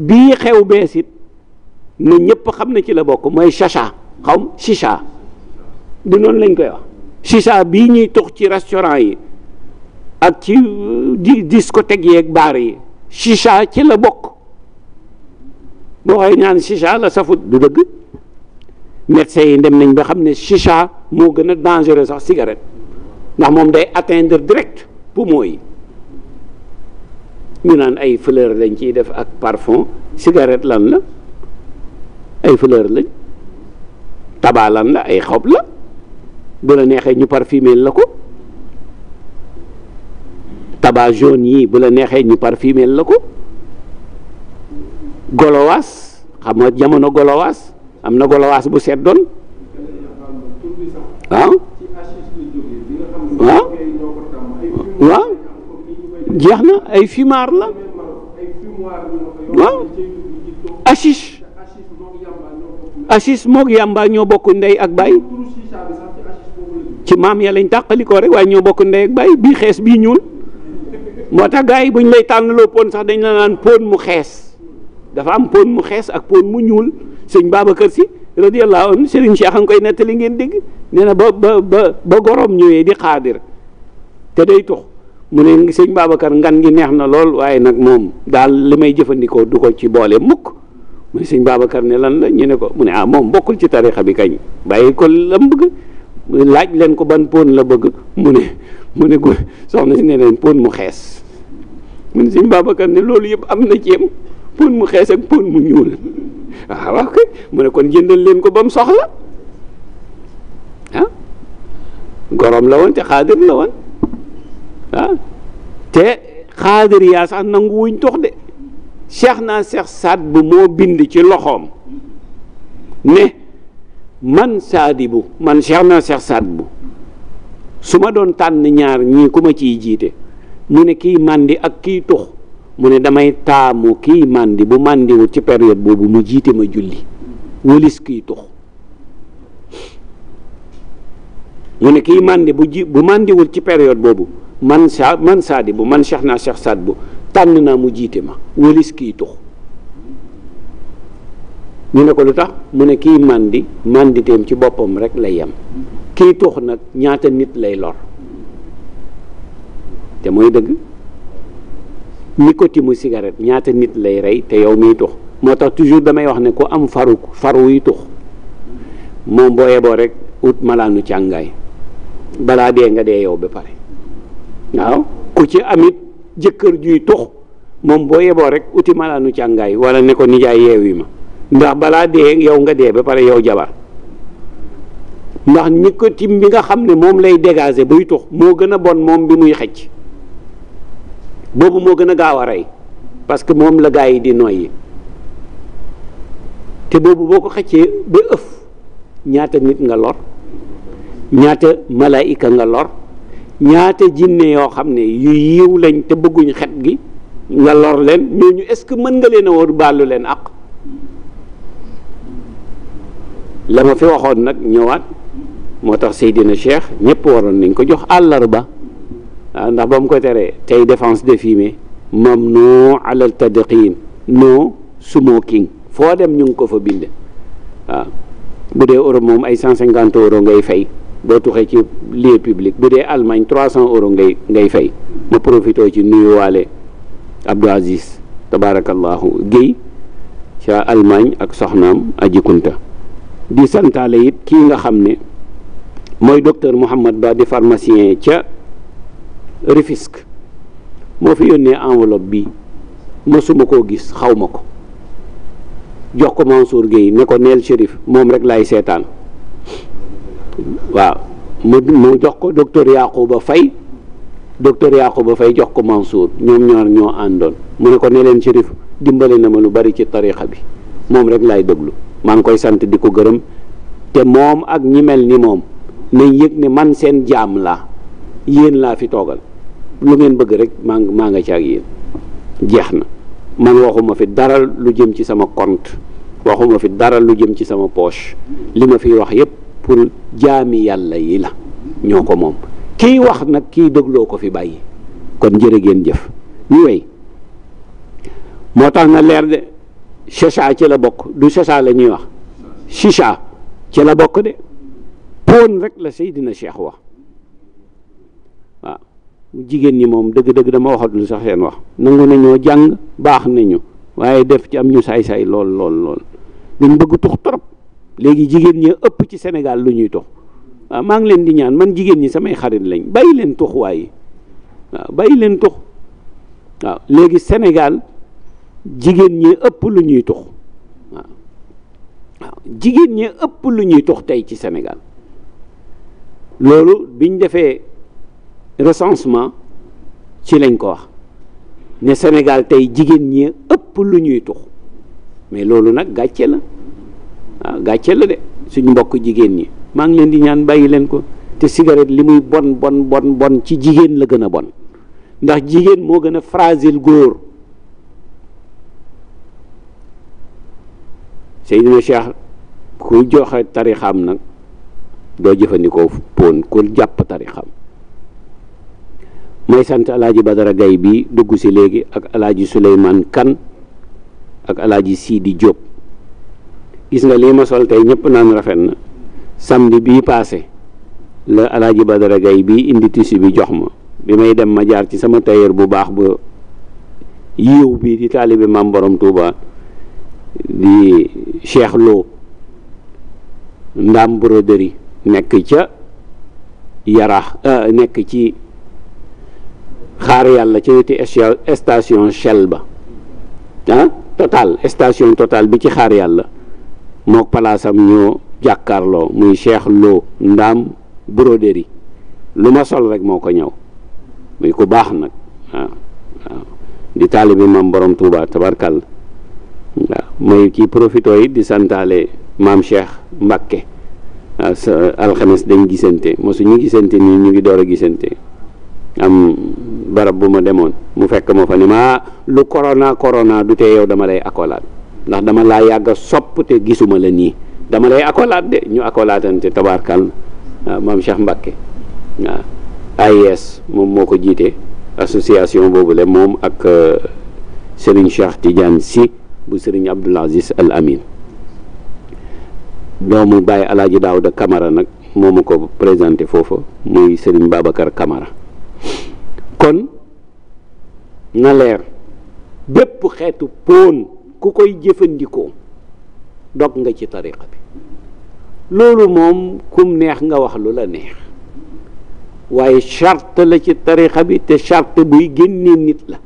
bii xew bees it na xam na ci la bokk mooy chacha xawm chicha du noonu lañ koy wax chicha bii ñuy tux ci restaurant yi ak ci euh, discothèque yeeg baar yi chicha ci la bokk boo xoolee ñaan chicha la safut du dëgg médecins yi dem nañ ba xam ne chicha moo gën a dangereux sax cigarette ndax moom day atteindre direct poumon yi ñu naan ay fleur lañ ciy def ak parfum cigarette lan la ay fleur lañ taba lan la ay xob la bu la neexee ñu parfumer la ko taba jaune yi bu la neexee ñu parfumer la ko golowaas xam nga jamono golowaas am na golowaas bu set doon waaw waaw jeex na ay fumaar la waaw achiche achiche moog yàmba ñoo bokk ndey ak baay ci maam yaa lañ tàqali rek waaye ñoo bokk ndey ak baay bii xees bii ñuul moo tax gars yi buñ lay tànn loo sax dañ la naan pon mu xees dafa am pon mu xees ak poon mu ñuul sëñ Babacar si radiyallahu anhu Serigne Cheikh a ngi koy nettali ngeen dégg nee na ba ba ba ba gorom ñëwee di xaadir te day tux mu ne sëñ Babacar ngan gi neex na lool waaye nag daal li may jëfandikoo du ko ci boole mukk mu ne lan la ñu ne ko mu ne ah moom bokkul ci tarixa bi kañ bàyyi ko lam bëgg laaj leen ko ban pon la bëgg mu ne mu ne soxna si ne leen pon mu xees mu ne sëñ Babacar ne loolu yëpp am na ci yem pon mu xees ak pon mu ñuul waaw ah, waaw kay mu ne kon jëndal leen ko ba mu soxla ah gorom la woon te xaadir la woon ah? te xaadir yaa sax nangu wuñ tox de cheikh naa cheikh saat bu moo bind ci loxoom ne man saadi bu man cheikh naa cheikh saat bu su ma doon tànn ñaar ñii ku ma ciy jiite mu ne kii màndi ak kii tux mu ne damay taamu kii màndi bu màndiwul ci période boobu mu jiite ma julli wëlis kii tux mu ne kii màndi bu ji bu màndiwul ci période boobu man sa man saadi bu man Cheikh naa Cheikh Saad bu tànn naa mu jiite ma wëlis kii tux ñu ne ko lu tax mu ne kii màndi mànditeem ci boppam rek lay yem kii tux nag ñaata nit lay lor te mooy dëgg nicotine mu cigarette ñaata nit lay rey te yow miy tux moo tax toujours damay wax ne ku am faru faru yi tux moom boo rek ut malaanu càngaay balaa dee nga dee yow ba pare ku ci amit jëkkër juy tux moom boo yeboo rek uti malaanu càngaay wala ne ko nijaay yeewi ma ndax balaa dee yow nga dee ba pare yow jabar ndax nicotine bi nga xam ne moom lay dégager buy tux moo gën a bon moom bi muy xëcc boobu moo gën a gaaw a rey parce que moom la gaa yi di noyyi te boobu boo ko xëccee ba ëf ñaata nit nga lor ñaata malaayika nga lor ñaata jinne yoo xam ne yu yiw lañ te bëgguñu xet gi nga lor leen ñooñu est-ce que mën nga leen a war baalu leen àq la ma fi waxoon nag ñëwaat moo tax Seydina Cheikh ñëpp waroon nañ ko jox àllarba. Ah, ndax ba mu ko teree tey défense de fumer mamnu alal tadqiin no smoking foo dem ñu ngi ko fa bind waaw ah, bu dee euro moom ay cent cinquante euro ngay fay boo tuxee ci lieu public bu dee Allemagne trois cent euro ngay ngay fay ma profité ci nuyuwaale Abdou Aziz tabarakallahu Guèye ca Allemagne ak soxnaam ajikunta di santaale it kii nga xam ne mooy docteur Mouhamad Ba di pharmacien ca Rufisque moo fi yónnee enveloppe bi mosuma koo gis xaw ma ko jox ko Mansour Guèye ne ko nel shérif moom rek laay seetaan waaw mu mu jox ko docteur Yakhouba Faye docteur Yakhouba fay jox ko Mansour ñoom ñaar ñoo àndoon mu ne ko ne leen shérif dimbale na ma lu bari ci tarixa bi moom rek laay déglu maa ngi koy sant di ko gërëm te moom ak ñi mel ni moom nañ yëg ne man seen jaam laa yéen laa fi toogal lu ngeen bëgg rek maa maa nga ci ak yéen jeex na man waxuma fi dara lu jëm ci sama compte waxuma fi dara lu jëm ci sama poche li ma fi wax yépp pour jaami yàlla yi la ñoo ko moom kiy wax nag kiy dégloo ko fi bàyyi kon jërë ngeen jëf ñu wey moo tax na leer de chacha ci la bokk du chacha la ñuy wax chicha ci la bokk de poon rek la sey dina Cheikh wax jigéen ñi moom dëgg-dëgg dama waxatul sax seen wax nangu nañoo jàng baax nañu waaye def ci am ñu saay-saay lool lool lool dañ bëgg tux trop léegi jigéen ñi ëpp ci senegal lu ñuy tux waaw maa ngi leen di ñaan man jigéen ñi samay xarit lañ bàyyi leen tux waaye waaw bàyyi leen tux waaw léegi senegal jigéen ñi ëpp lu ñuy tux waaw jigéen ñi ëpp lu ñuy tux tey ci senegal loolu biñ defee recensement ci lañ ko wax ne Sénégal tey jigéen ñi ëpp lu ñuy tux mais loolu nag gàcce la waaw ah, gàcce la de suñu mbokk jigéen ñi maa ngi leen di ñaan bàyyi leen ko te cigarette li muy bon bon bon bon ci jigéen la gën a bon ndax jigéen moo gën a fragile góor Seydina Cheikh ku joxe tarixam nag doo jëfandikoo poon ku jàpp tarixam may sant alaaji Badara gay bi dugg si léegi ak alaaji Souleymane Kane ak alaaji di Diop gis nga lii ma sol tey ñëpp naan rafet na samedi bii paase la alaaji Badara Gaye bi indi tissu bi jox ma bi may dem ma jaar ci sama tailleur bu baax ba yiw bi di taalibe maam boroom Touba di Cheikh Lo Ndam Broderie nekk ca Yaraax euh, nekk ci xaar yàlla ci weti station Shell ba ah total station total bi ci xaar yàlla mook palaasam ñoo jàkkaarloo muy Cheikh Lo Ndaam broderie lu ma sol rek moo ko ñëw muy ku baax nag waaw waaw di taalibi maam borom Touba tabarkàlla waaw mooy ci profito di santaale maam Cheikh Mbakke sa alxames dañ gisante mosu ñu gisante nii ñu ngi door a gisante am barab bu ma demoon mu fekk ma fa ni ma lu corona corona du tee yow dama lay akolaat ndax dama laa yàgg a sopp te gisuma la nii dama lay akolaat de ñu akolaatante tabaarkal na ah, maam Cheikh Mbacke waaw AIS ah, moom moo ko jiite association boobu le moom ak euh, Serigne Cheikh Tidiane Sy bu sëriñ Abdoul Aziz Al Amin doomu bàyyi Alaaji Daawda Camara nag moom ma ko présenté foofa muy Serigne Babacar kamara kon na leer bépp xeetu póon ku koy jëfandikoo dog nga ci tariqa bi loolu moom kum neex nga wax lu la neex waaye charte la ci tariqa bi te charte buy génnee nit la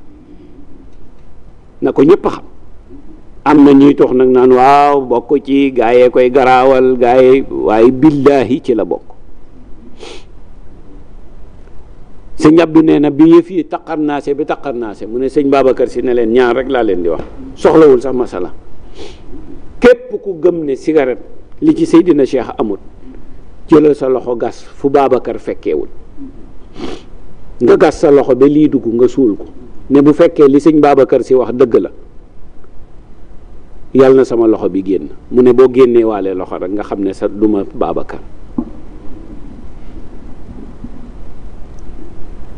na ko ñëpp xam am na ñuy tox nag naan waaw bokk ci gaayee koy garaawal gaayee waaye billahi ci la bokk sëñ Abdou nee na bi yëf yi taqar naase bi taqar se mu ne sëñ Babacar si ne leen ñaar rek laa leen di wax soxlawul sax masala képp ku gëm ne cigarette li ci Seydina Cheikh amut jëlal sa loxo gas fu Babacar fekkewul nga gas sa loxo ba lii dugg nga suul ko ne bu fekkee li sëñ Babacar si wax dëgg la yàlla na sama loxo bi génn mu ne boo génnee waale loxo rek nga xam ne sa duma Babacar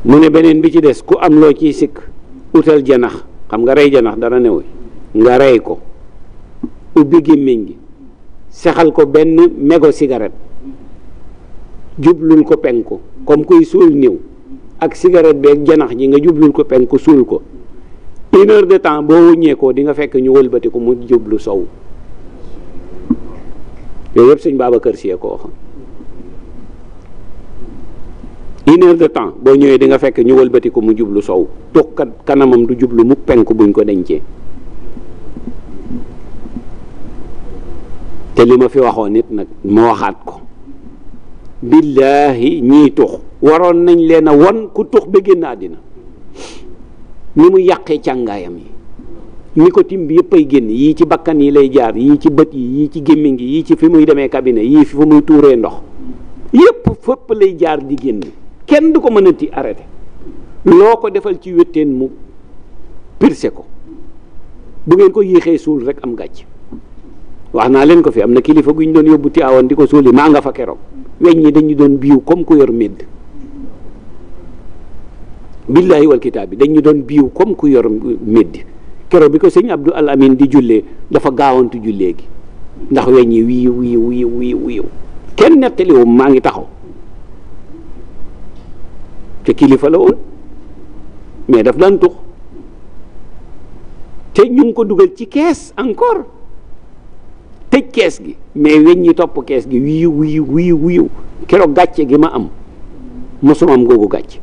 mu ne beneen bi ci des ku am loo ciy sikk utal janax xam nga rey janax dara newu nga rey ko ubbi gémmiñ gi sexal ko benn mégo cigarette jublul ko penku comme kuy suul néew ak cigarette bi ak janax ji nga jublul ko penku suul ko une heure de temps boo wëññeekoo di nga fekk ñu wëlbati ko mu jublu sow yooyu yëpp sëñ Babacar Sy ko waxoon une de temps boo ñëwee dinga nga fekk ñu wëlbati ko mu jublu sow tukkat kanamam du jublu mu penk buñ ko dencee te li ma fi waxoon nit nag ma waxaat ko billaahi ñii tux waroon nañ leen a won ku tux ba génn àddina ni mu yàqee càngaayam yi ni ko bi yëpp ay génn yii ci bakkan yi lay jaar yii ci bët yii ci gémmiñ gi yii ci fi muy demee kabine yii fi muy tuuree ndox yëpp fépp lay jaar di génn kenn du ko mënati arrêté loo ko defal ci wétteen mu pirse ko bu ngeen ko yéexee suul rek am gàcc wax naa leen ko fi am na kilifa gu ñu doon yóbbu Tiwaawan di ko suuli maa nga fa keroog weñ ñi dañu doon biiw comme ku yor médd billaahi wal kitaab bi dañu doon biiw comme ku yor médd keroog bi ko sëñ Abdou Al di jullee dafa gaawantu jullee gi ndax weñ ñi wiiw wiiw wiiw wiiw wiiw kenn nettaliwum maa ngi taxaw te kilifa la woon mais daf daan tux te ñu ngi ko dugal ci kees encore tëj kees gi mais weñ ñi topp kees gi wiyu wiyu wiyu keroog gàcce gi ma am mosuma am googu gàcce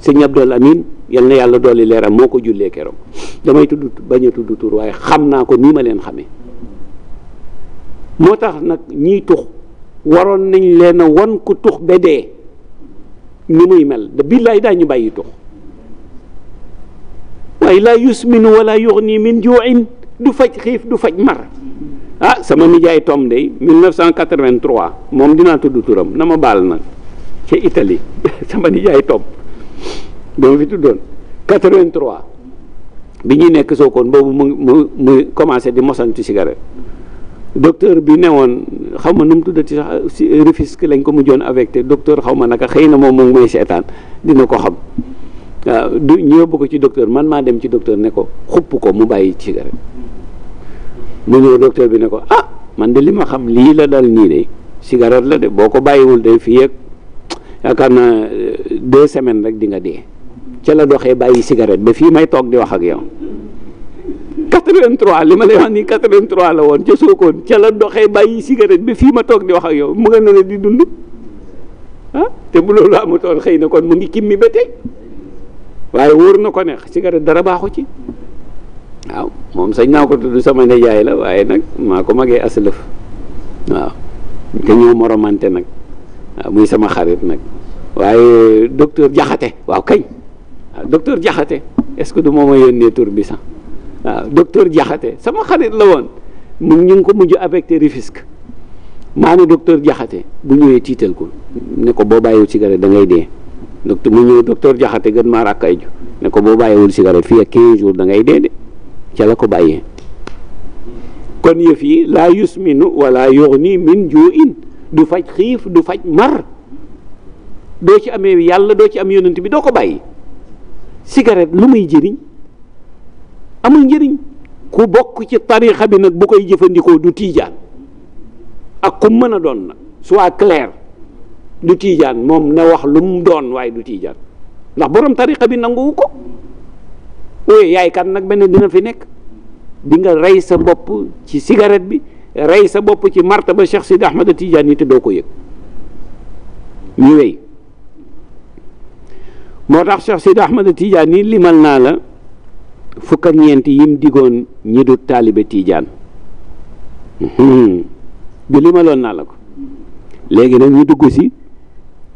sëñ Abdul Amin yal na yàlla dolli leeram moo ko jullee keroog damay tudd bañ a tudd tuur waaye xam naa ko nii ma leen xamee moo tax nag ñiy tux waroon nañ leen a won ku tux ba ni muy mel da billaay daañu bàyyi tux waaye laa yusminu wala yuxni min juin du faj xiif du faj mar ah sama nijaay Tom day 1983 moom dinaa tudd turam na ma baal nag ca Italie sama nijaay Tom ba ma fi tuddoon bi ñuy nekk soo koon boobu mu mu mu commencé di mosantu cigarette docteur bi ne woon ma nu mu tuddati sax si Rufisque lañ ko mujjoon avec te docteur xaw ma naka xëy na moom moom mooy seetaan dina ko xam waaw du ñu yóbbu ko ci docteur man maa dem ci docteur ne ko xupp ko mu bàyyi cigarette mu ñëw docteur bi ne ko ah man de li ma xam lii la dal nii de cigarette la de boo ko bàyyiwul de fii yëg yaakaar naa euh, deux semaine rek di nga dee ca la doxee bàyyi cigarette ba fii may toog di wax ak yow. 83 li ma lay wax nii 83 la woon ca Sokone ca la doxee bàyyi cigarette bi fii ma toog di wax ak yow mu nga ne di dund ah, te bu loolu amutoon xëy na kon mu ngi kimmi ba tey waaye wóor na ko ne cigarette dara baaxu ci waaw moom sañ naa ko tudd sama nijaay la waaye nag maa ko magee aslëf waaw te moromante nag waaw muy sama xarit nag waaye docteur Jaxate waaw kañ waaw docteur Jaxate est-ce que du moom a yónnee tur bi sax waaw ah, docteur Diakhaté sama xarit la woon mu ñu ngi ko mujj affecté Rufisque maa ne docteur Diakhaté bu ñëwee tiital ko ne ko boo bàyyiwul cigarette da ngay dee docteur mu ñëw docteur gën maa ay ju ne ko boo bàyyiwul cigarette fii ak 15 jours da ngay dee de ca la ko bàyyee kon yëf yi laa yusminu wala yughni min ju'in du faj xiif du faj mar doo ci amee yàlla doo ci am yonent bi doo ko bàyyi cigarette lu muy jëriñ amul njëriñ ku bokk ci tarixa bi nag bu koy jëfandikoo du tiijaan ak ku mën a doon na soit clair du tiijaan moom na wax lu mu doon waaye du tiijaan ndax borom tarixa bi nanguwu ko ooy yaay kan nag benn dina fi nekk di nga rey sa bopp ci cigarette bi rey sa bopp ci ba Cheikh Sidi Ahmad Tidiane yi te doo ko yëg ñu wéy moo tax Cheikh Sidi Ahmad Tidiane yi limal naa la fukk ak ñeent yim digoon ñi du taalibe tiijaan mhm. bi li ma naa la ko léegi nag ñu dugg si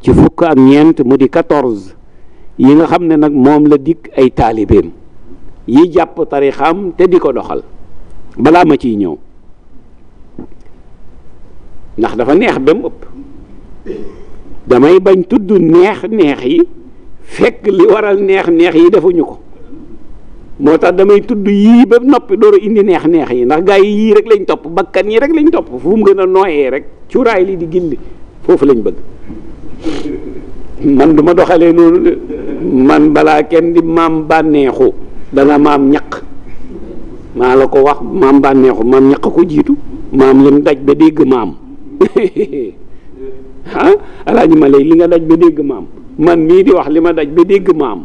ci fukk ak ñeent mu di quatorze yi nga xam ne nag moom la dikk ay taalibeem yi jàpp tarixam te di ko doxal balaa ma ciy ñëw ndax dafa neex ba ëpp damay bañ tudd neex neex yi fekk li waral neex neex yi defuñu ko moo tax damay tudd yii ba noppi door indi neex-neex yi ndax gaa yi yii rek lañ topp bakkan yi rek lañ topp fu mu gën a nooyee rek cuuraay li di gilli foofu lañ bëgg man du ma doxalee noonu man balaa kenn di maam bànneexu dana maam ñaq maa la ko wax maam bànneexu maam ñaq ko jiitu maam lim daj ba dégg maam ah ma lay li nga daj ba dégg maam man mii di wax li ma daj ba dégg maam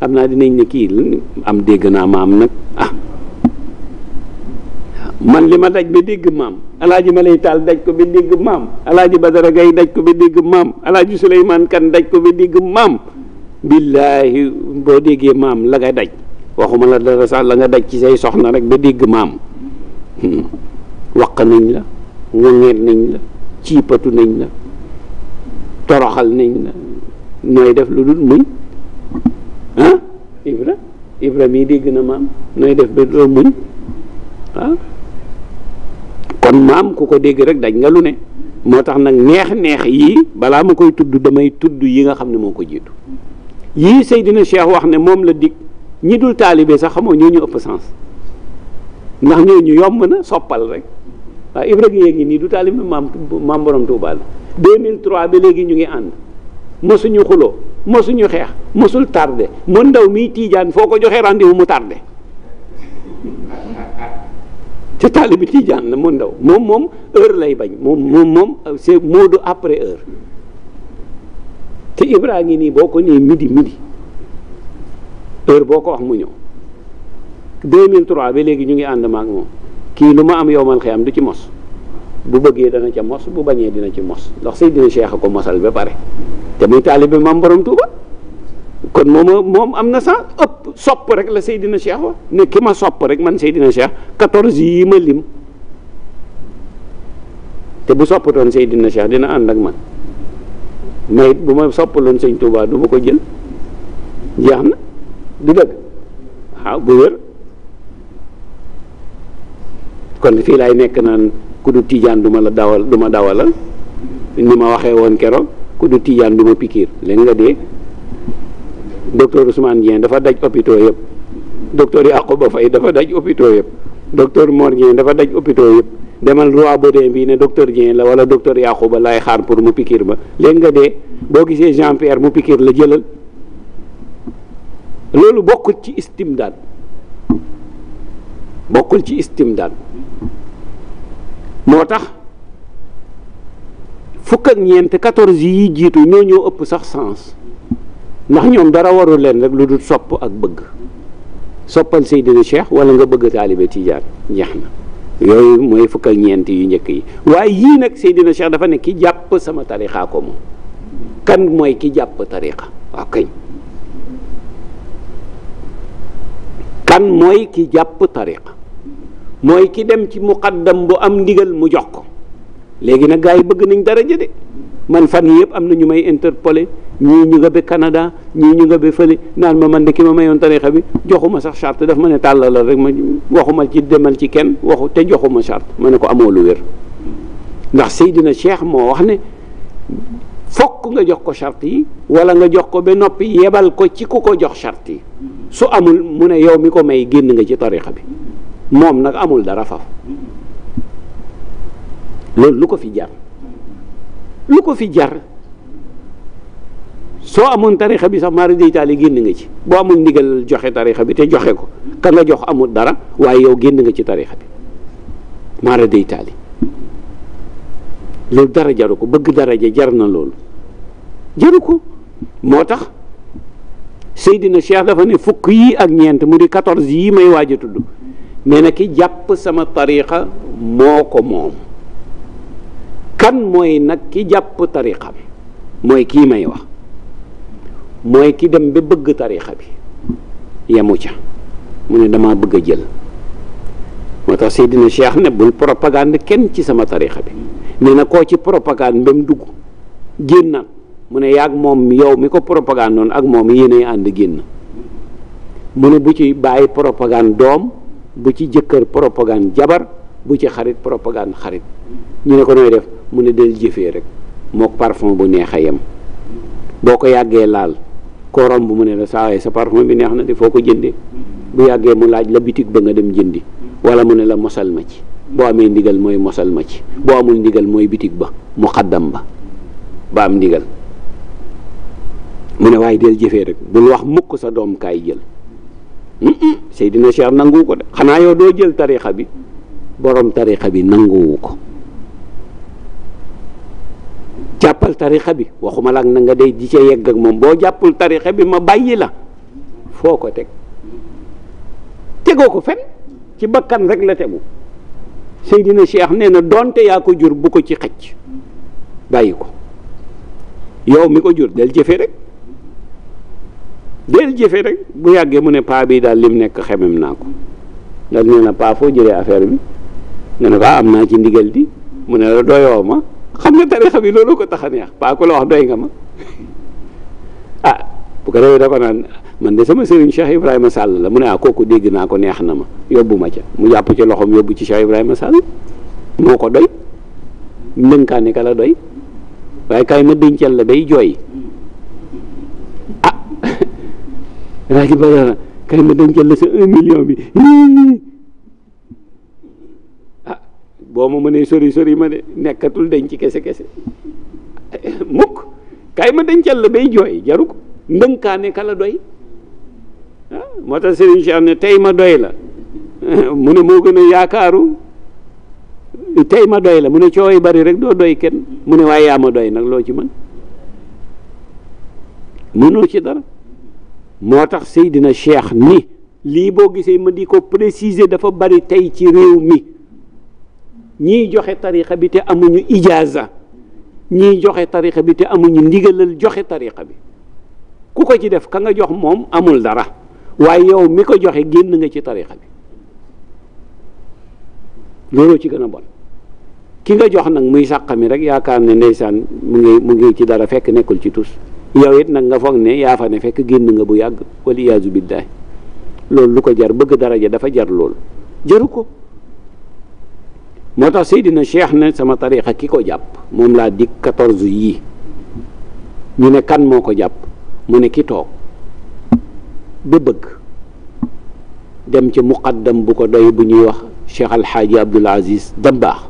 xam naa dinañ ne kii am dégg naa maam nag ah man li ma daj ba dégg maam alaaji ma lay taal daj ko ba dégg maam alaaji Badara daj ko ba dégg maam alaaji ko ba maam billaahi boo déggee maam la nga daj waxuma la dara sax la nga daj ci say soxna rek ba dégg maam hmm. wax nañ la ŋoŋeet nañ la ciipatu nañ la toroxal nañ la nooy def lu dul muñ ah Ibra Ibra mii dégg na maam nooy def ba doo muñ kon maam ku ko dégg rek daj nga lu ne moo tax nag neex-neex yii balaa ma koy tudd damay tudd yi nga xam ne moo ko jiitu yii Seydina Cheikh wax ne moom la dikk ñi dul taalibe sax xamoo ñoo ñu ëpp sens ndax ñoo ñu yomb na soppal rek waaw Ibra gi yéegi nii du taalibe maam maam borom Tuubaa la 2003 ba léegi ñu ngi ànd mosuñu xuloo mosuñu xeex mosul tardé mu ndaw mii tiijaan foo ko joxee rendez-vous mu tardé te taalibi tiijaan la mu ndaw moom moom heure lay bañ moom moom moom moo du après heure te Ibra ngi nii boo ko nee midi midi heure boo ko wax mu ñëw 2003 ba léegi ñu ngi ànd maag moom kii lu ma am yow man am du ci mos bu bëggee dana ca mos bu bañee dina ci mos ndax Seydina Cheikh a ko mosal ba pare te muy taalibe maam borom Tuuba kon moom moom am na sax ëpp sopp rek la Seydina Cheikh wa ne ki ma sopp rek man Seydina Cheikh quatorze yii ma lim bu soppatoon Seydina Cheikh dina ànd ak man mais bu ma soppaloon sëñ Tuuba du ma ko jël jeex na du waaw ah, bu wér kon fii lay nekk naan ku du tijaan du la dawal du ma dawalal ni ma waxee woon keroog ku du tiijaan du ma pikiir léegi nga dee docteur Ousmane Dieng dafa daj hôpitaux yëpp docteur Yacoba Faye dafa daj hôpitaux yëpp docteur Mor Dieng dafa daj hôpitaux yëpp demal roi Baudouin bii ne docteur Dieng la wala docteur Yacoba laay xaar pour mu pikiir ba léegi nga dee boo gisee Jean Pierre mu pikiir la jëlal loolu bokkul ci istimdaad bokkul ci istimdaad moo tax fukk ak ñeent quatorze yi jiitu ñoo ñoo ëpp sax sens ndax ñoom dara warul leen rek lu dul sopp ak bëgg soppal Seydina Cheikh wala nga bëgg taalibe Tijaan ñeex na yooyu mooy fukk ak ñeent yu njëkk yi waaye yii nag Seydina Cheikh dafa ne ki jàpp sama tarixa ko moom kan mooy ki jàpp tarixa waaw kañ kan mooy ki jàpp tarixa mooy ki dem ci muqaddam bu am ndigal mu jox ko léegi nag gars yi bëgg nañ daraja de man fan yi yëpp am na ñu may interpellé ñii ñu nga be Canada ñii ñu nga be fële naan ma man de ki ma mayoon tarixa bi joxuma sax charte daf ma ne tàllalal rek ma waxuma ci demal ci kenn waxu te joxuma charte ma ne ko amoo lu wér ndax Seydina Cheikh moo wax ne fokk nga jox ko chart yi wala nga jox ko ba noppi yebal ko ci ku ko jox charte yi su amul mu ne yow mi ko may génn nga ci tarixa bi moom nag amul dara faf loolu lu ko fi jar lu ko fi jar soo amoon tarixa bi sax maara day génn nga ci boo amul ndigal joxe tarixa bi te joxe ko ka nga jox amul dara waaye yow génn nga ci tarixa bi maara day loolu dara jaru ko bëgg daraja jar na loolu jaru ko moo tax Seydina Cheikh dafa ne fukk yi ak ñeent mu di quatorze yi may waaj a tudd nee na ki jàpp sama tariqa moo ko moom kan mooy nag ki jàpp tariqam mooy kii may wax mooy ki dem ba bëgg tariqa bi yemu ca mu ne dama bëgg a jël moo tax Seydina Cheikh ne bul propagande kenn ci sama tariqa bi nee koo ci propagande ba mu dugg génnaat mu ne yaag moom yow mi ko propagande noonu ak moom yéenay ànd génn mu ne bu ci bàyyi propagande doom bu ci jëkkër propagande jabar bu ci xarit propagande xarit ñu ne ko nooy def mu ne del jëfee rek mook parfum bu neex a yem boo ko yàggee laal koo romb mu ne la saa waay sa parfum bi neex na de foo ko jëndee bu yàggee mu laaj la bitig ba nga dem jëndi wala mu ne la mosal ma ci boo amee ndigal mooy mosal ma ci boo amul ndigal mooy bitig ba mu xaddam ba ba am ndigal mu ne waaye del jëfee rek bul wax mukk sa doom kaay jël Seydina Cheikh nanguwu ko de xanaa yow doo jël tarixa bi borom tarixa bi nanguwu ko jàppal tarixa bi waxuma la ak na nga day di ca yegg ak moom boo jàppul tarixa bi ma bàyyi la foo ko teg tegoo ko fen ci bakkan rek la tegu Seydina Cheikh nee na donte yaa ko jur bu ko ci xecc bàyyi ko yow mi ko jur del jëfe rek del jëfe rek bu yàggee mu ne paa bii daal lim nekk xemem naa ko ndax nee na paa foo jëlee affaire bi nga ne paa am naa ci ndigal di mu ne la doyoo ma xam nga tarixa bi loolu ko tax a neex paa ku la wax doy nga ma ah bu ko defee da ko man de sama sëriñ Cheikh Ibrahima Sall la mu ne ah kooku dégg naa ko neex na ma yóbbu ma ca mu jàpp ci loxoom yóbbu ci Cheikh Ibrahima Sall moo ko doy ndënkaane ka la doy waaye kay ma dencal la day jooy ah, Alaaji Badara kay ma dencal la sa un million bi ah boo ma mënee sori sori ma de nekkatul ci kese kese mukk kay ma dencal la bay jooy jaru ko ndënkaane ka la doy ah moo tax Serigne Cheikh ne tey ma doy la mu ne moo gën a yaakaaru tey ma doy la mu ne coow yi bari rek doo doy kenn mu ne waaye yaa ma doy nag loo ci mën mënoo ci dara moo tax Seydina Cheikh ni lii boo gisee ma di ko préciser dafa bari tey ci réew mi ñiy joxe tarixa bi te amuñu ijaaza ñiy joxe tarixa bi te amuñu ndigalal joxe tarixa bi ku ko ci def ka nga jox moom amul dara waaye yow mi ko joxe génn nga ci tarixa bi looloo ci gën a bon ki nga jox nag muy sàq mi rek yaakaar ne ndeysaan mu ngi mu ngi ci dara fekk nekkul ci tus yow it nag nga foog ne yaa fa ne fekk génn nga bu yàgg wala iyaazu billaah loolu lu ko jar bëgg daraja dafa jar lool jaru ko moo tax Seydina Cheikh ne sama tarixa ki ko jàpp moom laa dig quatorze yii ñu ne kan moo ko jàpp mu ne ki toog ba bëgg dem ca muqaddam bu ko doy bu ñuy wax Cheikh Alxaaji Abdul Aziz Dabbaax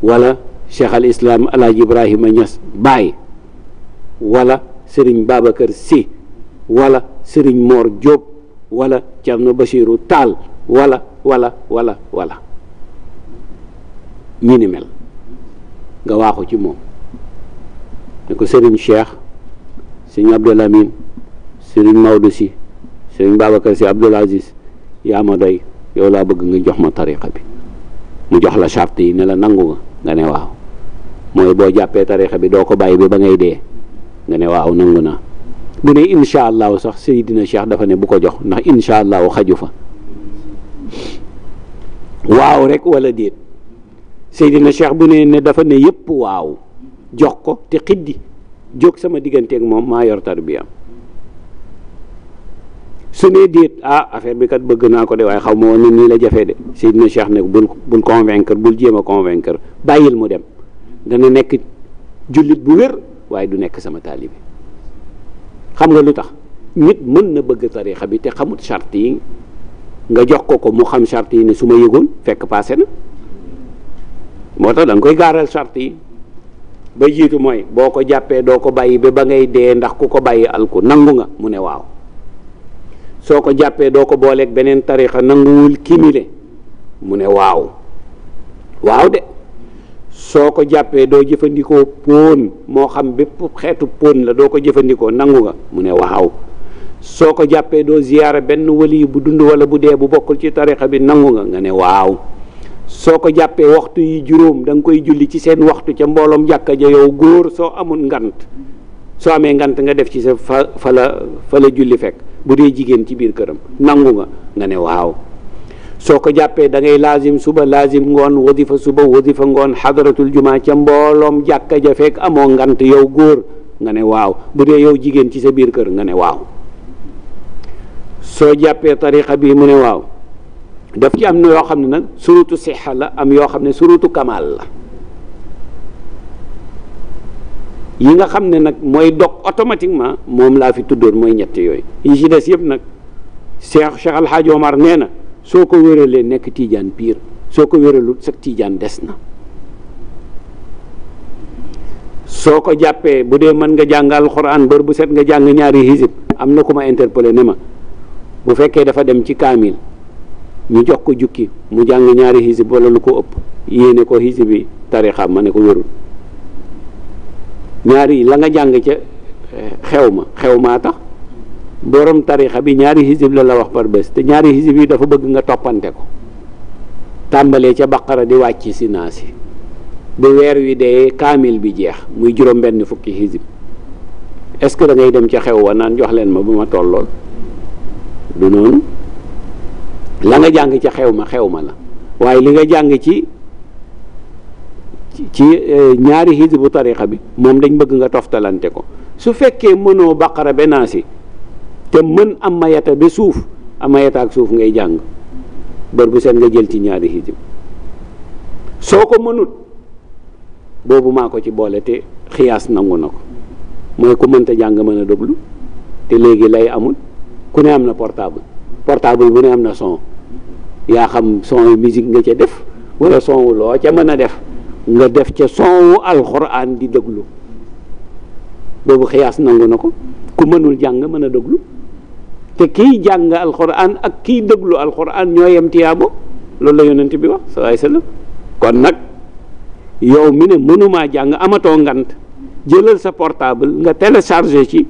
wala Cheikh al Islam Alaaji Ibrahima Baay wala sëriñ Babacar si wala sëriñ Mor jóob walla Thierno Bachirou Tall wala walla walla wala ñi ni mel nga waaxu ci moom ne ko sëriñ Cheikh sëriñ Abdoul Amine sëriñ Maodo si sëriñ Babacar si Abdoul Aziz yaa ma doy yow laa bëgg nga jox ma tariqa bi mu jox la charte yi ne la nangu nga nga ne waaw mooy boo jàppee tariqa bi doo ko bàyyi bi ba ngay dee nga ne waaw nangu naa bu ne incha allahu sax Seydina Cheikh dafa ne bu ko jox ndax incha allahu xaju fa waaw rek wala déet Seydina Cheikh bu ne ne dafa ne yëpp waaw jox ko te xiddi jóg sama digganteek moom maa yor tarbiyaam su ne déet ah affaire bi kat bëgg naa ko de waaye xaw ma woon nii la jafee de Seydina Cheikh ne bul bul convaincre bul jéem a convaincre bàyyil mu dem dana nekk jullit bu wér waaye du nekk sama taalibe xam nga lu tax nit mën na bëgg tariixa bi te xamut charte yi nga jox ko ko mu xam charte yi ne su ma yëgoon fekk passé na moo tax da koy gaaral charte yi ba jiitu mooy boo ko jàppee doo ko bàyyi ba ba ngay dee ndax ku ko bàyyi alku nangu nga mu ne waaw soo ko jàppee doo ko booleeg beneen tariixa nanguwul kimile mu ne waaw waaw de soo ko jàppee doo jëfandikoo póon moo xam bépp xeetu póon la doo ko jëfandikoo nangu nga mu ne waaw soo ko jàppee doo ziyaara benn wali bu dund wala bu dee bu bokkul ci tarixa bi nangu nga nga ne waaw soo ko jàppee waxtu yi juróom da nga koy julli ci seen waxtu ca mbooloom jàkka ja yow góor soo amul ngant soo amee ngant nga def ci sa fa fa la fa la julli fekk bu dee jigéen ci biir këram nangu nga nga ne waaw soo ko jàppee da ngay laazim suba laazim ngoon wadifa suba wadifa ngoon xadaratul juma ca mbooloom jàkka ja fekk amoo ngant yow góor nga ne waaw bu dee yow jigéen ci sa biir kër nga ne waaw soo jàppee tariqa bi mu ne waaw daf ci am na yoo xam ne nag surutu sixa la am yoo xam ne surutu kamal la yi nga xam ne nag mooy dog moom laa fi tuddoon mooy ñett yooyu yi ci des yëpp nag Cheikh Cheikh nee na soo ko wéralee nekk tiijaan piir soo ko wéralul sax tiijaan des na soo ko jàppee bu dee mën nga jàng alxuraan bër bu set nga jàng ñaari hisib am na ko ma interpellé ne ma bu fekkee dafa dem ci kaamil ñu jox ko jukki mu jàng ñaari hisib wala lu ko ëpp yéene ko hisib bi tarixam ma ne ko wérul ñaari la nga jàng ca eh, xew ma xew maa tax borom tarixa bi ñaari xisib la la wax par bés te ñaari xisib yi dafa bëgg nga toppante ko tàmbalee ca baqara di wàcc si naa si bu weer wi de kaamil bi jeex muy juróom benn fukki xisib est-ce que da ngay dem ca xew wa naan jox leen ma bu ma tollool lu noonu la nga jàng ca xew ma xew ma la waaye li nga jàng ci ci euh, ñaari xisbu tarixa bi moom dañ bëgg nga toftalante ko su fekkee mënoo baqara benaasi te mën am mayeta bi suuf am mayata ak suuf ngay jàng bër bu seen nga jël ci ñaari hijib soo ko mënut boobu maa ko ci boole te xiyaas nangu na ko mooy ku mënta jàng mën a déglu te léegi lay amul ku ne am na portable portable bu ne am na son yaa xam son yu nga ca def wala son wu loo ca mën a def nga def ca son wu alxuraan di déglu boobu xiyaas nangu na ko ku mënul jàng mën a déglu te kiy jàng alquran ak kiy déglu alquran ñoo yem tiyaabo loolu la yonent bi wax salaay sallam kon nag yow mi ne mënumaa jàng amatoo ngant jëlal sa portable nga téléchargé ci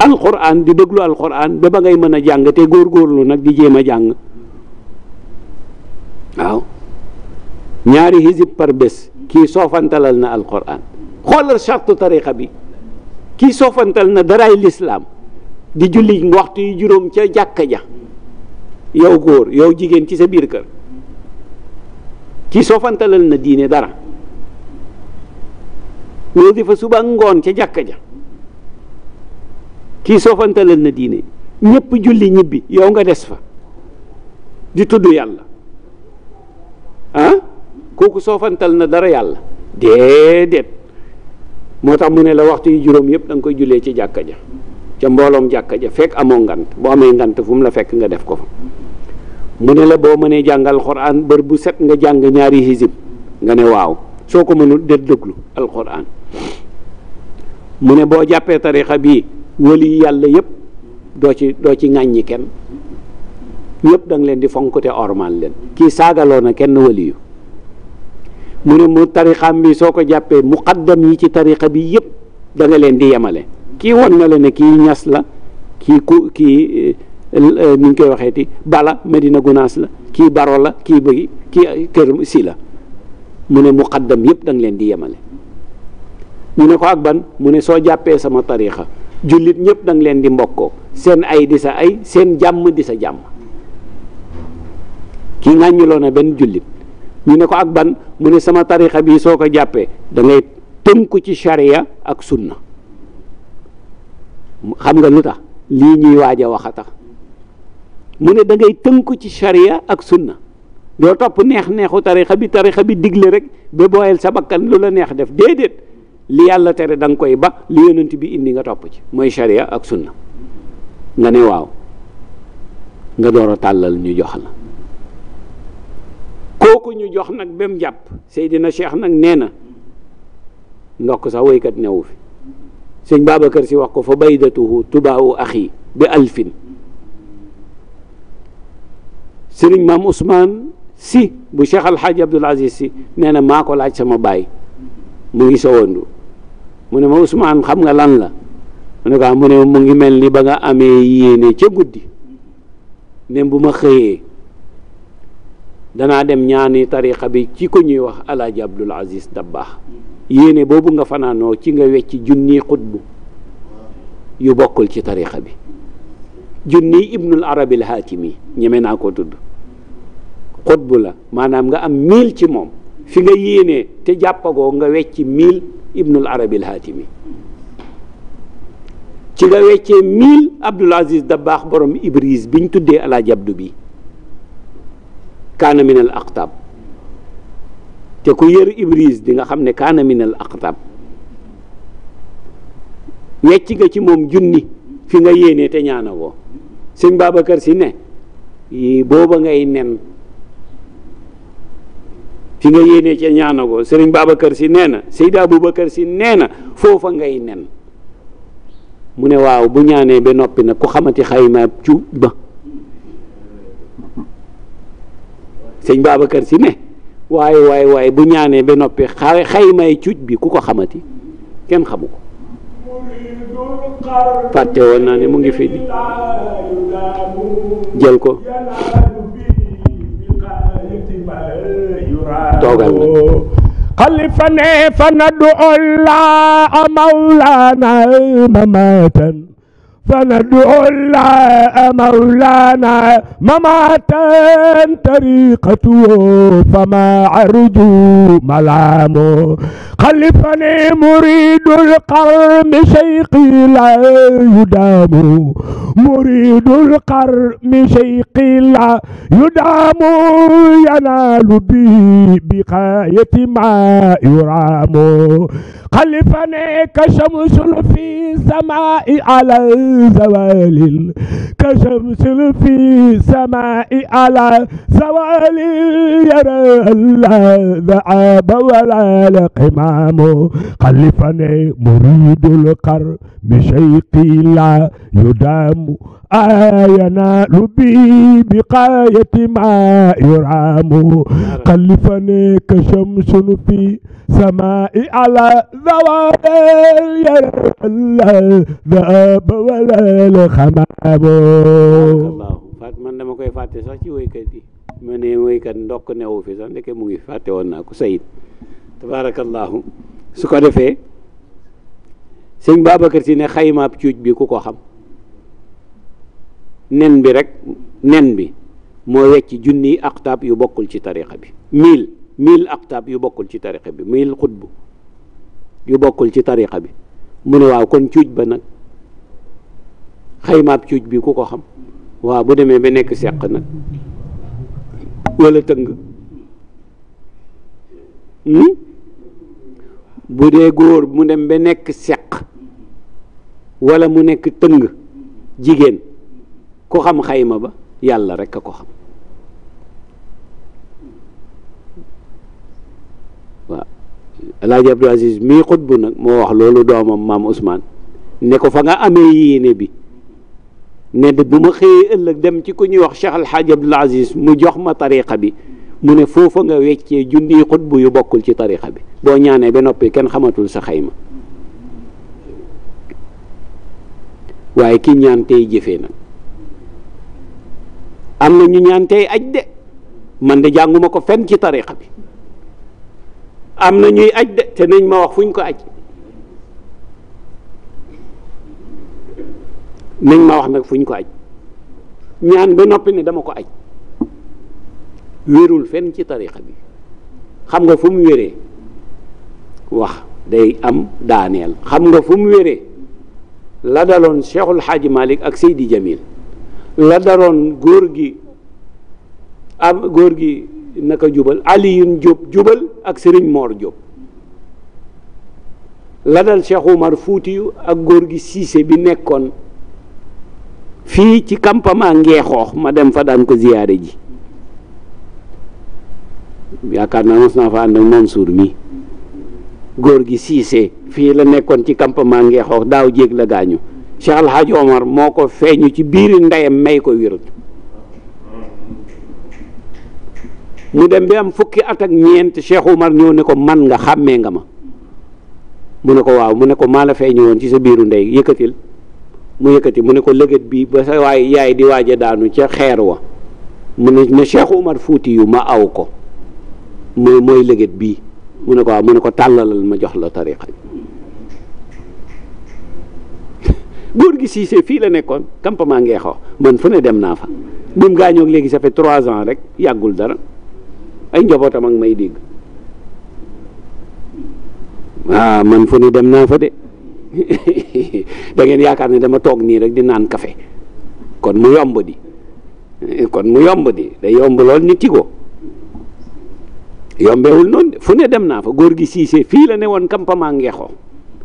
alquran di déglu alquran ba ba ngay mën a jàng te góorlu nag di jéem a jàng waaw ñaari hizib par bés kii soofantalal na alquran xoolal chartu tariqa bi kii soofantal na daraay lislaam di julli waxtu yu juróom ca jàkka ja yow góor yow jigéen ci sa biir kër kii soofantalal na diine dara loolu di fa suba ngoon ca jàkka ja kii soofantalal na diine ñépp julli ñibbi yow nga des fa di tudd yàlla ah kooku soofantal na dara yàlla déedéet moo tax mu ne la waxtu yu juróom yëpp da koy jullee ci jàkka ja ca mbooloom jàkka ja fekk amoo ngant boo amee ngant fu mu la fekk nga def ko fa mu ne la boo mënee jàngal alxuraan bër bu set nga jàng ñaari hizib nga ne waaw soo ko mënul del déglu alxuraan mu ne boo jàppee tarixa bii wëli yàlla yëpp doo ci doo ci ŋàññi kenn ñëpp danga leen di fonk te ormal leen kii saagaloo na kenn waliyu mu ne mu tarixam bi soo ko jàppee muqaddam yi ci tarixa bi yëpp da nga leen di yemale kii won na la ne kii ñas la kii ku kii eh, eh, ni ñu koy waxeeti bala Medina Gunaas la kii baro la kii bëggi kii kër si la mu ne muqaddam yëpp da leen di yemale ñu ne ko ak ban mu ne soo jàppee sama tariixa jullit ñëpp da leen di mbokkoo seen ay di sa ay seen jàmm di sa jàmm kii ŋàññiloo na benn jullit ñu ne ko ak ban mu ne sama tariixa bii soo ko jàppee da ngay tënku ci sharia ak sunna xam nga lu tax lii ñuy waaj a wax a tax mu ne da ngay ko ci charia ak sunna doo topp neex-neexu tarixa bi tarixa bi digle rek ba booyal sa bakkan lu la neex def déedéet li yàlla tere da koy ba li yonent bi indi nga topp ci mooy charia ak sunna nga ne waaw nga door a tàllal ñu jox la kooku ñu jox nag ba mu jàpp Seydina Cheikh nag nee na ndokk sax woykat newu fi sëñ kër si wax ko fa baydatuhu tubaawu axi bi alfin sëriñ maam Ousmane si bu Cheikh Alxaaji Abdul Aziz si nee na maa ko laaj sama baay mu ngi sowandu mu ne ma Ousmane xam nga lan la mu ne ah, mu ngi mel ni ba nga amee yéene ca guddi ne bu ma xëyee danaa dem ñaani tariqa bi ci ko ñuy wax alaaji Abdul Aziz Dabbaax yéene boobu nga fanaanoo ci nga wecc junni xutbu yu bokkul ci tarixa bi junni ibnul arabil haatimi ñeme naa ko tudd xutbu la maanaam nga am mille ci moom fi nga yéene te jàppagoo nga wecc mille ibnul arabil haatimi ci nga weccee mille abdul aziz dabaax borom ibris biñ tuddee alaa jabdu bi kaana min al aqtab te ku yër ibris di nga xam ne kaana minal aqtab wecc ga ci moom junni fi nga yéenee te ñaana woo sëñ Babacar si ne booba ngay nen fi nga yéene ca ñaanagoo sëriñ Babacar si nee na Seyda Aboubacar si nee na foofa ngay nen mu ne waaw bu ñaanee ba noppi nag ku xamati xayma cuub ba sëñ Babacar si ne waaye waaye waaye bu ñaanee ba noppi xay xaymay cuuj bi ku ko xamati kenn xamu ko fàtte woon naa ne mu ngi fii di jël ko toogal na خلفني فندعو الله مولانا مماتا فندعو الله مولانا مماتا طريقته فما عرجوا ملامه خلفني مريد القرم شيقي لا يدام مريد القرم شيقي لا يدام ينال به بقاية ما يرام xalifa ne ka shamsul fi samaa'i ala zawalil ka shamsul fi samaa'i ala zawalil yara allah daaba wala la qimaamo xalifa ne muridul qar mi shayqi la yudaamu ينال بي بقاية ما يرام خلفني كشمس في سماء على زوال الذهب ولا الخمام man dama koy fàtte sax ci woykat yi ma ne woykat ndokk newu fi sax ndeke mu ngi fàtte woon naa ko sayid tabaarakallaahu su ko defee sëñ Babacar Si ne xaymaab cuuj bi ku ko xam nen bi rek nen bi moo wecc junni aqtaab yu bokkul ci tariqa bi mille mille aqtaab yu bokkul ci tariqa bi mille xutb yu bokkul ci tariqa bi mu ne waaw kon cuuj ba nag xaymaab cuuj bi ku ko xam waaw bu demee ba nekk seq nag wala tëng hmm? bu dee góor mu dem ba nekk seq wala mu nekk tëng jigéen ko xam xayma ba yàlla rek a ko xam waaw alaaji Abdou Aziz mii bu nag moo wax loolu doomam maam Ousmane ne ko fa nga amee yéene bi ne de bu ma xëyee ëllëg dem ci ko ñuy wax Cheikh Alhaaj Abdou Aziz mu jox ma tariqa bi mu ne foofa nga weccee junniy xutbu yu bokkul ci tariqa bi boo ñaanee ba noppee kenn xamatul sa xayma waaye ki ñaan tey jëfee nag am na ñu ñaan tey aj de man de jànguma ko fenn ci tariqa bi am na ñuy aj de te nañ ma wax fuñ ko aj nañ ma wax nag fuñ ko aj ñaan ba noppi ne dama ko aj wérul fenn ci tariqa bi xam nga fu mu wéree wax day am daaneel xam nga fu mu wéree la daloon Cheikhul Xaaji Malik ak Seydi Jamil la daroon góor gi am góor gi naka jubal Aliyun Jóob jubal ak Sëriñ Moor Jóob la dal Cheikh fuuti Fuutiyu ak góor gi Siise bi nekkoon fii ci campement Ngeexoox ma dem fa daan ko ziyaare ji yaakaar naa mos naa fa ànd ak Mansour mi góor gi Siise fii la nekkoon ci campement Ngeexoox daaw jéeg la gaañu Cheikh El Hadj moo ko feeñu ci biiri ndeyam may ko wérut mu dem bi am fukki at ak ñeent Cheikh Omar ñëw ne ko man nga xàmmee nga ma mu ne ko waaw mu ne ko maa la feeñu woon ci sa biiru ndey yëkkatil mu yëkkati mu ne ko lëgët bi ba sa waay yaay di waaj daanu ca xeer wa mu ne ne Cheikh fuuti yu ma aw ko mooy mooy lëgët bii mu ne ko waaw mu ne ko tàllalal ma jox la tariqa góor gi siisee fii la nekkoon campement ngeexoo man fu ne dem naa fa bi mu gaañoog léegi safe trois ans rek yàggul dara ay njabootam ak may dégg waaw ah, man fu ne dem naa fa de dangeen yaakaar ne dama toog nii rek di naan café kon mu yomb di kon mu yomb di day yomb lool nit yi ko yombewul noonu de fu ne dem naa fa góor gi siisee fii la ne woon campement ngeexoo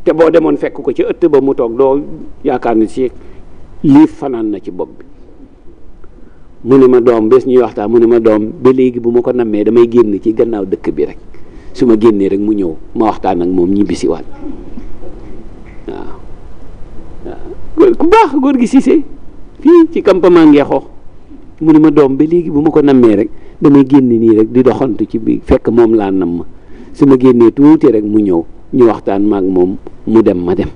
te boo demoon fekk ko ci ëtt ba mu toog doo yaakaar ne si lii fanaan na ci bopp bi mu ne ma doom bés ñuy waxtaan mu ne ma doom ba léegi bu ma ko nammee damay génn ci gannaaw dëkk bi rek su ma génnee rek mu ñëw ma waxtaan ak moom ñibbisi waat waaw ku baax góor gi fii ci campement Ngeexoox mu ne ma doom ba léegi bu ma ko nammee rek damay génn nii rek di doxantu ci bi fekk moom laa nam su ma génnee tuuti rek mu ñëw ñu waxtaan maag moom mu dem ma dem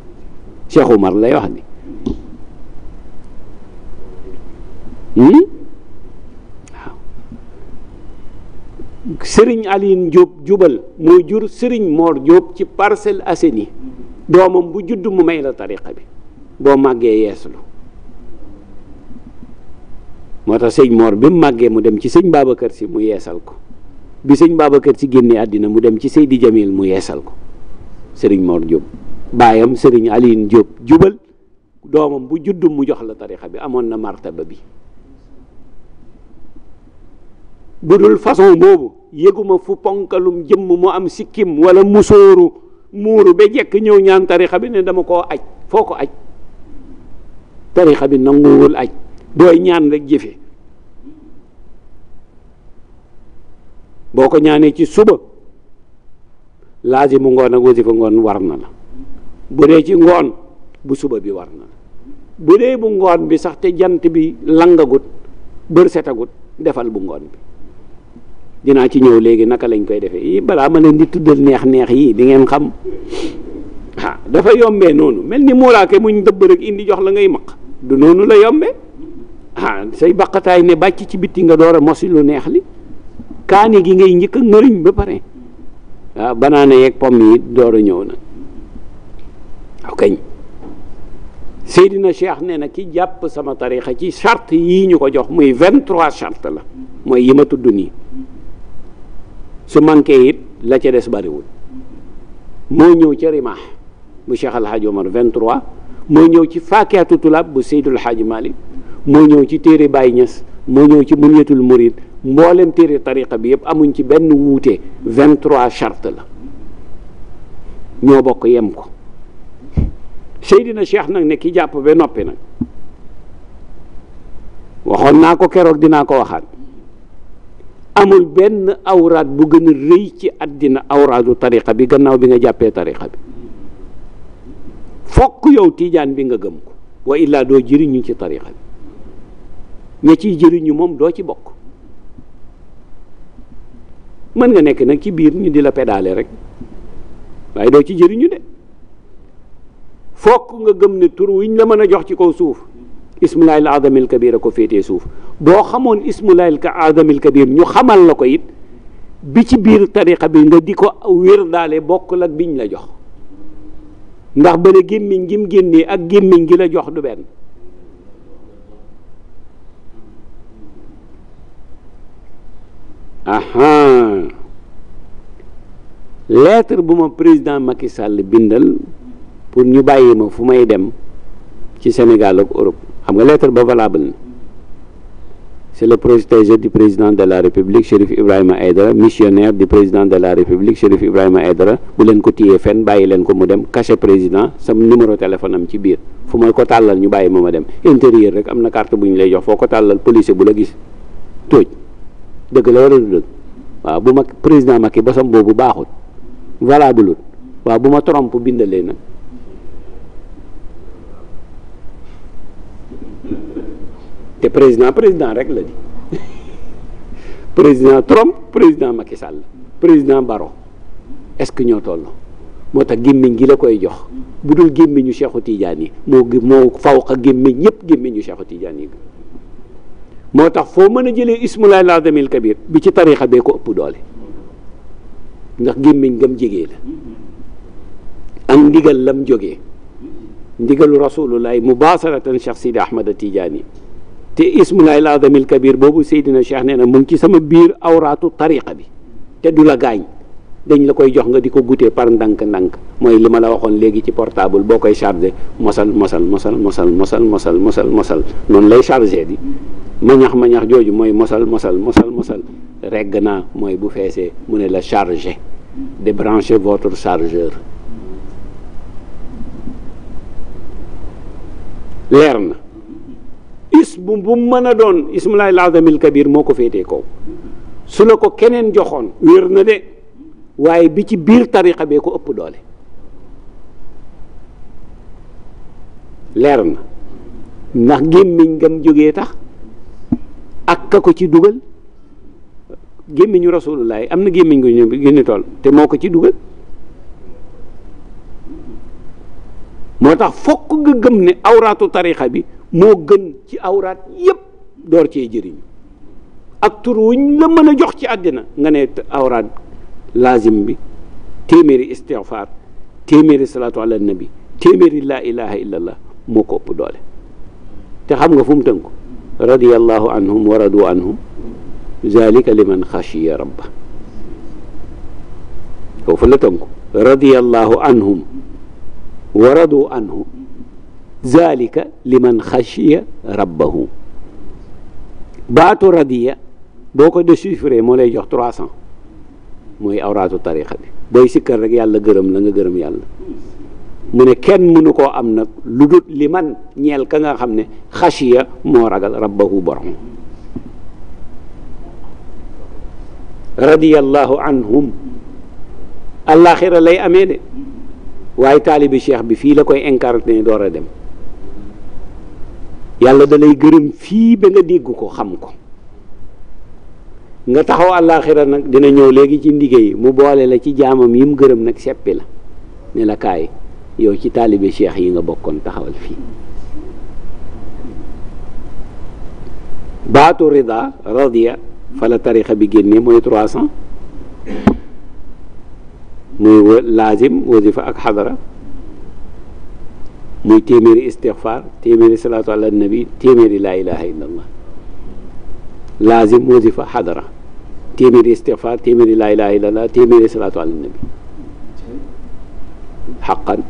Cheikh Umar lay wax ni hmm? waaw Serigne Aline jubal moo jur Serigne Mor Diop ci Parcelles Assainies doomam bu judd mu may la tariqa bi boo màggee yeeslu moo tax sëñ moor bi mu màggee mu dem ci sëñ Babacar si mu yeesal ko bi sëñ Babacar si génnee àddina mu dem ci Seydi Jamil mu yeesal ko sëriñ Mor Diop baayam sëriñ Aline Diop jubal doomam bu juddu mu jox la tarixa bi amoon na martaba bi bu dul façon boobu yëguma fu ponkalum jëmm mu am sikkim walla musóoru muuru ba jekk ñëw ñaan tarixa bi ne dama koo aj foo ko aj tarixa bi nanguwul aj dooy ñaan rek jëfe boo ko ñaanee ci suba laazimu ngoon ak wasifa ngoon war na la bu dee ci ngoon bu suba bi war na la bu dee bu ngoon bi sax te jant bi langagut bër setagut defal bu ngoon bi dinaa ci ñëw léegi naka lañ koy defee yi balaa ma leen di tuddal neex-neex yi di ngeen xam ah dafa yombee noonu mel ni muuraake muñ dëbb rek indi jox la ngay maq du noonu la yombe ah say baqataay ne bàcc ci bitti nga door a mosi lu neex li kaani gi ngay njëkk a ngëriñ ba pare ah banaana yeeg pom yi door a ñëw na ok Seydina Cheikh nee na ki jàpp sama tarixa ci charte yii ñu ko jox muy vingt-trois charte la mooy yi ma tudd nii su manqué it la ca des bariwul moo ñëw ci rimaax bu Cheikh Alhaaj Omar vingt-trois moo ñëw ci faakihatu tulaab bu Seydul Haaj Malik moo ñëw ci téere Baay Ñas moo ñëw ci munyatul murid mboolem téere tariqa bi yëpp amuñ ci benn wuute vingt trois charte la ñoo bokk yem ko Seydina Cheikh nag ne ki jàpp ba noppi nag waxoon naa ko keroog dinaa ko waxaat amul benn awraat bu gën a rëy ci àddina awraatu tariqa bi gannaaw bi nga jàppee tarixa bi fokk yow tiijaan bi nga gëm ko wa illaa doo jëriñu ci tariqa bi ña ciy jëriñu moom doo ci bokk mën nga nekk nag ci biir ñu di la pédale rek waaye doo ci jëriñu de fokk nga gëm ne tur wiñ la mën a jox ci kaw suuf ismulaayil adamil kabir a ko féete suuf boo xamoon ismulaayil ka adamil kabir ñu xamal la ko it bi ci biir tariqa bi nga di ko wér daale bokkul ak biñ la jox ndax bële gémmiñ gi mu génnee ak gémmiñ gi la jox du benn aha lettre bu ma président makki sàll bindal pour ñu bàyyi ma fu may dem ci Sénégal ak Europe xam nga lettre ba valable na c'est le protégé du président de la République Chérif Ibrahima Aïdara missionnaire du président de la République Chérif Ibrahima Aïdara bu leen ko téyee fenn bàyyi leen ko mu dem cachet président sam numéro téléphone am ci biir fu may ko tàllal ñu bàyyi ma ma dem intérieur rek am na carte bu ñu lay jox foo ko tàllal policier bu la gis tóoj dëgg la wala du dëgg waaw bu ma président Macky bosam boobu baaxul valable waaw bu ma trompe bindalee nag te président président rek la di président Trump président Macky Sall président Baro est-ce que ñoo toll moo tax gémmiñ gi la koy jox bu dul gémmiñu Cheikhu Tidiane yi moo moo faw xa gémmiñ ñëpp gémmiñu Cheikhu Tidiane yi moo tax foo mën a jëlee ismulaay laazamil kabir bi ci tariixa bee ko ëpp doole ndax gémmiñ gam jegee la ak ndigal lam jógee ndigalu rasulullahi mubaasaratan cheikh sidi ahmad a tijaani te ismulaay laazamil kabir boobu seydina cheikh nee na mu ci sama biir awraatu tariixa bi te du la gaañ dañ la koy jox nga di ko goûter par ndànk-ndànk mooy li ma la waxoon léegi ci portable boo koy chargé mosal mosal mosal mosal mosal mosal mosal mosal noonu lay chargé di mañax mañax jooju mooy mosal mosal mosal mosal regg naa mooy bu feesee mu ne la chargé débranchez votre chargeur leer na ismu bu mën a doon ismu laay laazamil kabir moo ko féetee kaw su la ko keneen joxoon wér na de waaye bi ci biir tarixa bee ko ëpp doole leer na ndax gémmiñ ngam jógee tax ak ka ko ci dugal gémmiñu rasulullah am na gémmiñ gu ñu gën toll te moo ko ci dugal moo tax fokk nga gëm ne awraatu tarixa bi moo gën ci awraat yépp door cee jëriñu ak tur wuñ la mën a jox ci àddina nga ne awraat laazim bi téeméeri istighfar téeméeri salaatu ala nabi téeméeri laa ilaha illallah moo ko ëpp doole te xam nga fu mu tënku radiyallahu anhum wa radu anhum zalika liman xashiya rabba foofu la tënku radiyallahu anhum wa radu anhu zalika liman xashiya rabbahu baatu radiya boo ko déchiffré moo lay jox trois cents mooy awraatu tarixa bi booy sikkar rek yàlla gërëm la nga gërëm yàlla mu ne kenn mënu koo am nag lu dut li man ñeel ka nga xam ne xasiya moo ragal rabbahu borom radiyallahu anhum allaaxira lay amee de waaye taalibi cheikh bi fii la koy incarné door a dem yàlla dalay gërëm fii ba nga dégg ko xam ko nga taxaw àllaaxira nag dina ñëw léegi ci liggéey mu boole la ci jaamam yi mu gërëm nag seppi la ne la kaay yow ci taalibe cheikh yi nga bokkoon taxawal fii baatu rida radia fa la tarixa bi génnee mooy trois cent muy laazim wasifa ak xadara muy téeméeri istixfaar téeméeri salaatu ala nabi téeméeri laa ilaha illa allah laazim wasifa xadara téeméeri istixfaar téeméeri laa ilaaha illallaah téeméeri salaatu ala nabi xaqan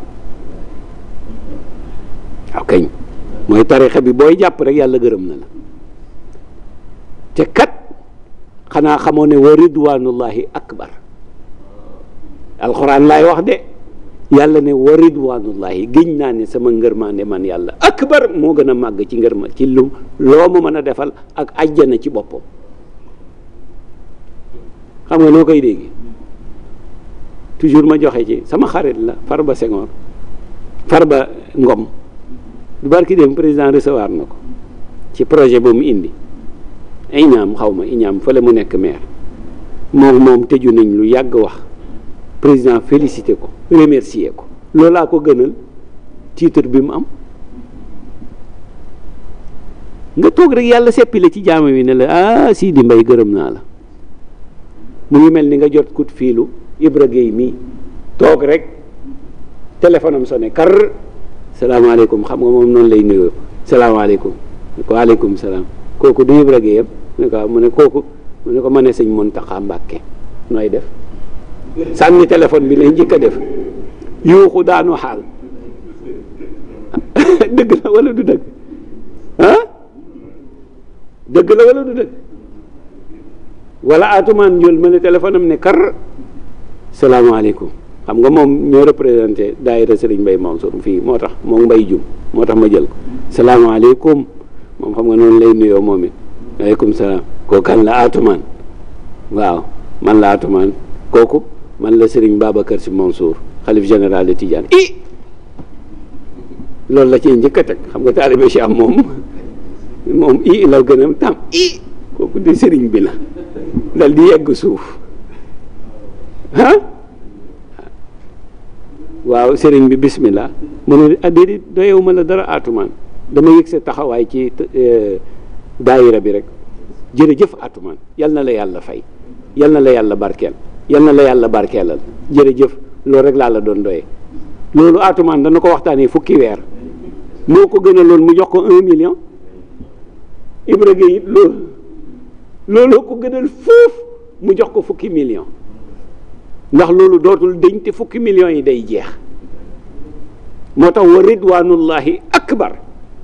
mooy tarixa bi booy jàpp rek yàlla gërëm na la te kat xanaa xamoo ne wa ridwanullahi akbar alxuraan laay wax de yàlla ne wa ridwanullahi giñ naa ne sama ngërmaande man yàlla akbar moo gën a màgg ci ngërma ci lu loo ma mën a defal ak àjjana ci boppam xam nga noo koy dégg toujours ma joxe ci sama xarit la ba Farba Senghor ba Ngom du barki dem président recevoir na ko ci projet ba mu indi iñaam xaw ma iñaam fële mu nekk maire moom moom tëju nañ lu yàgg wax président félicité ko remercier ko loolaa ko gënal titre bi mu am nga toog rek yàlla seppi la ci jaama wi ne la ah Sidi Mbaye gërëm naa la mu ngi mel ni nga jot kut fiilu Ibra Gueye mii toog rek téléphone am sonné kar salaamaaleykum xam nga moom noonu lay nuyoo salaamaaleykum ne ko salaam kooku du Ibra Gueye yëpp mu ne ko mu mu ne ko ma ne sëñ Mountakha Mbacké nooy def sànni téléphone bi lay njëkk a def yuuxu daanu xaal dëgg la wala du dëgg ah dëgg la wala du dëgg wala atumaan njool ma ne téléphone am ne kar salaamaaleykum xam nga moom ñoo représenté daayira Serigne Mbaye Mansour fii moo tax moom Mbaye Dioum moo tax ma jël ko salaamaaleykum moom xam nga noonu lay nuyoo moom it aleykum salaam kooku kan la atumaan waaw man la atumaan kooku man la Serigne Babacar Sy Mansour xalif général de Tidiane i loolu la ci njëkk a teg xam nga taalibe Cheikh moom moom i la gën tam i kooku di Serigne bi la dal di yegg suuf ah waaw sëriñ bi bismillah mu ne ah déedéet doyewu ma la dara atumaan dama yëg sa taxawaay ci eh, daayira bi rek jërëjëf atumaan yal na la yàlla fay yal na la yàlla barkeel yal na la yàlla barkeelal jërëjëf loolu rek laa la doon doye loolu atumaan dana ko waxtaan waxtaanee fukki weer moo ko gën lool mu jox ko un million Ibra Gueye it loolu looloo ko gënal fuuf mu jox ko fukki million ndax loolu dootul deñ te fukki million yi day jeex moo tax wa ridwanullahi akbar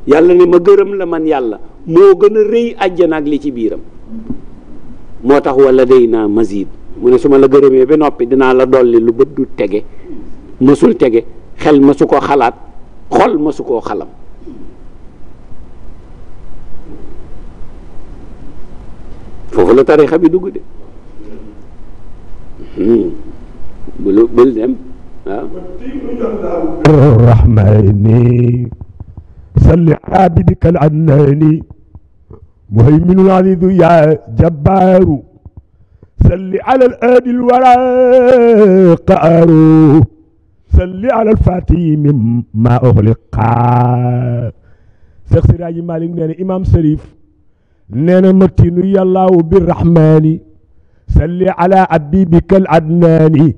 yàlla ne ma gërëm la man yàlla moo gën a rëy àjjana ak li ci biiram moo tax walla day naa mazid mu ne su ma la gërëmee ba noppi dinaa la dolli lu bët du tege mësul tege xel ma su ko xalaat xol ma su koo xalam foofu la tarixa bi dugg de hmm. bul bul dem waaw arrahmani salli abidika al annani muhayminul azizu ya jabbaaru salli ala al aadi al wara qaaru salli ala al faatihi mimma uxliqa Seex Siraaji Maalik nee na imaam Sariif nee na matinu yàllaahu birrahmaani salli ala abdi bi kal adnaani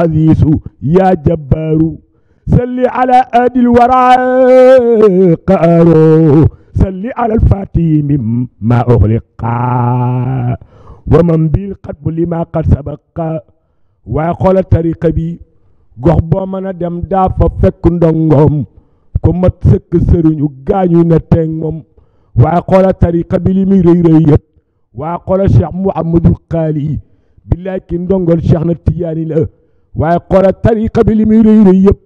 aziisu yaa jabbaaru salli ala adil wara qaaro salli ala alfaatihi mimma uxliqa wa man bil xatbu lima qad sabaqa waaye xoolal tariqa bi gox boo mën a dem daa fa fekk ndongoom ku mat sëkk sëriñu gaañu na teeg waa xoola tariqa bi li muy rëy rëy yëpp waa xoola cheikh mouhamadul xaali yi billaay ki ndongol cheikh na tijaani la waaye xoola tariqa bi li rëy rëy yëpp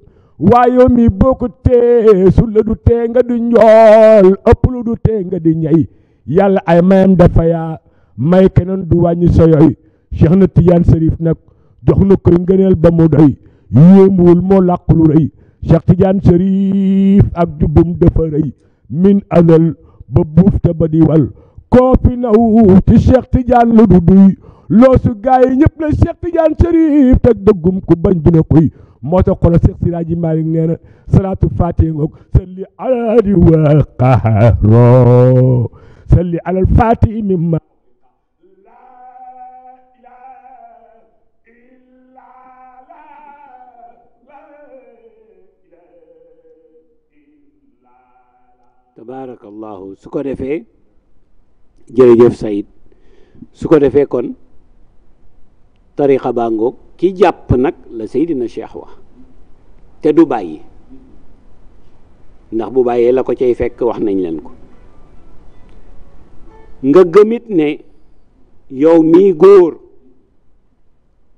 waaye mi boo ko tee su du tee nga di njool ëpp du tee nga di ñay yàlla ay mayam dafa yaa may keneen du wàññi soyoy cheikh na tijaan sërif nag jox na koy ngëneel ba mu doy yéemuwul moo làqulu rëy cheikh tijaan sërif ak jubbum dafa min alal ba buuf te ba di wal koo fi naw ci Cheikh Tidiane lu du duy loosu gaa yi ñëpp la Cheikh Tidiane Chérif teg dëggum ku bañ dina koy moo tax xoolal Cheikh Siraaji Maalik nee na salaatu faatee ngoog salli alal di wa qahaaro tabaarakallahu su ko defee jërëjëf Saïd su ko defee kon tariqa baa ki jàpp nag la Seydina Cheikh wax te du bàyyi ndax bu bàyyee la ko cay fekk wax nañ leen ko nga gëmit ne yow mii góor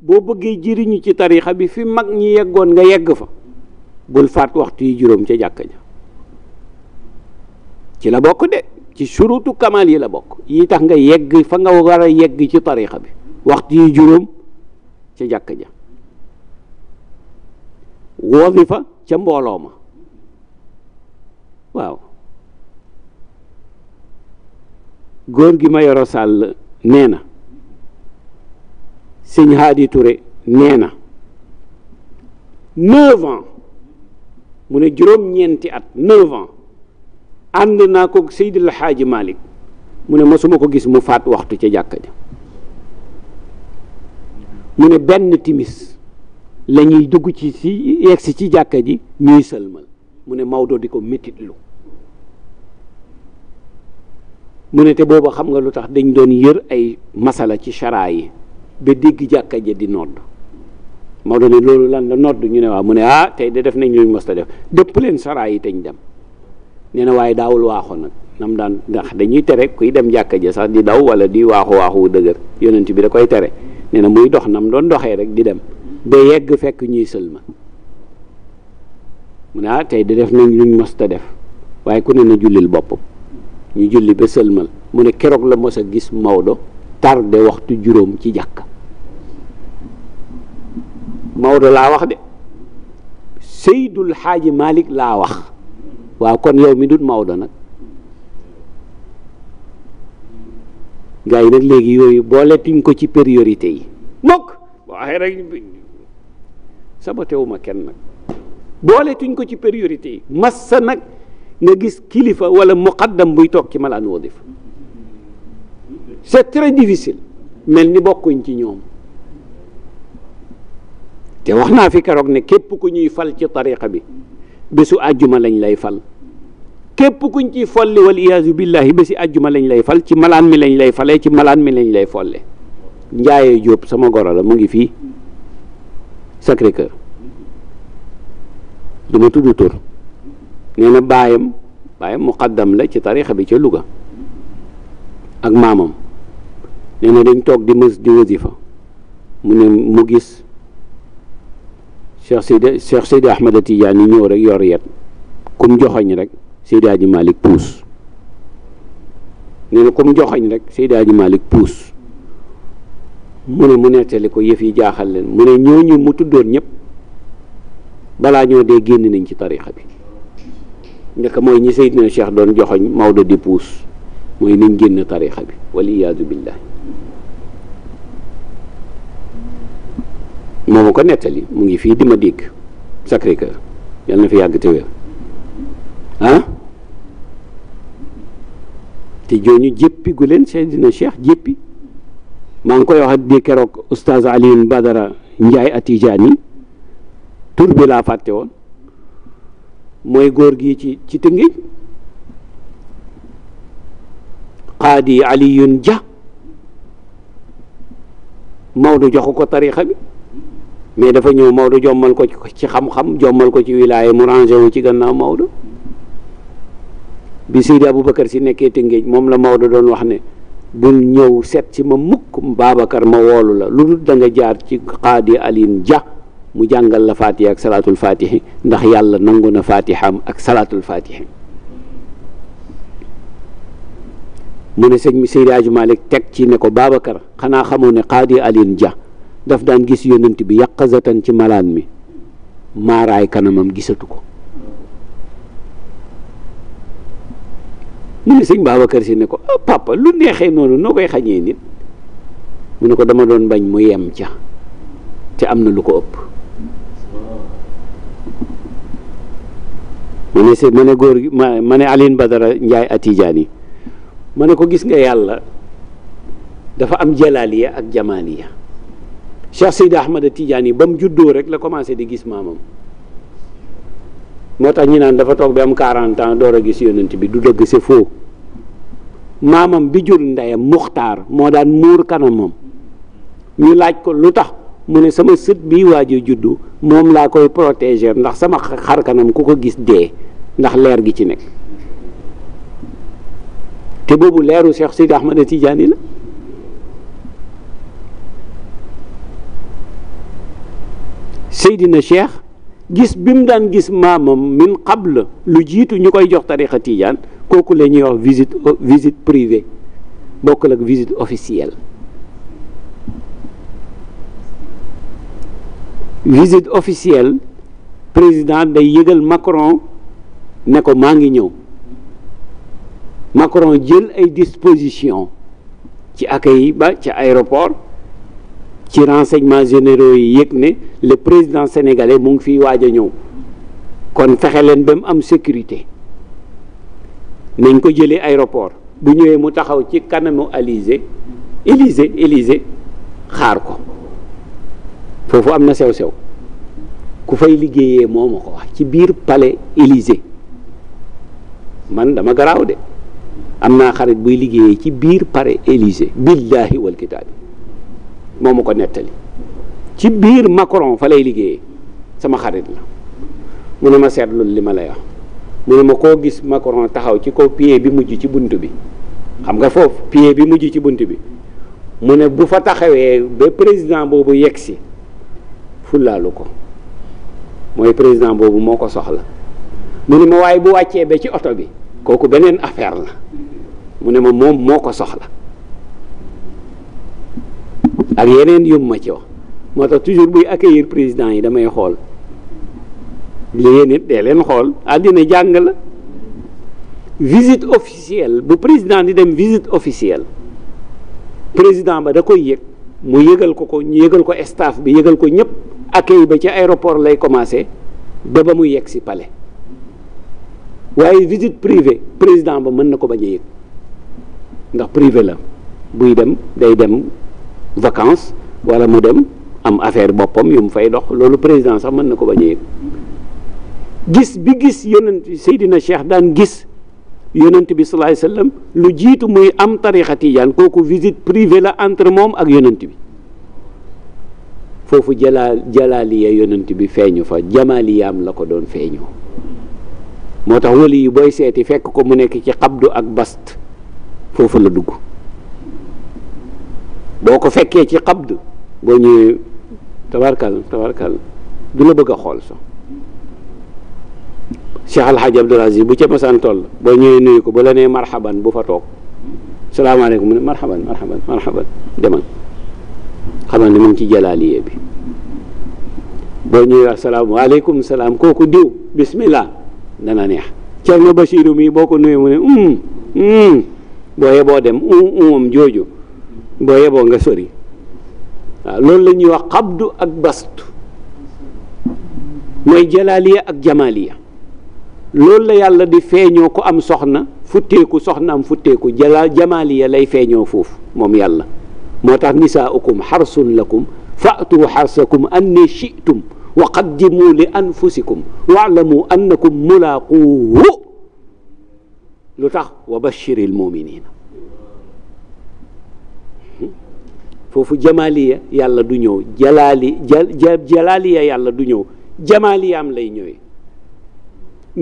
boo bëggee jëriñu ci tarixa bi fi mag ñi yeggoon nga yegg fa bul faat waxtu yi juróom ca jàkka ja ci la bokk de ci surutu kamal yi la bokk yi tax nga yegg fa nga war a yegg ci tarixa bi waxtu yi juróom ca jàkk ja fa ca mbooloo ma waaw góor gi ma yoro sàll nee na sëñ Haadi Touré nee na ans mu ne juróom-ñeenti at neuf ans ànd naa ko la Xaaji Malick mu ne masuma ko gis mu faat waxtu ca jàkka ja mu ne benn timis la ñuy dugg ci si yegsi ci jàkka ji ñuy sëlmal mu ne Maodo di ko métitlu mu ne te booba xam nga lu tax dañ doon yër ay masala ci sharaa yi ba dégg jàkka ja di nodd Maodo ne loolu lan la nodd ñu ne waaw mu ne ah tey de def nañ luñ mos a def dëpp leen saraa yi teñ dem neena waaye daawul waaxoo nag nam daan ndax dañuy tere kuy dem jàkka ja sax di daw wala di waaxu waaxu wu dëgër yonent bi da koy tere nee na muy dox nam doon doxee rek di dem ba yegg fekk ñuy sëlma mu ne ah, tey di def nañ luñ def waaye ku ne na jullil boppam ñu julli ba sëlmal mu ne keroog la mos a gis Maodo tardé waxtu juróom ci jàkka Maodo laa wax de Seydul Xaaji Malik laa wax waaw kon yow mi dut Maodo nag gars yi nag léegi yooyu boole tiñ ko ci priorité yi mokk waxee rek ma kenn nag boole ko ci priorité yi massa nag nga gis kilifa wala muqaddam buy toog ci malaan woo def c'est très difficile mel ni bokkuñ ci ñoom te wax naa fi keroog ne képp ku ñuy fal ci tariqa bi bésu àjjuma lañ lay fal képp kuñ ci folli wal iyaasu billahi bési àjjuma lañ lay fal ci malaan mi lañ lay falee ci malaan mi lañ lay folle njaaye jóob sama goro la mu ngi fii Sacré Cœur du tudd tur nee na baayam baayam muqaddam la ci tarixa bi ca Louga ak maamam nee dañ toog di mës di wasifa mu ne mu gis Cheikh Seydi Cheikh Seydi Ahmada Tidiane yi ñëw rek yor yet kum joxoñ rek Seydi Hadji Malick puus nee na kum joxoñ rek Seydi Hadji Malick puus mu ne mu nettali ko yëf yi jaaxal leen mu ne ñu mu tuddoon ñëpp balaa ñoo dee génn nañ ci tarixa bi njëkk mooy ñi na Cheikh doon joxoñ Maodo di puus mooy nañ génn tarixa bi wal iyaadu billah moo ma ko nettali mu ngi fii di ma dégg Sacré Cœur yal na fi yàgg te wér ah te jooñu jéppi gu leen Seydina Cheikh jéppi maa ngi koy wax di keroog oustaz Alioune Badara Ndiaye Atijani tur bi laa fàtte woon mooy góor gi ci ci tëngéej qaadi Alioune Dia Maodo joxu ko tarixa bi mais dafa ñëw Maodo jommal ko ci xam-xam jommal ko ci wilaya mu rangé wu ci gannaaw Maodo bi Seydi Aboubacar si nekkee Tëngéej moom la Maodo doon wax ne bul ñëw seet si ma mukk Babacar ma woolu la lu dul da jaar ci Qaadi Aline ja mu jàngal la Fatiha ak salaatul fatihi ndax yàlla nangu na Fatihaam ak salaatul fatihi mu ne sëñ mi Seydi Hadji teg ci ne ko Babacar xanaa xamoo ne Qaadi Aline ja daf daan gis yonent bi yàqazatan ci malaan mi maaraay kanamam gisatu ko mu ne sëñ Babacar si ne ko ah papa lu neexee noonu noo koy xañee nit mu ne ko dama doon bañ mu yem ca te am na lu ko ëpp ma ne se ma ne góor gi ma ma ne Alioune Badara Ndiaye atijaan yi ma ne ko gis nga yàlla dafa am jalaaliya ak jamaaliya Cheikh Seydi Ahmada Tidiane yi ba juddoo rek la commencé di gis maamam moo tax ñu naan dafa toog bi am 40 ans door a gis yonent bi du dëgg c'est faux maamam bi jur ndeyam muxtaar moo daan muur kanamam ñu laaj ko lu tax mu ne sama sët bi waajo juddu moom laa koy protéger ndax sama xar kanam ku ko gis dee ndax leer gi ci nekk te boobu leeru Cheikh Seydi Ahmada Tidiane la Seydina Cheikh gis bi mu daan gis maamam min qabl lu jiitu ñu koy jox tarixa tijaan kooku la ñuy wax visite visite bokkul ak visite officielle visite officielle président day yëgal Macron ne ko maa ngi ñëw Macron jël ay disposition ci accueil ba ci aéroport ci renseignements généraux yi yëg ne le président sénégalais mu ngi fiy waaj a ñëw kon fexe leen ba mu am sécurité nañ ko jëlee aéroport bu ñëwee mu taxaw ci kanamu Élysée Élysée Élysée xaar ko foofu am na sew-sew ku fay liggéeyee moo ma ko wax ci biir palais Élysée man dama garaaw de am naa xarit buy liggéeyee ci biir palais Élysée billahi wal kitaabi moo ma ko nettali ci biir Macron fa lay liggéeyee sama xarit la mu ne ma seetlu li ma lay wax mu ne ma koo gis Macron taxaw ci kaw pied bi mujj ci bunt bi xam nga foofu pied bi mujj ci bunt bi mu ne bu fa taxawee ba président boobu yegg si fullaalu ko mooy président boobu moo ko soxla mu ne ma waaye bu wàccee ba ci oto bi kooku beneen affaire la mu ne ma moom moo ko soxla ak yeneen yum ma ci wax moo tax toujours buy accueillir président yi damay xool yéen it dee leen xool àddina jàng la visite officielle bu président di dem visite officielle président ba da koy yëg mu yëgal ko ko ñu yëgal ko staff bi yëgal ko ñëpp accueil ba ci aéroport lay commencé da ba mu yegg si pale waaye visite privée président ba mën na ko bañ a yëg ndax privé la buy dem day dem vacances wala mu dem am affaire boppam yu mu fay dox loolu président sax mën na ko bañ a yëg gis bi gis yonent Seydina Cheikh daan gis yonent bi sallallahu lu jiitu muy am tarixa tijaan kooku visite privée la entre moom ak yonent bi foofu jalaal jalaaliya yonent bi feeñu fa jamaaliyaam la ko doon feeñoo moo tax wali yi booy seeti fekk ko mu nekk ci xabdu ak bast foofu la dugg boo ko fekkee ci xabd boo ñëwee tabarkal tabarkal du la bëgg a xool sax Cheikh Al Hadj bu ca masaan boo ñëwee nuyu ko ba la nee marhaban bu fa toog salaamaaleykum mu ne marhaban marhaban marhaban demal xamal ne mu ci jalaaliye bi boo ñëwee assalaamu waaleykum salaam kooku diw bismillah dana neex Cerno Basiiru mii boo ko nuyu mu ne um, um, boo yeboo dem um umam um, jooju boo yeboo nga sori waaw loolu la ñuy wax xabdu ak bast mooy jalaaliya ak jamaaliya loolu la yàlla di feeñoo ko am soxna futteeku soxna am futteeku jala jamaaliya lay feeñoo foofu moom yàlla moo tax nisaaukum xarsun lakum fa'tu xarsakum anni shi'tum wa qaddimu li anfusikum waalamu annakum mulaaquuhu lu tax wa bashiril muminina foofu jamaaliya yàlla du ñëw jalaali jalaaliya yàlla du ñëw jamaaliya am lay ñëwee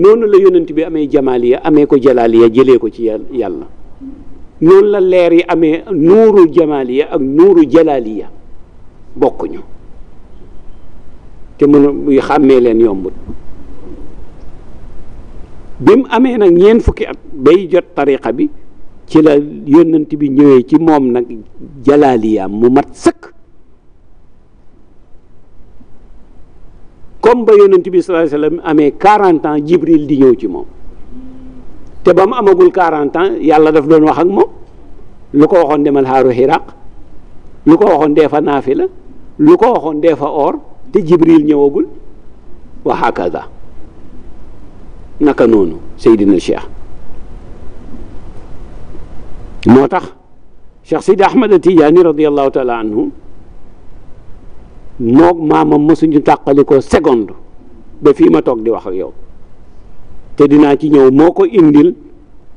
noonu la yonent bi amee jamaaliya amee ko jalaaliya jëlee ko ci yàlla noonu la leer yi amee nuuru jamaaliya ak nuuru jalaaliya bokkuñu te mënu xàmmee leen yombut bi mu amee nag ñeent fukki at bay jot tariqa bi ci la yonant bi ñëwee ci moom nag jalaaliyaam mu mat sëkk comme ba yónnant bi sallallahu alayhi amee quarante ans jibril di ñëw ci moom te ba mu amagul quarante ans yàlla daf doon wax ak moom lu ko waxoon demal xaaru xiraq lu ko waxoon dee fa naafila lu ko waxoon dee fa or te jibril ñëwagul wa naka noonu Seydina Cheikh moo tax Cheikh Sidi Ahmad Tijaani radiallahu taala anhu moog maamam mosuñu tàqalikoo seconde ba fii ma toog di wax ak yow te dinaa ci ñëw moo ko indil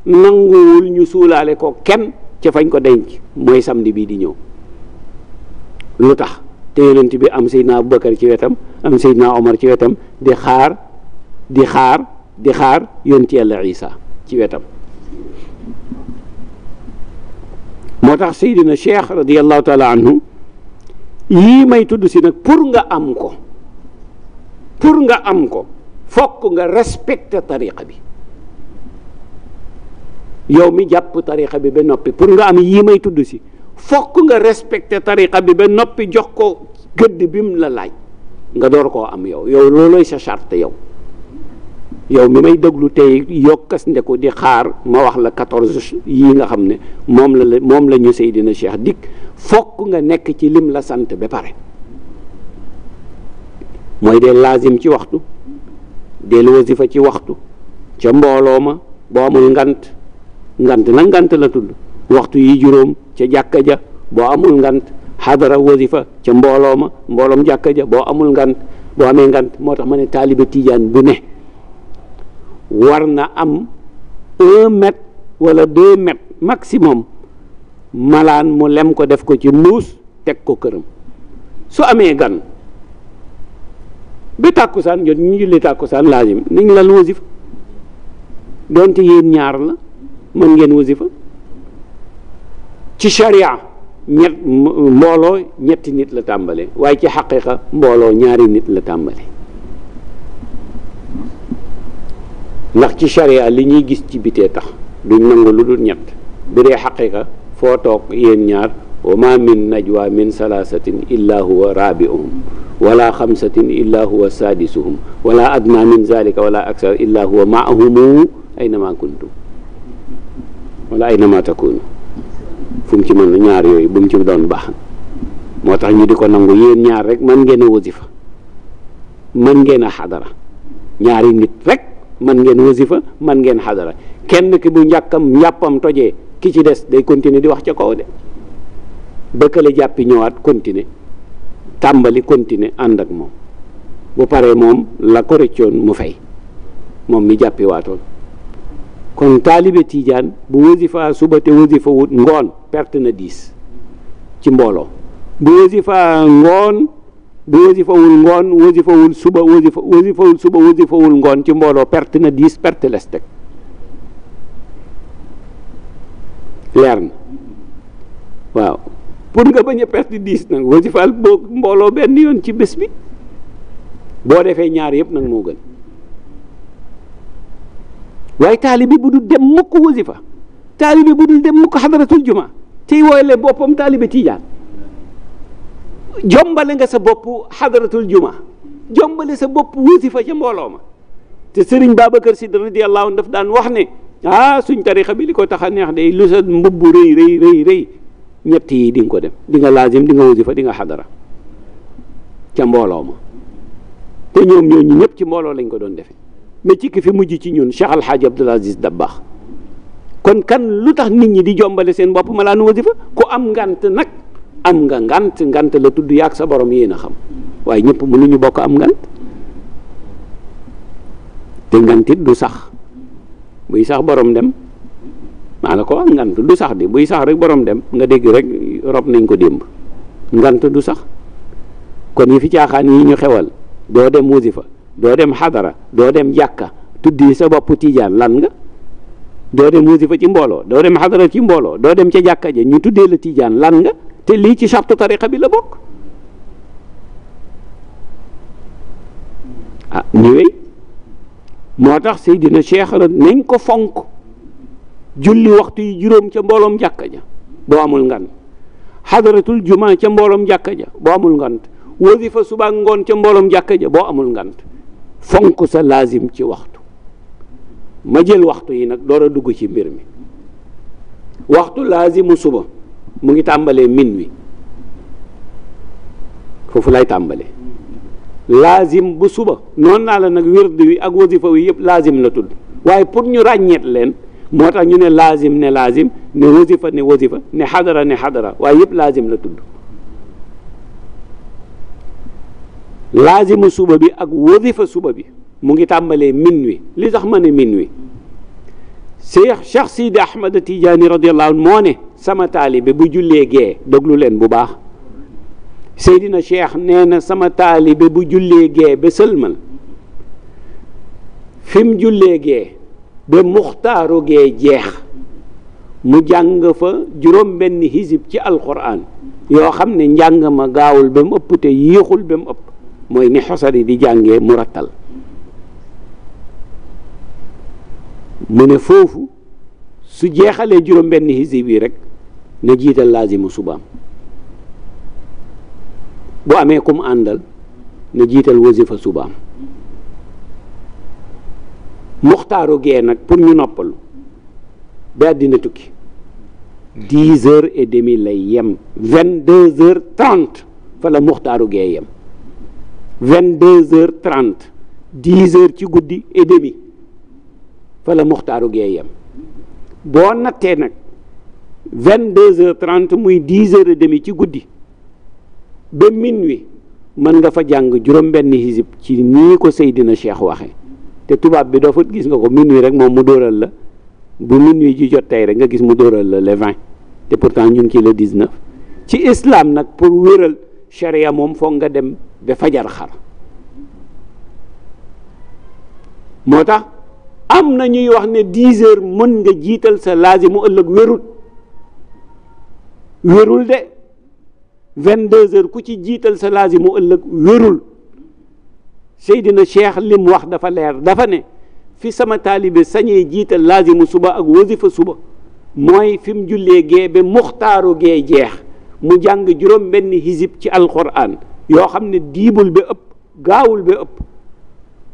nanguwul ñu suulaale ko kenn ci fañ ko denc mooy samedi bii di ñëw lu tax te yonent bi am Seydina Aboubacar ci wetam am Seydina Omar ci wetam di xaar di xaar di xaar yonent yàlla Isa ci wetam tax Seydina Cheikh radiallahu taala anhu yii may tudd si nag pour nga am ko pour nga am ko fokk nga respecter tariqa bi yow mi jàpp tariqa bi ba noppi pour nga am yii may tudd si fokk nga respecte tariqa bi ba noppi jox ko gëdd bi mu la laaj nga door koo am yow yow loolooy sa charte yow yow mi may déglu tey yokkas ndeku di xaar ma wax la quatorze yii nga xam ne moom la la moom la ñu Seydina Cheikh dikk fokk nga nekk ci lim la sant ba pare mooy dee laazim ci waxtu del wasifa ci waxtu ca mbooloo ma boo amul ngant ngant na ngant la tudd waxtu yi juróom ca jàkka ja boo amul ngant xadara wasifa ca mbooloo ma mbooloom jàkka ja boo amul ngant boo amee ngant moo tax ma ne taaliba tiijaan bu ne war na am un mètre wala deux mètres maximum malaan mu lem ko def ko ci mbuus teg ko këram su amee gan bi tàkkusaan jot ñu julli tàkkusaan laazim niñ lal wasifa donte yéen ñaar la mën ngeen wasifa ci sharia ñett mbooloo ñetti nit la tàmbale waaye ci xaqiqa mbooloo ñaari nit la tàmbali ndax ci charia li ñuy gis ci bite tax duñ nangu lu dul ñett bu dee xaqiqa foo toog yéen ñaar wa ma min najwa min salaasatin illa huwa raabiuhum wala xamsatin illa huwa saadisuhum wala adna min zalika wala aksar illa huwa maahumu aynama kuntum wala aynama takunu fu ci mën ñaar yooyu bu mu ci doon baax moo tax ñu di ko nangu yéen ñaar rek mën ngeen a wasifa mën ngeen a xadara ñaari nit rek man ngeen wasifa man ngeen xadara kenn ki bu njàkkam njàppam tojee ki ci des day continuer di wax ca kaw de bëkkale jàppi ñëwaat continuer tàmbali continuer ànd ak moom bu paree moom la ko rëccoon mu fay moom mi jàppi kon taalibe tiijaan bu wasifa suba te wasifa wut ngoon perte na diis ci mbooloo bu wasifa ngoon bu wasifawul ngoon wasifawul suba wasifa wasifawul suba wasifawul ngoon ci mbooloo perte na dix perte les teg leer na waaw pour nga bañ a perte dix nag wasifal boo mbooloo benn yoon ci bés bi boo defee ñaar yëpp nag moo gën waaye taalibi bu du dem mukk wasifa taalibi bu du dem mukk xadaratul juma tey wooyle boppam taalibi tiijaan jombale nga sa bopp xadaratul juma jombale sa bopp wasifa ca mbooloo ma te sëriñ kër Si da radiyallahu anhu daf daan wax ne ah suñ tarixa bi li ko tax a neex day lu sa mbubb rëy rëy rëy rëy ñett yi di ko dem di nga laazim di nga wasifa di nga xadara ca mbooloo ma te ñoom ñooñu ñëpp ci mbooloo lañ ko doon defe mais ci ki fi mujj ci ñun Cheikh Alhaaji Abdoul Aziz Dabakh kon kan lu tax nit ñi di jombale seen bopp malaanu wasifa ku am ngant nag am nga ngant ngant la tudd yaag sa borom yéen a xam waaye ñëpp ñu bokk am ngant te ngantit du sax buy sax borom dem maa la ko wax ngant du sax di buy sax rek borom dem nga dégg rek rob nañ ko démb ngant du sax kon yi fi caaxaan yi ñu xewal doo dem fa doo dem xadara doo dem jàkka tuddi sa bopp tiijaan lan nga doo dem wasifa ci mbooloo doo dem xadara ci mbooloo doo dem ca jàkka ja ñu tuddee la tiijaan lan nga te lii ci sartu tariqa bi la bokk ah ñu wéy moo tax Seydina Cheikh la nañ ko fonk julli waxtu yi juróom ca mbooloom jàkka ja boo amul ngan xadaratul juma ca mbooloom jàkka ja boo amul ngant wasifa suba ngoon ca mbooloom jàkka ja boo amul ngant fonk sa laazim ci waxtu ma jël waxtu yi nag door a dugg ci mbir mi waxtu laazimu suba mu ngi tàmbalee min wi foofu lay tàmbalee laazim bu suba noonu naa la nag wird wi ak wasifa wi yëpp laazim la tudd waaye pour ñu ràññeet leen moo tax ñu ne laazim ne laazim ne wasifa ne wasifa ne xadara ne xadara waaye yëpp laazim la tudd laazimu suba bi ak wasifa suba bi mu ngi tàmbalee min wi li tax ma ne min wi Cheikh Cheikh Sidi Ahmad Tidiane radiyallahu anhu moo ne sama taalibe bu jullee gee déglu leen bu baax Seydina Cheikh nee na sama taalibe bu jullee gee ba sëlmal fim mu jullee gee ba muxtaaru gee jeex mu jàng fa juróom benn hizib ci alquran yoo xam ne njàng ma gaawul ba mu ëpp te yéexul ba mu ëpp mooy ni xosari di jàngee mu rattal mu ne foofu su jeexalee juróom-benn hizib yi rek na jiital laazimu subaam bu amee kum àndal na jiital wasifa subaam muxtaaru gee nag pour ñu noppalu ba dina tukki dix heures et demi lay yem vingt deux heures trente fa la muxtaaru gee yem vingt deux heures trente dix heures ci guddi et demi fa la muxtaaru gee boo nattee nag vingt deux heures muy dix heures et demi ci guddi ba minuit mën nga fa jàng juróom-benn hizib ci nii ko Seydina Cheikh waxe te tubaab bi doo fa gis nga ko minuit rek moom mu dóoral la bu minuit ji jot tey rek nga gis mu dóoral la les vingt te pourtant ñu ngi ci le dix ci islam nag pour wéral charia moom foog nga dem ba fajar xar moo tax am na ñuy wax ne dix heures mën nga jiital sa laasi mu ëllëg wérul wérul de vingt deux ku ci jiital sa laasi mu ëllëg wérul Seydina Cheikh lim wax dafa leer dafa ne fi sama taalibe sañee jiital laasimu suba ak wasifa suba mooy fi jullee gee ba muxtaaru gee jeex mu jàng juróom benn hizib ci alquran yoo xam ne diibul ba ëpp gaawul ba ëpp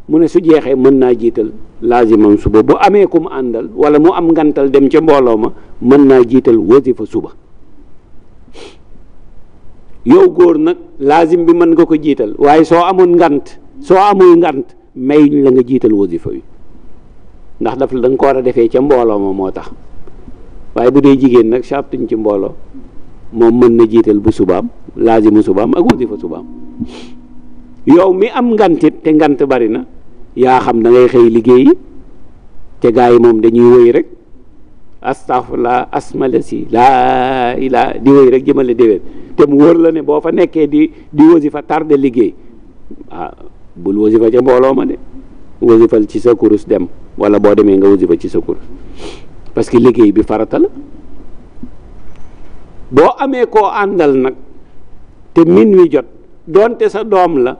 mu ne su jeexee mën naa jiital laazimam suba bu amee ku mu àndal wala mu am ngantal dem ca mbooloo ma mën naa jiital wasifa suba yow góor nag laazim bi mën nga ko jiital waaye soo amoon ngant soo amul ngant may la nga jiital wasifa wi ndax daf la da ko war a defee ca mbooloo ma moo tax waaye bu dee jigéen nag sàptuñ ci mbooloo moom mën na jiital bu subaam laazimu subaam ak wasifa subaam yow mi am ngantit te ngant bari na yaa xam da ngay xëy liggéeyi te gaa yi moom dañuy wëy rek astafurlah asmala si laa ilaa di wëy rek jëmale déwén te mu wër la ne boo fa nekkee di di wasifa tarde liggéey ah bul wasifa ca mbooloo ma de wasifal ci sa kurus dem wala boo demee nga wasifa ci sa kurus parce que liggéey bi farata la boo amee koo àndal nag te min wi jot doonte sa doom la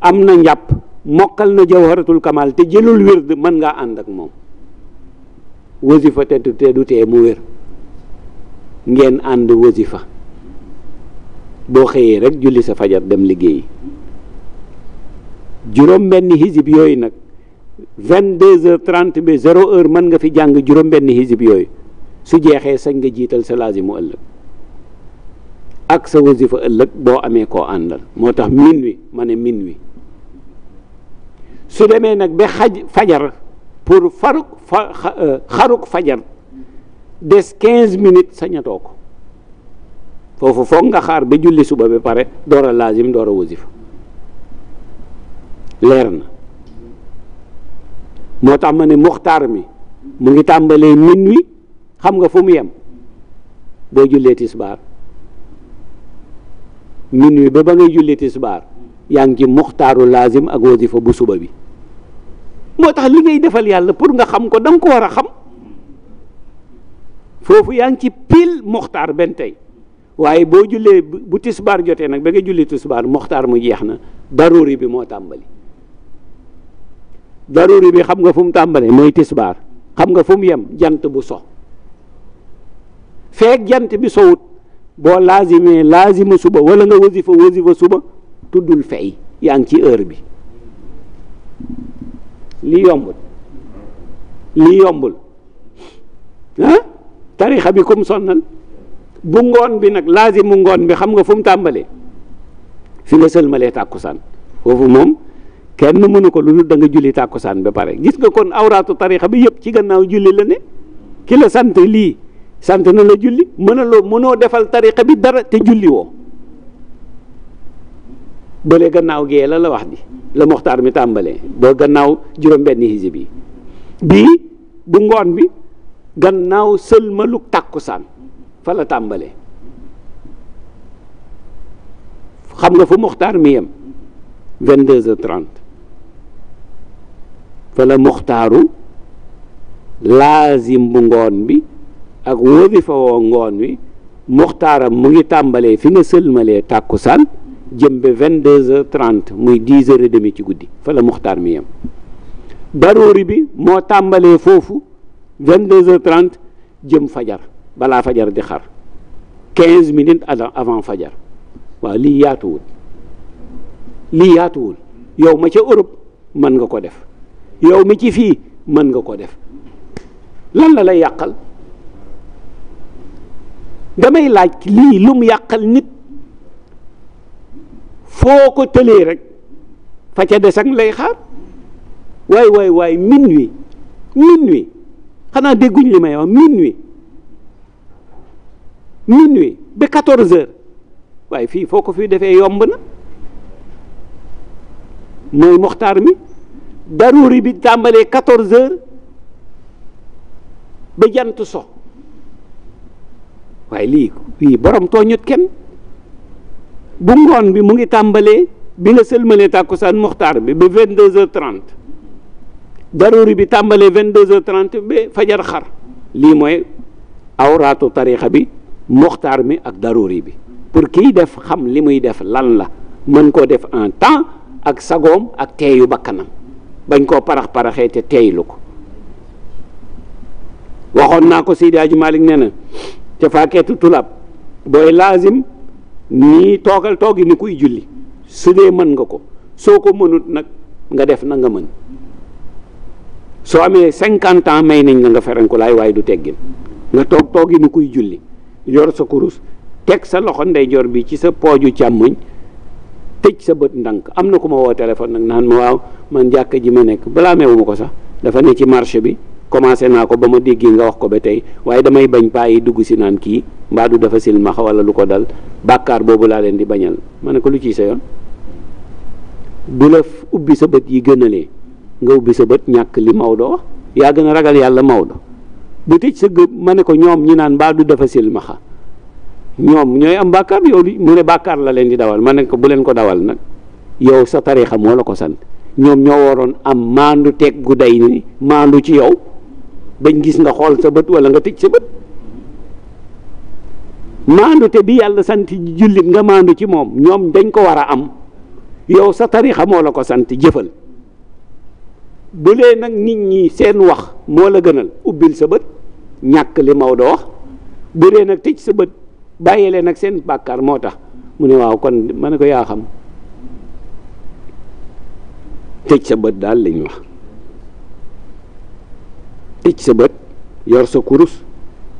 am na njàpp mokkal na jawharatul kamal te jëlul wird mën ngaa ànd ak moom wasifa te du tee mu wér ngeen ànd wasifa boo xëyee rek julli sa fajar dem liggéeyi juróom benni xisib yooyu nag vingt deux heures trente ba zéro heure mën nga fi jàng juróom benni xisib yooyu su jeexee sañ nga jiital sa laazimu ëllëg ak sa wasifa ëllëg boo amee koo àndal moo tax min wi ma ne min wi su demee nag ba xaj fajar pour faruk fa euh, xaruk fajar des quinze minutes sañatoo ko foofu foog nga xaar ba julli suba ba pare door a laazim door a wasifa leer na moo tax ma ne muxtaar mi mu ngi tàmbalee minuit xam nga fu mu yem boo jullee tisbaar minuit ba ba ngay jullee tisbaar yaa ngi ci muxtaaru laazim ak wasifa bu suba bi moo tax li ngay defal yàlla pour nga xam ko da ko war a xam foofu yaa ngi ci pile moxtaar benn tey waaye boo jullee bu tisbaar jotee nag ba nga julli tisbaar moxtaar mu jeex na daruri bi moo tàmbali daruri bi xam nga fu mu tàmbalee mooy tisbaar xam nga fu mu yem jant bu so feek jant bi sowut boo laazimee laazimu suba wala nga wasifa wasifa suba tuddul fay yaa ngi ci heure bi lii yombul lii yombul ah tarixa bi kum sonnal bu ngoon bi nag laasimu ngoon bi xam nga fu mu tàmbalee fi nga sëlmalee tàkkusaan foofu moom kenn mënu ko lu da nga julli tàkkusaan ba pare gis nga kon awraatu tarixa bi yëpp ci gannaaw julli la ne ki la sant lii sant na la julli mënaloo mënoo defal tarixa bi dara te julli woo bële gannaaw gee la la wax di la moxtaar mi tàmbalee ba gannaaw juróom-benni hizib yi bii bu ngoon bi gannaaw sëlmaluk tàkkusaan fa la tàmbalee xam nga fu moxtaar mi yem vingt deux heures trente fa la moxtaaru laazim bu ngoon bi ak wasifa ngoon wi moxtaaram mu ngi tàmbalee fi nga sëlmalee tàkkusaan jëm ba vingt deux heures trente muy dix heures demi ci guddi fa la muxtaar mi yem daroori bi moo tàmbalee foofu vingt deux heures jëm fajar balaa fajar di xar quinze minutes avant fajar waaw lii yaatuwul lii yaatuwul yow ma ci Europe mën nga ko def yow mi ci fii mën nga ko def lan la lay yàqal damay laaj lii lum yàqal nit foo ko tëlee rek fa ca des ak lay xaar waay waay waay minuit minuit xanaa dégguñ li may wax minuit minuit ba quatorze heures waaye fii foo ko fi defee yomb na mooy moxtaar mi daruri bi tàmbalee quatorze heures ba jant so waaye lii lii borom tooñut kenn bu ngoon bi mu ngi tàmbalee bi nga sëlmalee tàkkusaan muxtaar bi ba vingt deux heures trente daruri bi tàmbalee vingt deux heures trente ba fajar xar lii mooy awraatu tarixa bi muxtaar mi ak daruri bi pour kiy def xam li muy def lan la mën koo def en temps ak sagoom ak teeyu bakkanam bañ koo parax-paraxee te teeylu ko waxoon naa ko Seydi Aji Malik nee na ca faakeetu tulaab booy laazim nii toogal toogi ni kuy julli su dee mën nga ko soo ko mënut nag nga def na nga mën soo amee cinquante ans may nañ la nga ferenku laay waaye du teggin nga toog toogi ni kuy julli yor sa kurus teg sa loxo ndeyjoor bi ci sa pooju càmmoñ tëj sa bët ndànk am na ku ma woo téléphone nag naan ma waaw man jàkka ji ma nekk balaa meewu ma ko sax dafa ne ci marché bi commencé naa ko ba ma déggee nga wax ko ba tey waaye damay bañ paa dugg si naan kii mbaadu dafa silmax wala lu ko dal bàkkaar boobu laa leen di bañal ma ne ko lu ciy sa yoon bu ubbi sa bët yi gënalee nga ubbi sa bët ñàkk li Maodo wax yaa gën ragal yàlla Maodo bu tëj ma ne ko ñoom ñi naan mbaadu dafa silmaxa ñoom ñooy am bàkkaar yow mu ne bàkkaar la leen di dawal ma ne ko bu leen ko dawal nag yow sa tariixa moo la ko sant ñoom ñoo waroon am maandu teg gu day ni maandu ci yow bañ gis nga xool sa bët wala nga tëj sa bët maandute bi yàlla sant jullit nga maandu ci moom ñoom dañ ko war a am yow sa tarixa moo la ko sant jëfal bu lee nag nit ñi seen wax moo la gënal ubbil sa bët ñàkk li Maodo wax bu dee nag tëj sa bët bàyyi leen ak seen bàkkaar moo tax mu ne waaw kon ma ne ko yaa xam tëj sa bët daal lañ wax tëj sa bët yor sa kurus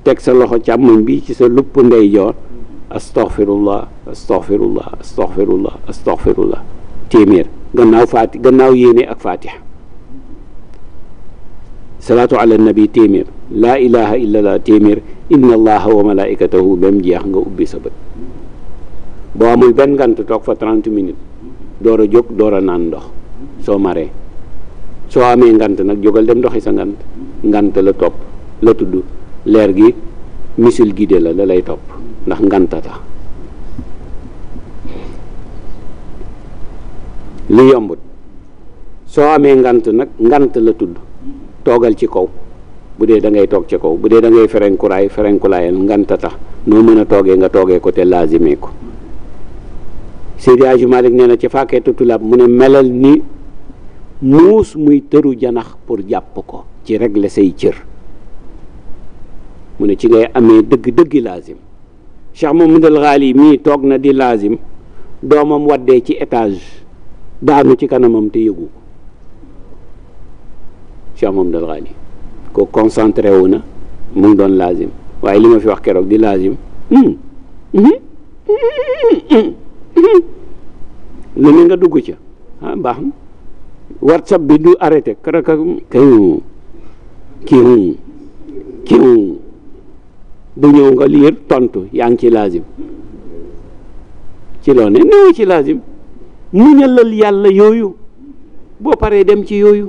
teg sa loxo càmmoñ bi ci sa lupp ndeyjoor astaghfirullah astaghfirullah astaghfirullah téeméer gannaaw faati gannaaw yéene ak fatiha salaatu ala nabi téeméer laa ilaha illallah téeméer inna allaha wa malaikatahu bam jeex nga ubbi sa bët boo amul benn ngant toog fa 30 minutes door a jóg door a naan ndox soo maree soo amee ngant nag jógal dem ndoxi sa ngant ngant la topp la tudd leer gi missile guidé la la lay topp ndax nganta tax li yombut soo amee ngant nag ngant la tudd toogal ci kaw bu dee da ngay toog ci kaw bu dee dangay ngay ferenkuraay ngant nganta tax noo mën a toogee nga toogee ko te laazimee ko Seydi Hadji Malick nee na ci fàkkee tutulaab mu ne melal ni muus muy tëru janax pour jàpp ko ci régler say cër mu ne ci ngay amee dëgg-dëggi laazim Cheikh Mamadou Ghali mii toog na di laazim doomam waddee ci étage daanu ci kanamam te yëgu ko Cheikh Mamadou Ghali ko concentré wu na mu doon laazim waaye li ma fi wax keroog di laazim hmm. Hmm. Hmm. lu ne nga dugg ca ah, baax na WhatsApp bi du arrêté karaka kay kiw kiw bu ñëw nga liir tontu yaa ngi ci laazim ci loo ne néew ci laazim muñalal yàlla yooyu boo paree dem ci yooyu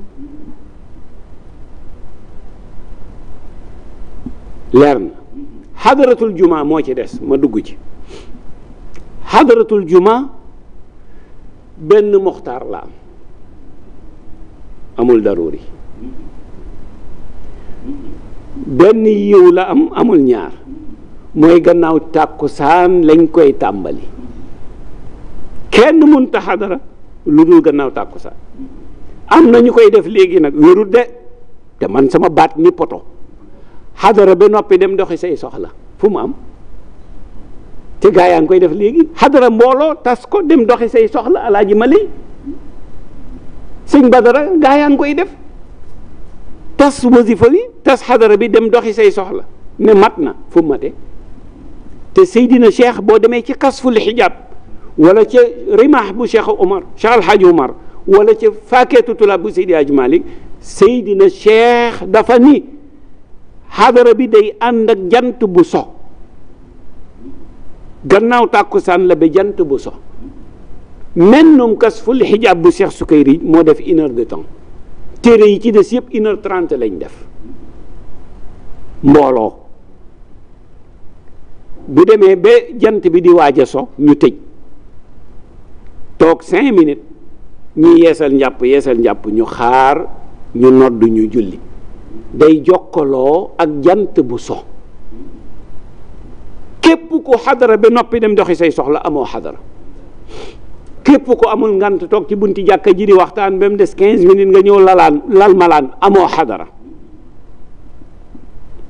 leer na xadaratul jumaa moo ci des ma dugg ci xadaratul juma benn moxtaar la am amul daruri benn yiw la am amul ñaar mooy gannaaw tàkkusaan lañ koy tàmbali kenn mënta xadara lu dul gannaaw tàkkusaan am na ñu koy def léegi nag wérut de te man sama baat ni poto xadara ba noppi dem doxi say soxla fu mu am te gaa yaa ngi koy def léegi xadara mbooloo tas ko dem doxi say soxla alaaji ma lay sëñ badara gaa yaa ngi koy def tas wasifa bi tas xadara bi dem doxi say soxla ne mat na fu mate te Seydina Cheikh boo demee ci kasful xijaab wala ca rimaax bu Cheikh Omar Cheikh Alhaji Omar wala ca faakeetu tulaab bu Seydi Hadji Malick Seydina Cheikh dafa ni xadara bi day ànd ak jant bu so gannaaw tàkkusaan la ba jant bu so mennum kasful xijaab bu Cheikh Sukayri moo def une heure de temps téere yi ci des yëpp une heure trente lañ def mbooloo bu demee ba jant bi di waaj a so ñu tëj toog cinq minutes ñi yeesal njàpp yeesal njàpp ñu xaar ñu nodd ñu julli day jokkaloo ak jant bu so képp ko xadara ba noppi dem doxi say soxla amoo xadara képp ko amul ngant toog ci bunti jàkk ji di waxtaan ba mu des quinze minutes nga ñëw lalaan lal malaan amoo xadara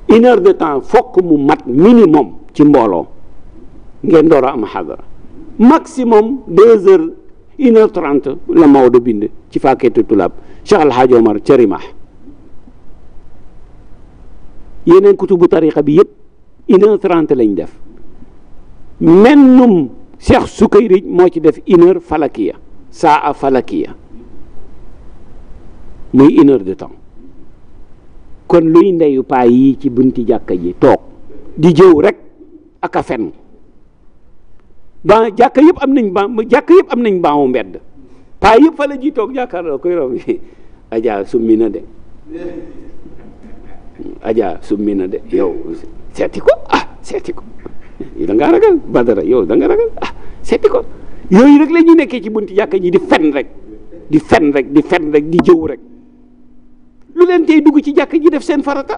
une heure de temps fokk mu mat minimum ci mbooloo ngeen door a am xadara maximum deux heures une heure trente la Maodo bind ci fàkkeetu tulaab Cheikh Al Hadj Omar ca Rimah yeneen kutubu tariqa bi yëpp une heure trente lañ def mennum Cheikh Sukayrij moo ci def une falaki falakiya saa a falakiya muy une heure de temps kon luy ndeyu paa yii ci bunti jàkka ji toog di jëw rek ak fen ba jàkka yëpp am nañ ba jàkka yëpp am nañ baamu mbedd paa yëpp fa la ji toog jàkkaarloo koy raw bi Adja summi de Adja summi na de yow seeti ko ah seeti ko da ngaa ragal badara yow da nga ragal ah seeti ko yooyu rek la ñuy nekkee ci bunti jàkka ji di fen rek di fen rek di fen rek di jëw rek lu leen tey dugg ci jàkka ji def seen farata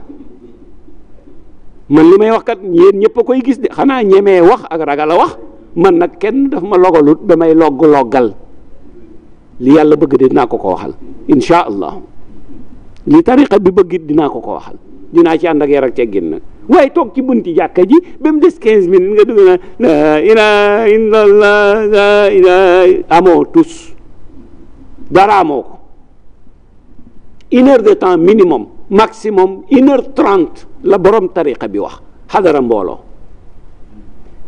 man li may wax kat yéen ñëpp koy gis de xanaa ñeme wax ak ragal a wax man nag kenn daf ma logalut damay logg loggal li yàlla bëgg de dinaa ko ko waxal incha allah li tariqa bi bëgg dinaa ko ko waxal dinaa ci ànd ak yar ak teggin nag waaye toog ci bunti jàkka ji ba mu des quinze minutes nga dugg na la amoo tus dara amoo ko une heure de temps minimum maximum une heure la borom tariqa bi wax xadara mbooloo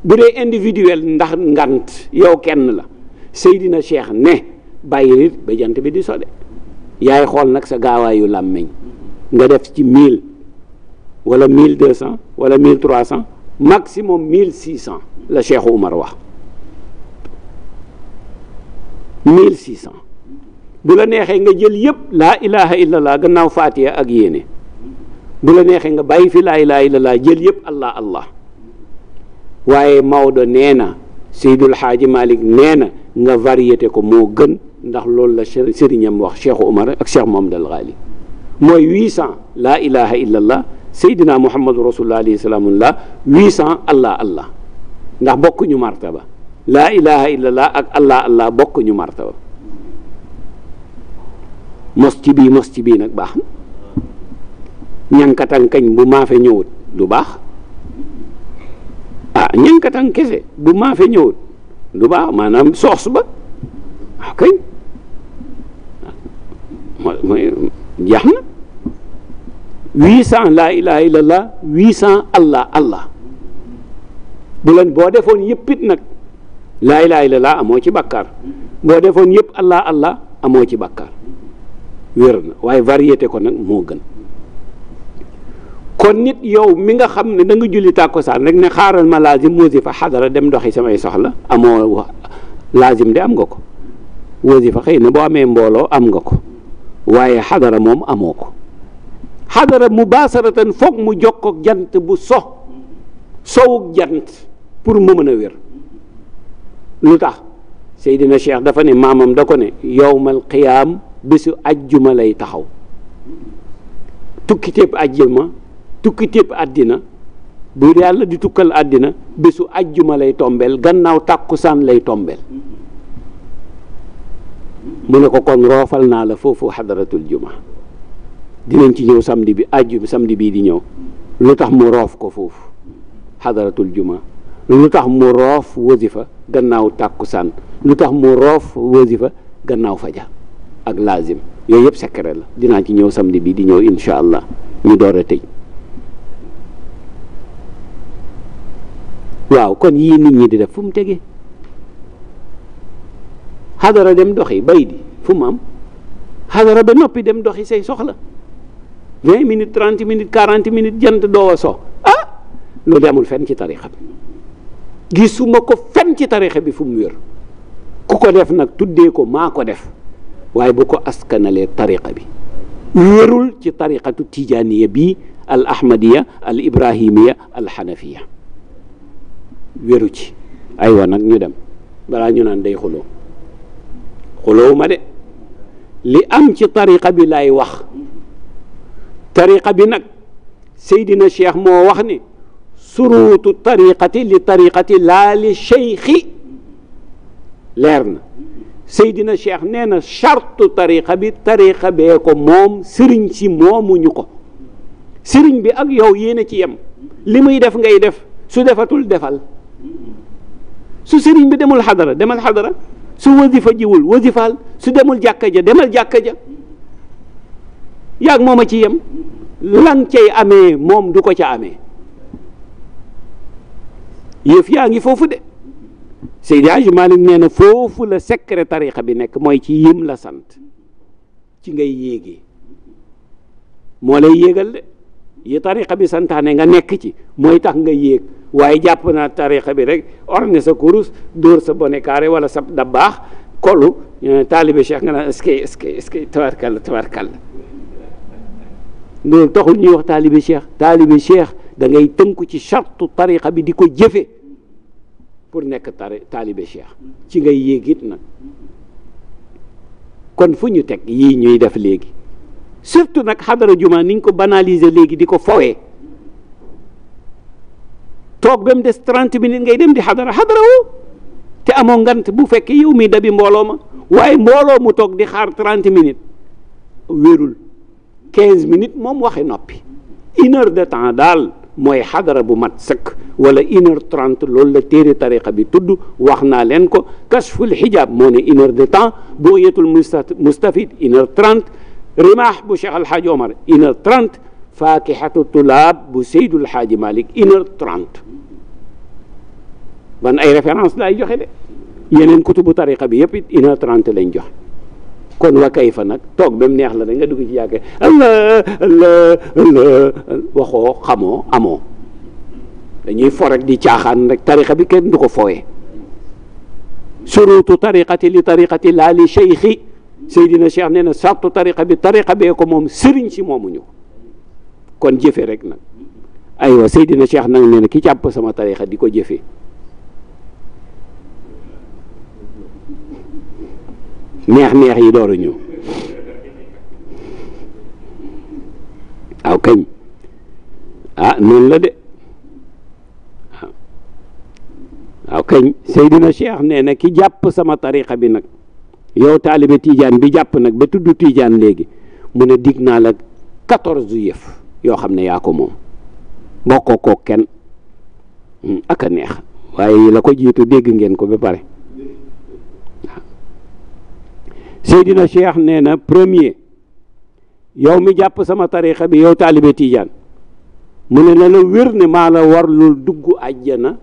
bu dee individuel ndax ngant yow kenn la Seydina Cheikh ne bàyyi nit ba jant bi di sole yaay xool nag sa gaawaayu làmmiñ nga def ci mille wala mille deux cent wala mille trois cent maximum mille six cent la Cheikh Oumar wax bu la neexee nga jël yëpp laa ilaha illallah gannaaw faatiya ak yéene bu la neexee nga bàyyi fi laa ilaha illallah jël yëpp allah allah waaye Maodo nee na Seydul Xaaji Malik nee na nga variété ko moo gën ndax loolu la sëriñam wax Cheikh Oumar ak Cheikh Mohamed Al Ghali mooy huit cent laa ilaha seydina muhammadu rasulullah la salaamullah huit cent allah allah ndax bokkuñu martaba laa ilaha illallah ak allah allah bokkuñu martaba mos ci bii mos ci bii nag baax na ñankataŋkañ bu maafe ñëwut du baax ah ñankataŋ kese bu maafe ñëwut du baax maanaam soos ba waaw ah, kañ ah, mooy na 800 laa ilaha illallah 800 allah allah bu leen boo defoon yëpp it nag laa ilaha laa amoo ci bàkkaar boo defoon yëpp allah allah amoo ci bàkkaar wér na waaye variété ko nag moo gën kon nit yow mi nga xam ne da nga julli tàkkusaan rek ne xaaral ma laazim wasifa xadara dem doxi samay soxla amoo laazim de am nga ko wasifa xëy na boo amee mbooloo am nga ko waaye xadara moom amoo ko xadara mubaasaratan foog mu jokkook jant bu so sowu jant pour mu mën a wér lu tax Seydina Cheikh dafa ne maamam da ko ne yowmal qiyaam bésu ajjuma lay taxaw tukki tépp ajjuma tukki àddina bu yàlla di tukkal àddina bésu ajjuma lay tombel gannaaw tàkkusaan lay tombel mu ne ko kon roofal naa la foofu xadaratul juma dinañ ci ñëw samedi bi ajju samedi bii di ñëw lu tax mu roof ko foofu xadaratul juma lu tax mu roof wasifa gannaaw tàkkusaan lu tax mu roof wasifa gannaaw faja ak laazim yooyu yëpp secret la dinaa ci ñëw samedi bii di ñëw incha allah ñu door a tëj waaw kon yii nit ñi di def fu mu tege xadara dem doxi bay di fu mu am xadara ba noppi dem doxi say soxla vingt minutes trente minutes quarante minutes jant doo a so ah loolu amul fenn ci tarixa bi gisuma ko fen ci tarixa bi fu mu wér ku ko def nag tuddee ko maa ko def waaye bu ko askanalee tariqa bi wérul ci tariqatu tijaaniya bii al ahmadiya al ibrahimiya al xanafiya wéru ci aywa nag ñu dem balaa ñu naan day xuloo xuloo de li am ci tariqa bi lay wax tariqa bi nag seydina cheikh moo wax ni suruutu tariqati li tariqati laa li cheikhi leer na seydina cheikh nee na chartu tariqa bi tariqa bee ko moom sëriñ si moomuñu ko sëriñ bi ak yow yéen a ci yem li muy def ngay def su defatul defal su sëriñ bi demul xadara demal xadara su wasifa jiwul wasifaal su demul jàkka ja demal jàkka ja yaag moom a ci yem lan cay amee moom du ko ca amee yëf yaa ngi foofu de Seydi Hadji Malick nee na foofu la secret tarixa bi nekk mooy ci yim la sant ci ngay yéegee moo lay yéegal de yi tarixa bi santaane nga nekk ci mooy tax nga yéeg waaye jàpp naa tarixa bi rek orne sa kurus dóor sa bonnet carré wala sa da baax kolu eh, taalibe cheikh nga naan est-ce que est-ce que est loolu taxul ñuy wax taalibe cheikh taalibe cheikh da ngay tënku ci chartu tariqa bi di ko jëfe pour nekk tari taalibe cheikh ci ngay yéegit nag kon fu ñu teg yii ñuy def léegi surtout nag xadara juma niñ ko banalise léegi di ko fowee toog ba mu des trente minutes ngay dem di xadara xadara woo te amoon ngant bu fekkee yow mii dabi mbooloo ma waaye mbooloo mu toog di xaar trente minutes wérul quinze minutes moom waxi noppi une de temps daal mooy xadara bu mat sëkk wala une heure trente loolu la téere tariqa bi tudd wax naa leen ko kashful hijab moo ne une temps de temps bu'yatul mustafid une heure trente rimaax bu Cheikh Alhaaji Omar une heure trente faakihatu tulaab bu Seydul Haaji Malik une heure trente man ay référence laay joxe de yeneen kutubu tariqa bi yëpp it une heure trente lañ joxe kon wa kay fa nag toog ba neex la rek nga dugg ci yàgg allah allah waxoo xamoo amoo dañuy fo rek di caaxaan rek tarixa bi kenn du ko fowee surutu tariqati li tariqati laa li cheikhi Seydina Cheikh nee na sartu tariqa bi tariqa bee ko moom sëriñ si moomuñu ko kon jëfe rek nag aywa Seydina Cheikh nag nee na ki jàpp sama tariqa di ko jëfe neex-neex yi door a ñëw waaw kañ ah noonu la de waaw kañ Seydina Cheikh nee na ki jàpp sama tarixa bi nag yow taalibe Tidiane bi jàpp nag ba tudd Tidiane léegi mu ne dig naa la quatorze yëf yoo xam ne yaa ko moom bokkoo koo kenn hmm, ak a neex waaye la ko jiitu dégg ngeen ko ba pare Seydina Cheikh nee na premier yow mi jàpp sama tarixa bi yow taalibe Tiijaan mu ne na la wér ne maa la war lu dugg àjjana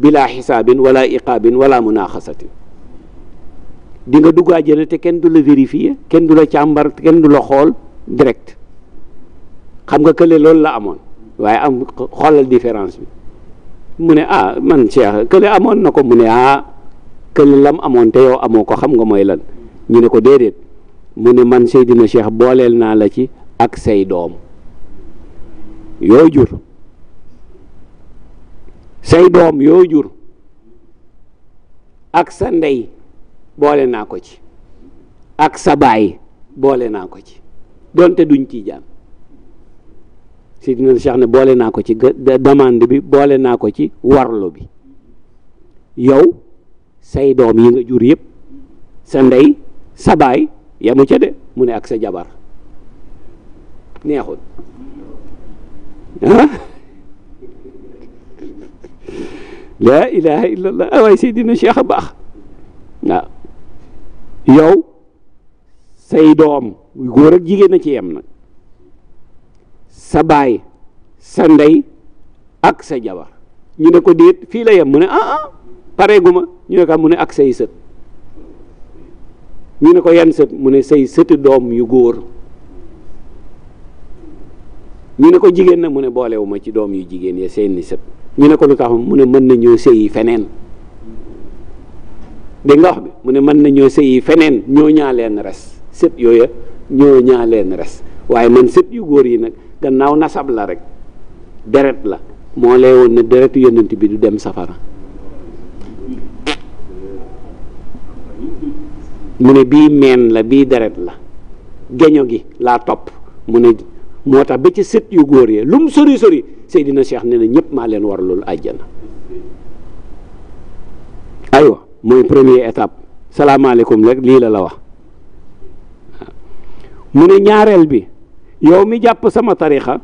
bilaa xisaabin wala iqaabin wala munaaxasatin di nga dugg àjjana te kenn du la vérifier kenn du la càmbar kenn du la xool direct xam nga kële loolu la amoon waaye am xoolal différence bi mu ne ah man Cheikh kële amoon na ko mu ne ah kële lam amoon te yow amoo ko xam nga mooy lan ñu ne ko déedéet mu ne man Seydina Cheikh booleel naa la ci ak say doom yoo jur say doom yoo jur ak sa ndey boole naa ko ci ak sa baay boole naa ko ci donte duñ tiijaan Seydina Cheikh ne boole naa ko ci demande bi boole naa ko ci warlo bi yow say doom yi nga jur yépp sa ndey sa baay yamu ca de mu ne ak sa jabar neexul ah laa ilaha illallah awaay ah, seydina cheikh a baax waaw yow say doom góor ak jigéen a ci yam na sa baay sa ndey ak sa jabar ñu ne ko déet fii la yem mu ne ah ah pareeguma ñu ne ko mu ne ak say sët ñu ne ko yan sët mu ne say sëti doom yu góor ñu ne ko jigéen na mu ne boolewuma ci doom yu jigéen ya seeni sët ñu ne ko lu tax mu ne mën nañoo sëyi feneen dégg nga mu ne mën nañoo sëyi feneen ñoo ñaa leen res sët yooya ñoo ñaa leen res waaye man sët yu góor yi nag gannaaw nasab la rek deret la moo lee woon ne deretu yonent bi du dem safara mu ne bii meen la bii deret la geño gi laa topp mu ne moo tax ba ci sët yu góor yee lu mu sori sori Seydina Cheikh ne na ñëpp maa leen war loolu àjjana aywa mooy première étape salaamaaleykum rek lii la la wax mu ne ñaareel bi yow mi jàpp sama tarixa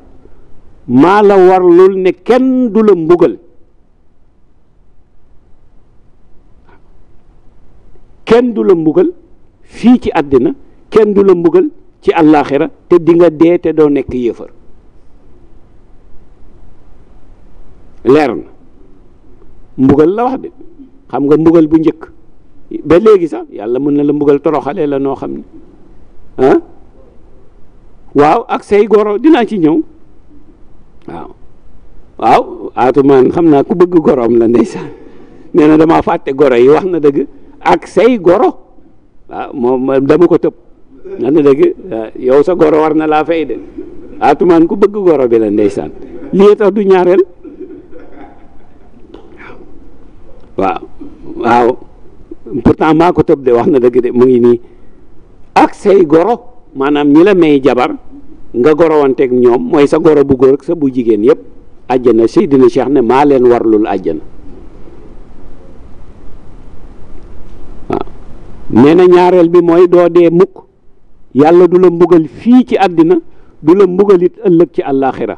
maa la warlul ne kenn du la mbugal kenn du la mbugal fii ci àddina kenn du la mbugal ci àllaaxira te dinga nga dee te doo nekk yéefar leer na mbugal la wax de xam nga mbugal bu njëkk ba léegi sax yàlla mën na la mbugal toroxalee la noo xam ne ah waaw ak say goro dinaa ci ñëw waaw waaw atumaan xam naa ku bëgg goroom la ndeysaan nee na damaa fàtte goro yi wax na dëgg ak say goro ah moom dama ko tëb na na dëgg yow sa goro war na laa fay de atumaan ah, ku bëgg goro bi la ndeysaan lii tax du ñaareel waaw waaw pourtant maa ko tëb de wax na dëgg de mu ngi nii ak say goro maanaam ñi la may jabar nga goro wanteek ñoom mooy sa goro bu góor ak bu jigéen yëpp àjjana dina Cheikh ne maa leen warlul àjjana nee na ñaareel bi mooy doo dee mukk yàlla du la mbugal fii ci àddina du la mbugalit ëllëg ci àllaaxira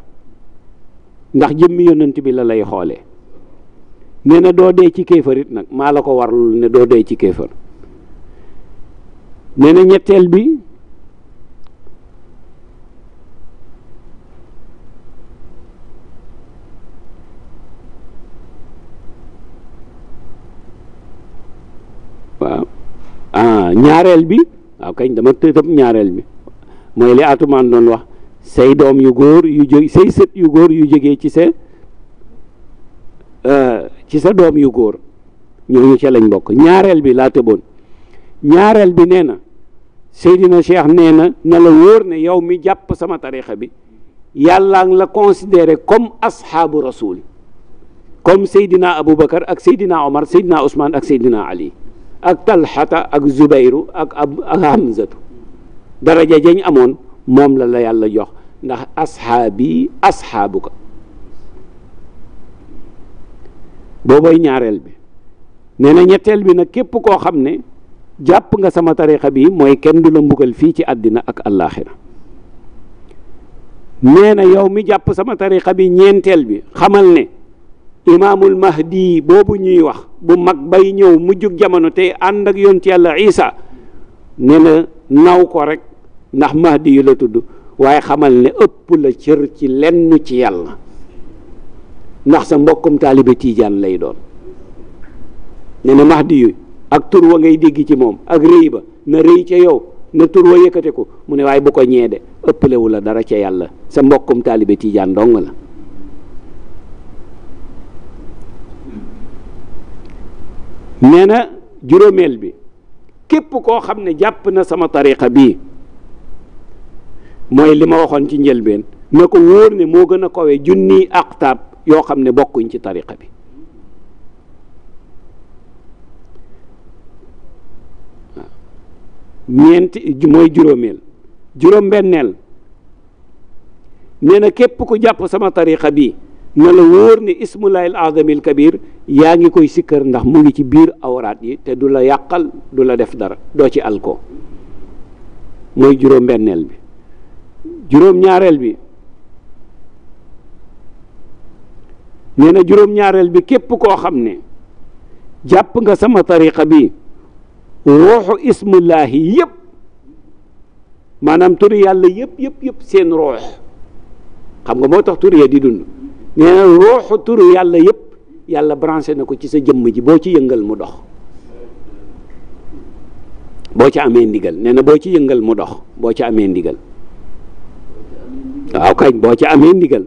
ndax jëmmi yonent bi la lay xoole nee na doo dee ci kéefarit nag maa la ko warlul ne doo dee ci kéefar nee na ñetteel bi waaw Ah, ñaareel bi waaw kañ dama tëtëb ñaareel bi mooy li atumaan doon wax say doom yu góor yu jóg say sët yu góor yu jógee ci sa euh, ci sa doom yu góor ñooñu ca lañ bokk ñaareel bi laa tëboon ñaareel bi nee na Seydina Cheikh nee na na la wóor ne yow mi jàpp sama tarixa bi yàllaa ngi la considéré comme asxaabu rasul comme Seydina Aboubacar ak Seydina Omar Seydina Ousmane ak Seydina Ali ak talxata ak zubayru ak ab ak hamzatu daraja jeñ amoon moom la la yàlla jox ndax asxaabi asxaabuka boobooy ñaareel bi nee na ñetteel bi nag képp koo xam ne jàpp nga sama tarixa bi mooy kenn du la mbugal fii ci àddina ak àllaaxira nee na yow mi jàpp sama tarixa bi ñeenteel bi xamal ne imaamul mahdi boobu ñuy wax bu mag bay ñëw mujjug jamono tey ànd ak yoon ci yàlla isa ne na naw ko rek ndax mahdi yu la tudd waaye xamal ne ëpp la cër ci lenn ci yàlla ndax sa mbokkum taalibe tiijaan lay doon ne na mahdi yu ak tur wa ngay dégg ci moom ak rëy ba na rëy ca yow na tur wa yëkkate ko mu ne waaye bu ko ñeede ëpplewu la dara ca yàlla sa mbokkum taalibe tiijaan dong la nee juróomeel bi képp koo xam ne jàpp na sama tariqa bi mooy li ma waxoon ci njëlbeen na ko wóor ne moo gën a kawe junniy aqtaab yoo xam ne bokkuñ ci tariqa bi waaw ñeenti mooy juróomeel juróom-benneel nee képp ku jàpp sama tarixa bi na la wóor ni ismullahil azamil kabir yaa ngi koy sikkër ndax mu ngi ci biir awraat yi te du la yàqal du la def dara doo ci alko mooy juróom benneel bi juróom ñaareel bi nee na juróom ñaareel bi képp koo xam ne jàpp nga sama tariqa bi ruuxu ismullahi yépp maanaam turi yàlla yëpp yëpp yëpp seen ruux xam nga moo tax turi ya di dund nee na ruuxu turu yàlla yépp yàlla branché na ko ci sa jëmm ji boo ci yëngal mu dox boo ci amee ndigal nee na boo ci yëngal mu dox boo ci amee ndigal waaw boo ci amee ndigal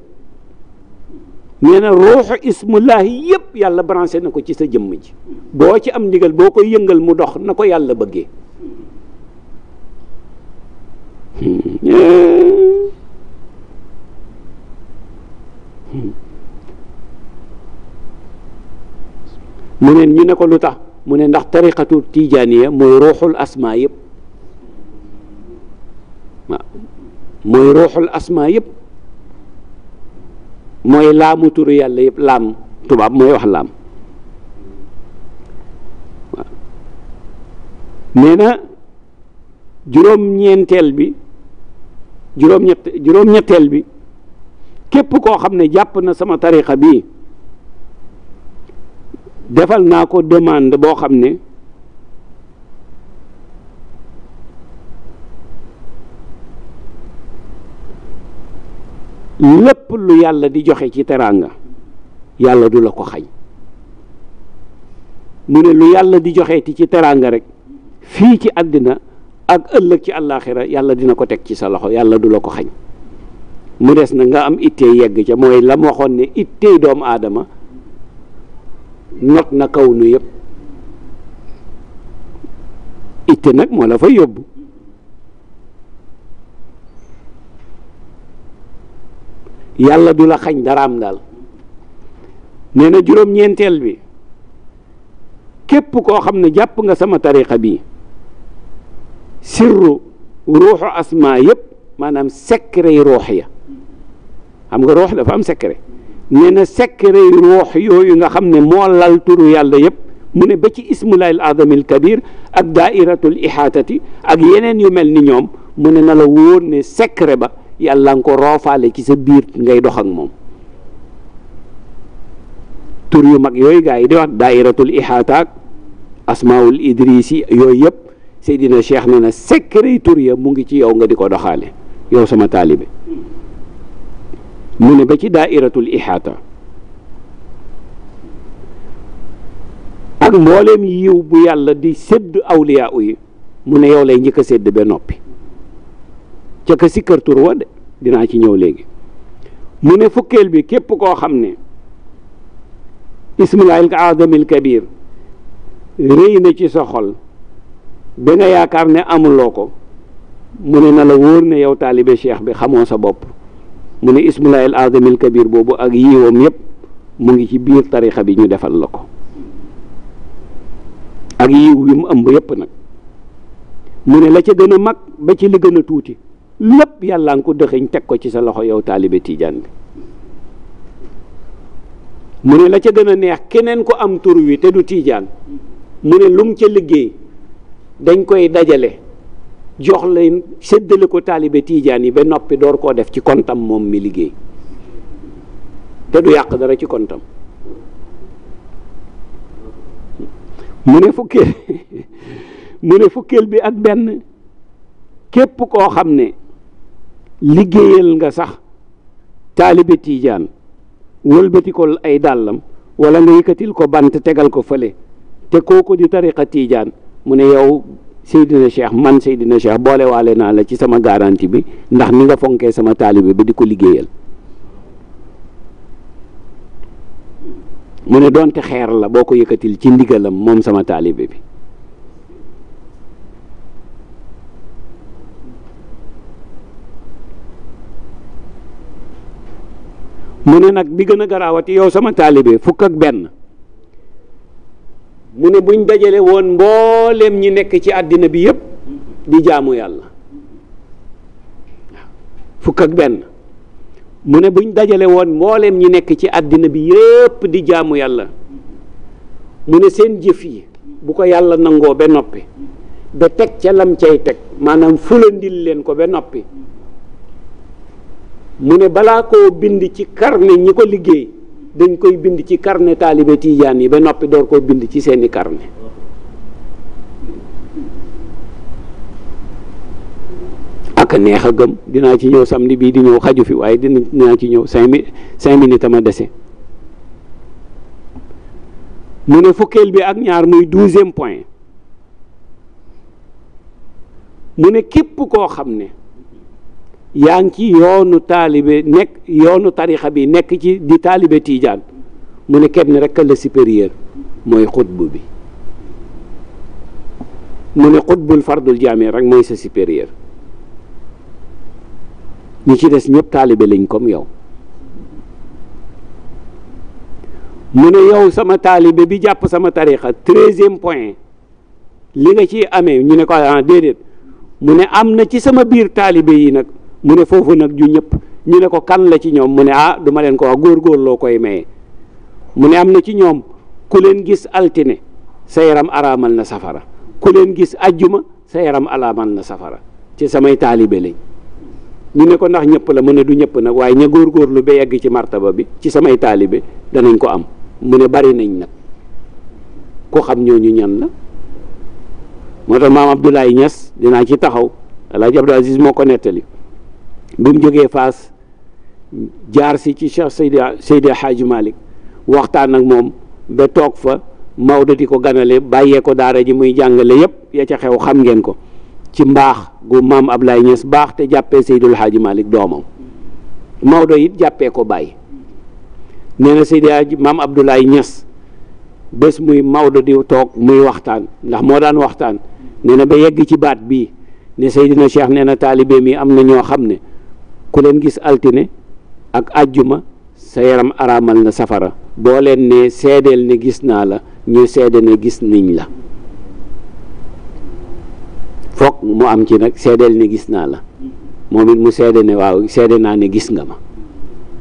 nee na ruuxu ismullahi yëpp yàlla branché na ko ci sa jëmm ji boo ci am ndigal boo koy yëngal mu dox na ko yàlla bëggee hmm. mu ne ñu ne ko lu tax mu ne ndax tariqatu tijaaniya mooy ruuxul asmaa yëpp waaw mooy ruuxul asmaa yëpp mooy laamu yàlla yëpp laam tubaab mooy wax laam waaw na juróom-ñeenteel bi juróom-ñett juróom-ñetteel bi képp koo xam ne jàpp na sama tarixa bi defal naa ko demande boo xam ne lépp lu yàlla di joxe ci teraanga yàlla du la ko xañ mu ne lu yàlla di joxe ti ci teraanga rek fii ci àddina ak ëllëg ci àllaaxira yàlla dina ko teg ci sa loxo yàlla du la ko xañ mu des na nga am ittee yegg ca mooy lam waxoon ne ittee doomu aadama not na kaw nu yëpp itte nag moo la fa yóbbu yàlla du la xañ daraam daal nee na juróom-ñeenteel bi képp koo xam ne jàpp nga sama tariqa bi sirru ruuxu asma yëpp maanaam secret yi ruux ya xam nga ruux dafa am secret nee na secret yu yooyu nga xam ne moo lal turu yàlla yëpp mu ne ba ci ismullahil azamil kabir ak daairatul ihaatati ak yeneen yu mel ni ñoom mu ne na la wóor ne secret ba yàlla nga ko roofaale ci sa biir ngay dox ak moom tur yu mag yooyu gaa yi di wax daairatul ihaataak asmaul idrisi yooyu yëpp Seydina Cheikh ne na secret tur ya mu ngi ci yow nga di ko doxaale yow sama taalibe mu ne ba ci daairatul ihaata ak mbooleem yiw bu yàlla di sedd awliyaa yi mu ne yow lay njëkk a sédd ba noppi ca ka sikkar wa de dinaa ci ñëw léegi mu ne fukkeel bi képp koo xam ne ismulaahil azamil kabir réy na ci sa xol ba nga yaakaar ne amuloo ko mu ne na la wóor ne yow taalibe cheikh bi xamoo sa bopp mu ne ismulaayil azamil kabir boobu ak yiiwam yépp mu ngi ci biir tarixa bi ñu defal la ko ak yiw yu mu ëmb yépp nag mu ne la ca gën a mag ba ci li gën a tuuti lépp yàlla nga ko dëxiñ teg ko ci sa loxo yow taalibe tiijaan bi mu ne la ca gën a neex keneen ko am tur wi te du tiijaan mu ne lum ca liggéey dañ koy dajale jox lay séddale ko taalibe tiijaan yi ba noppi door koo def ci kontam moom mi liggéey te du yàq dara ci kontam mu ne fukkeel mu ne fukkeel bi ak benn képp koo xam ne liggéeyal nga sax taalibe tiijaan wëlbatikol ay dàllam wala nga yëkkatil ko bant tegal ko fële te kooku di tariqa tiijaan mu ne yow Seydina Cheikh man Seydina Cheikh boole waale naa la ci sama garantie bi ndax ni nga fonkee sama taalibe bi di ko liggéeyal mu ne doonte xeer la boo ko yëkkatil ci ndigalam moom sama taalibe bi mu ne nag bi gën a garaawati yow sama taalibe fukk ak benn mu ne buñ dajale woon mboo leen ñi nekk ci àddina bi yépp di jaamu yàlla fukk ak benn mu ne buñ dajale woon mbooleem ñi nekk ci àddina bi yépp di jaamu yàlla mu ne seen jëf yi bu ko yàlla nangoo ba noppi ba teg ca lam cay teg maanaam fulandil leen ko ba noppi mu ne balaa koo bind ci carnet ñi ko liggéey dañ koy bind ci carnet taalibe tiijaan yi ba noppi door koo bind ci seeni carnet ak neex a gëm dinaa ci ñëw samedi bii di ñëw xaju fi waaye dina dinaa ci ñëw cinq mi cinq minutes ma dese mu ne fukkeel bi ak ñaar muy douzième point mu ne képp koo xam ne yaa ngi ci yoonu taalibe nekk yoonu tarixa bi nekk ci di taalibe tiijaan mu ne kenn rek la supérieur mooy xutbu bi mu ne xutbul fardul jaami rek mooy sa supérieur ñi ci des ñëpp taalibe lañ comme yow mu ne yow sama taalibe bi jàpp sama tarixa treizième point li nga ci amee ñu ne ko ah déedéet mu ne am na ci sama biir taalibe yi nag mu ne foofu nag ju ñépp ñu ne ko kan la ci ñoom mu ne ah duma leen ko wax góor-góor loo koy maye mu ne am na ci ñoom ku leen gis altine sa yaram araamal na safara ku leen gis ajjuma sa yaram alaamal na safara ci samay taalibe lañ ñu ne ko ndax ñëpp la mu ne du ñëpp nag waaye ña góorgóorlu ba yegg ci martaba bi ci samay taalibe danañ ko am mu ne bari nañ nag ko xam ñooñu ñan la moo tax maam Abdoulaye Niass dinaa ci taxaw Alaaji Abdou Aziz moo ko nettali bi jógee fas jaar si ci Cheikh Seydi Seydi Hadji Malick waxtaan ak moom ba toog fa Maodo di ko ganale bàyyee ko daara ji muy jàngale yëpp ya ca xew xam ngeen ko ci mbaax gu maam ablaay Niass baax te jàppee Seydul Haaji Malick doomam Maodo it jàppee ko bàyyi nee na Seydi Haaji maam Abdoulaye Niass bés muy Maodo di toog muy waxtaan ndax moo daan waxtaan nee na ba yegg ci baat bii ne Seydina Cheikh nee na taalibe mi am na ñoo xam ne ku leen gis altine ak àjjuma sa yaram araamal na safara boo leen ne seedeel ne gis naa la ñu seede ne gis niñ la foog mu am ci nag seedeel ne gis naa la moom it mu seede ne waaw seede naa ne gis nga ma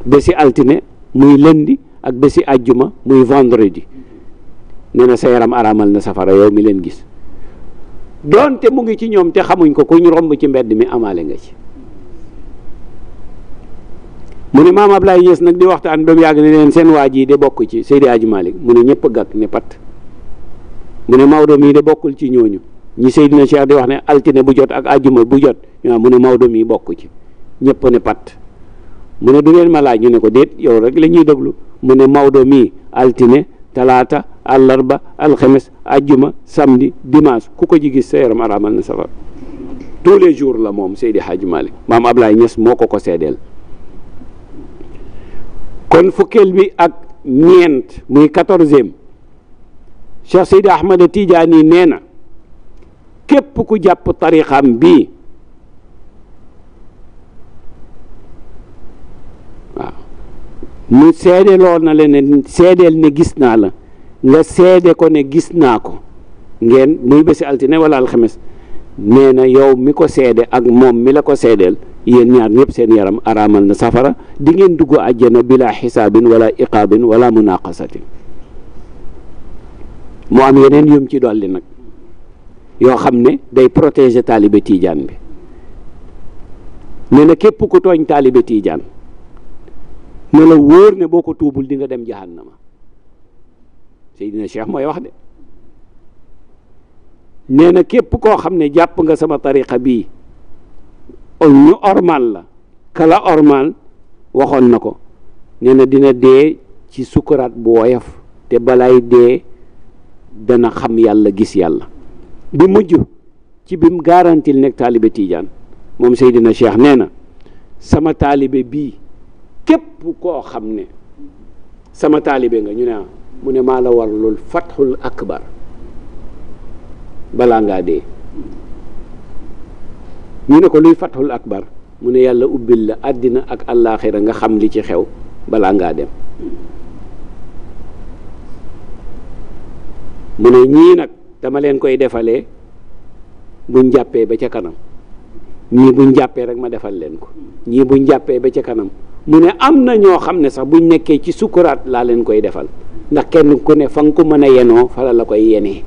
ba si altine muy lëndi ak ba si àjjuma muy vendredi nee na sa yaram araamal na safara yow mi leen gis doonte mu ngi ci ñoom te xamuñ ko ku ñu romb ci mbedd mi amaale nga ci mu ne maam Ablaye Niass nag di waxtaan ba mu yàgg ne leen seen waa ji de bokk ci Seydi Hadji Malick mu ne ñëpp gàkk ne pat mu ne Maodo mii de bokkul ci ñooñu ñi Seydina Cheikh di wax ne altine bu jot ak àjjuma bu jot ñu mu ne Maodo mi bokk ci ñëpp ne pat mu ne du ma laaj ñu ne ko déet yow rek lañuy ñuy déglu mu ne Maodo mii altine talaata àllarba alxemes àjjuma samedi dimanche ku ko ji gis sa yaram araamal na safar tous les jours la moom Seydi Hadji Malick maam Ablaye Niass moo ko ko seedeel kon fukkeel bi ak ñeent muy quatorzième Cheikh Seydi Ahmad Tidiane nee na képp ku jàpp tarixam bi waaw mu seede lool na leen seedeel ne gis naa la nga seede ko ne gis naa ko ngeen muy bési altine wala alxemes nee na yow mi ko seede ak moom mi la ko seedeel yéen ñaar ñëpp seen yaram araamal na safara di ngeen dugg àjjana bila xisaabin wala iqaabin wala munaqasatin mu am yeneen yum ci dolli nag yoo xam ne day protéger taalibe tiijaan bi nee na képp ku tooñ taalibe tiijaan ne la wóor ne boo ko tuubul di nga dem jahannama Seydina Cheikh mooy wax de nee na képp koo xam ne jàpp nga sama tariqa bii ñu ormal la kala ormal waxoon na ko nee dina dee ci sukuraat bu woyof te balay dee dana xam yàlla gis yàlla bi mujj ci bi mu garantil nekk taalibe tiijaan moom Seydina Cheikh nee na sama taalibe bii képp koo xam ne sama taalibe nga ñu ne ah mu ne maa la war lool fathul akbar balaa ngaa dee ñu ne ko luy fathul akbar mu ne yàlla ubbil la àddina ak àllaaxira nga xam li ci xew balaa ngaa dem mu ne ñii nag dama leen koy defalee buñ jàppee ba ca kanam ñii bu jàppee rek ma defal leen ko ñii bu jàppee ba ca kanam mu ne am na ñoo xam ne sax buñ nekkee ci sukkuraat laa leen koy defal ndax kenn ku ne fa nga ko mën a yenoo fala la koy yenee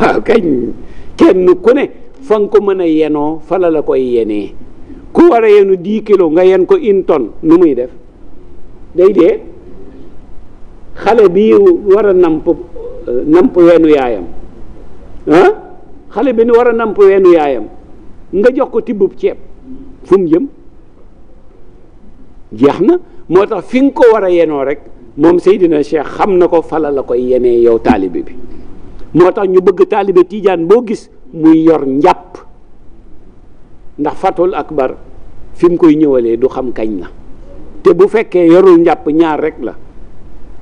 waaw kañ kenn ne fa ko mën a yenoo fala la koy yenee ku war a yenu dix kilos nga yen ko une tonne nu muy def day dee xale bi war a namp eh, namp weenu yaayam ah xale bi ni war a namp weenu yaayam nga jox ko tibbub ceeb fu mu jëm jeex na moo tax fi nga ko war a yenoo rek moom Seydina Cheikh xam na ko fala la koy yenee yow taalibe bi moo tax ñu bëgg taalibe tiijaan boo gis muy yor njàpp ndax fatul akbar fi mu koy ñëwalee du xam kañ la te bu fekkee yorul njàpp ñaar rek la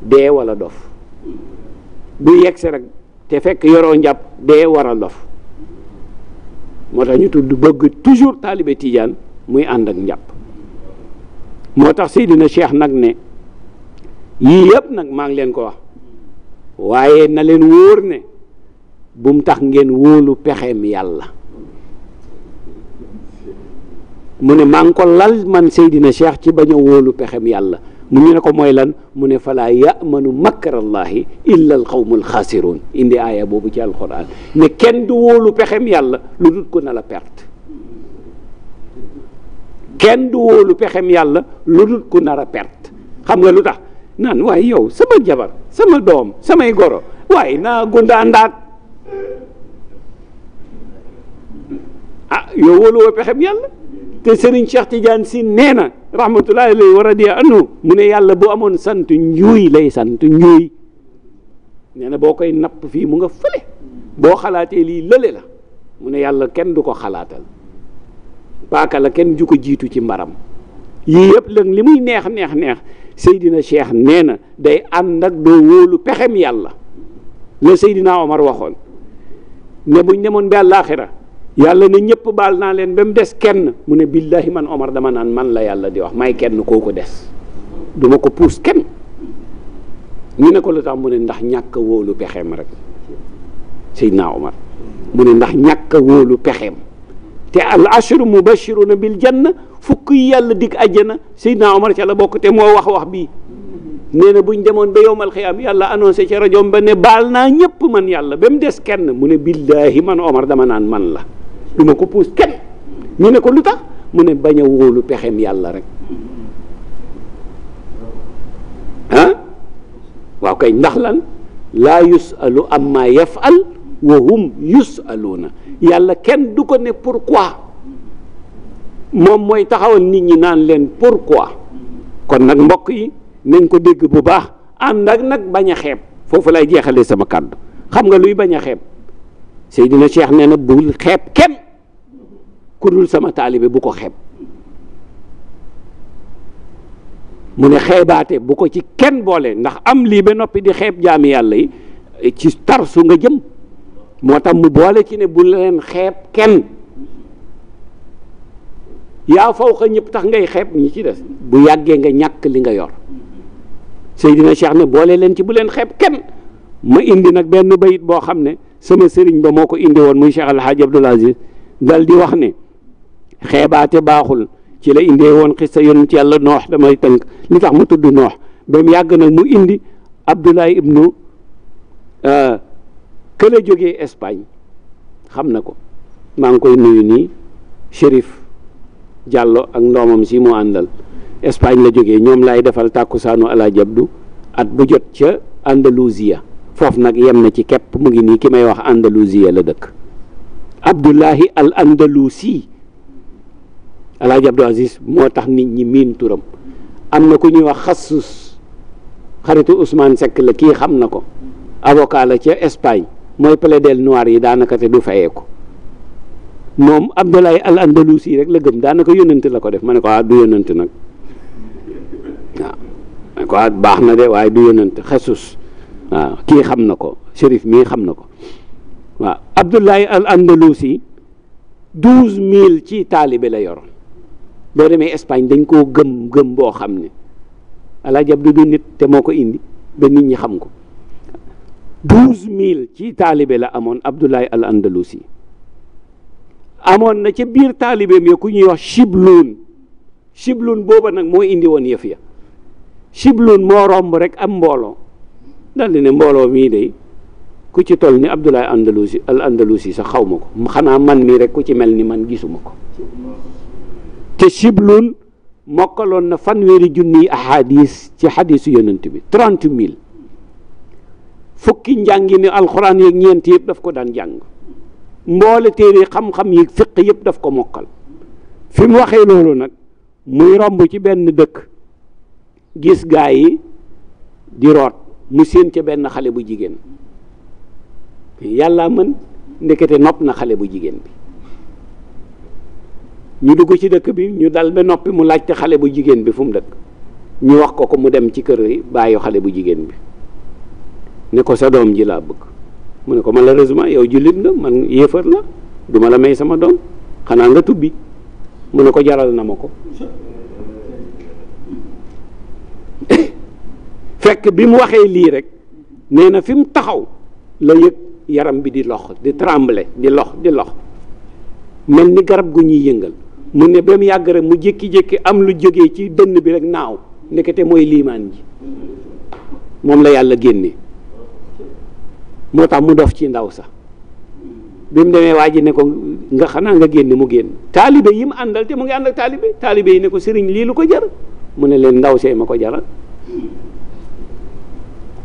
dee wala dof bu yegsi rek te fekk yoroo njàpp dee war a dof moo tax ñu tudd bëgg toujours taalibe tijaan muy ànd ak njàpp moo tax Seydina Cheikh nag ne yii yépp nag maa ngi leen ko wax waaye na leen wóor ne bum tax ngeen wóolu pexeem yàlla mu ne maa ngi ko lal man Seydina Cheikh ci bañ a wóolu pexeem yàlla mu ñu ne ko mooy lan mu ne falaa yamanu makkarallahi illa al qawmu alxaasiruun indi aaya boobu ci alquran ne kenn du woolu pexem yàlla lu dut ko nara la perte kenn du wóolu pexem yàlla lu dut ku nar a perte xam nga lu tax naan waaye yow sama jabar sama doom samay goro waaye naa gundaa ndaat ah yow wóolu woo pexem yàlla te Serigne Cheikh Tidiane si nee na rahmatullahi alayhi wa radiya anhu mu ne yàlla boo amoon sant njuuy lay sant njuuy nee na boo koy napp fii mu nga fële boo xalaatee lii lële la mu ne yàlla kenn du ko xalaatal paaka la kenn ju ko jiitu ci mbaram yii yëpp lëg li muy neex neex neex Seydina Cheikh nee na day ànd ak doo wóolu pexem yàlla la Seydina Omar waxoon ne buñ demoon bi àllaaxira yàlla ne ñëpp baal naa leen ba des kenn mu ne billahi man Omar dama naan man la yàlla di wax may kenn koo ko des duma ko puus kenn ñu ne ko lu tax mu ne ndax ñàkk a wóolu pexeem rek Seydina Omar mu ne ndax ñàkk a wóolu pexeem te al ashru mubashiruna bil janna fukk yi yàlla dikk àjjana Seydina Omar ca la bokk te moo wax wax bii nee na bu buñ demoon ba yowmal am yàlla annoncé ci rajoom ba ne baal naa ñëpp man yàlla bem des kenn mu ne billahi man Omar dama naan man la du ma ko puus kenn ñu ne ko lu tax mu ne bañ a wóolu pexem yàlla rek ah waaw kay ndax lan laa yusalu amma yafal wa hum na yàlla kenn du ko ne pourquoi moom mooy taxawal nit ñi naan leen pourquoi kon nag mbokk yi nañ ko dégg bu baax ànd ak nag bañ a xeeb foofu lay jeexale sama kàddu xam nga luy bañ a xeeb Seydina Cheikh nee na bul xeeb kenn ku sama taalibe bu ko xeeb mu ne xeebaate bu ko ci kenn boole ndax am lii ba noppi di xeeb jaami yàlla yi ci tar su nga jëm moo tax mu boole ci ne bu leen xeeb kenn yaa fawqa ñëpp tax ngay xeeb ñi ci des bu yàggee nga ñàkk li nga yor Seydina Cheikh ne boole leen ci bu leen xeeb kenn ma indi nag benn bayit boo xam ne sama sëriñ ba moo ko indi woon muy Cheikh Alhaaj Abdoul Aziz dal di wax ne xeebaate baaxul ci la indee woon xista yonent yàlla noox damay tënk li tax mu tudd noox ba mu yàgg nag mu indi Abdoulaye ibnu euh, kële jógee Espagne xam na ko maa ngi koy nuyu nii Chérif Diallo ak ndoomam si mu àndal Espagne la jóge ñoom laay defal tàkkusaanu Alaaji Abdu at bu jot ca Andalusia foofu nag yem na ci képp mu ngi nii ki may wax Andalousie la dëkk Abdullahi al Andalousi Alaaji Abdou Aziz moo tax nit ñi miin turam am na ku ñuy wax xassus xaritu Ousmane Seck la kii xam na ko avocat la ca Espagne mooy plaider noir yi daanaka te du fayee ko moom Abdoulaye al Andalousi rek la gëm daanaka yónnante la ko def ma ne ko ah du yónnante nag waaw ma ne ko ah baax na de waaye du yónnante xassus waaw kii xam na ko shérif mii xam na ko waaw Abdullahi al Andalusi douze mille ci taalibe la yoroon boo demee Espagne dañ koo gëm gëm boo xam ne alaaji Abdu du nit te moo ko indi ba nit ñi xam ko douze mille ci taalibe la amoon Abdullahi al Andalusi amoon na ca biir taalibeem ya ku ñuy wax Chibloun Chibloun booba nag moo indi woon yëf ya Chibloun moo romb rek am mbooloo dal di ne mbooloo mii de ku ci toll ni Abdoulaye Andalousi al Andalousi sax xaw ma ko xanaa man mii rek ku ci mel ni man gisuma ko te Chibloun mokkaloon na fanweeri junniy ahadis ci hadisu yonent bi trente mille fukki njàngi ni alxuraan yeeg ñeent yëpp daf ko daan jàng mboole téere xam-xam yi fiq yëpp daf ko mokkal fi mu waxee loolu nag muy romb ci benn dëkk gis gaa yi di root mu séen ca benn xale bu jigéen yàlla man ndekete nopp na xale bu jigéen bi ñu dugg ci dëkk bi ñu dal ba noppi mu laajte xale bu jigéen bi fu mu dëkk ñu wax ko ko mu dem ci kër yi bàyyi xale bu jigéen bi ne ko sa doom ji laa bëgg mu ne ko malheureusement yow jullit nga man yéefar la duma la may sama doom xanaa nga tubbi mu ne ko jaral na ma ko fekk bi mu waxee lii rek nee na fi mu taxaw la yëg yaram bi di lox di trembler di lox di lox mel ni garab gu ñuy yëngal mu ne ba mu yàgg rek mu jékki-jékki am lu jóge ci dënn bi rek naaw ndekete mooy liimaan ji moom la yàlla génne moo tax mu dof ci ndaw sax bi mu demee waa ji ne ko nga xanaa nga génn mu génn taalibe yi mu àndal te mu ngi ànd ak taalibe taalibe yi ne ko sëriñ lii lu ko jar mu ne leen ndaw see ma ko jaral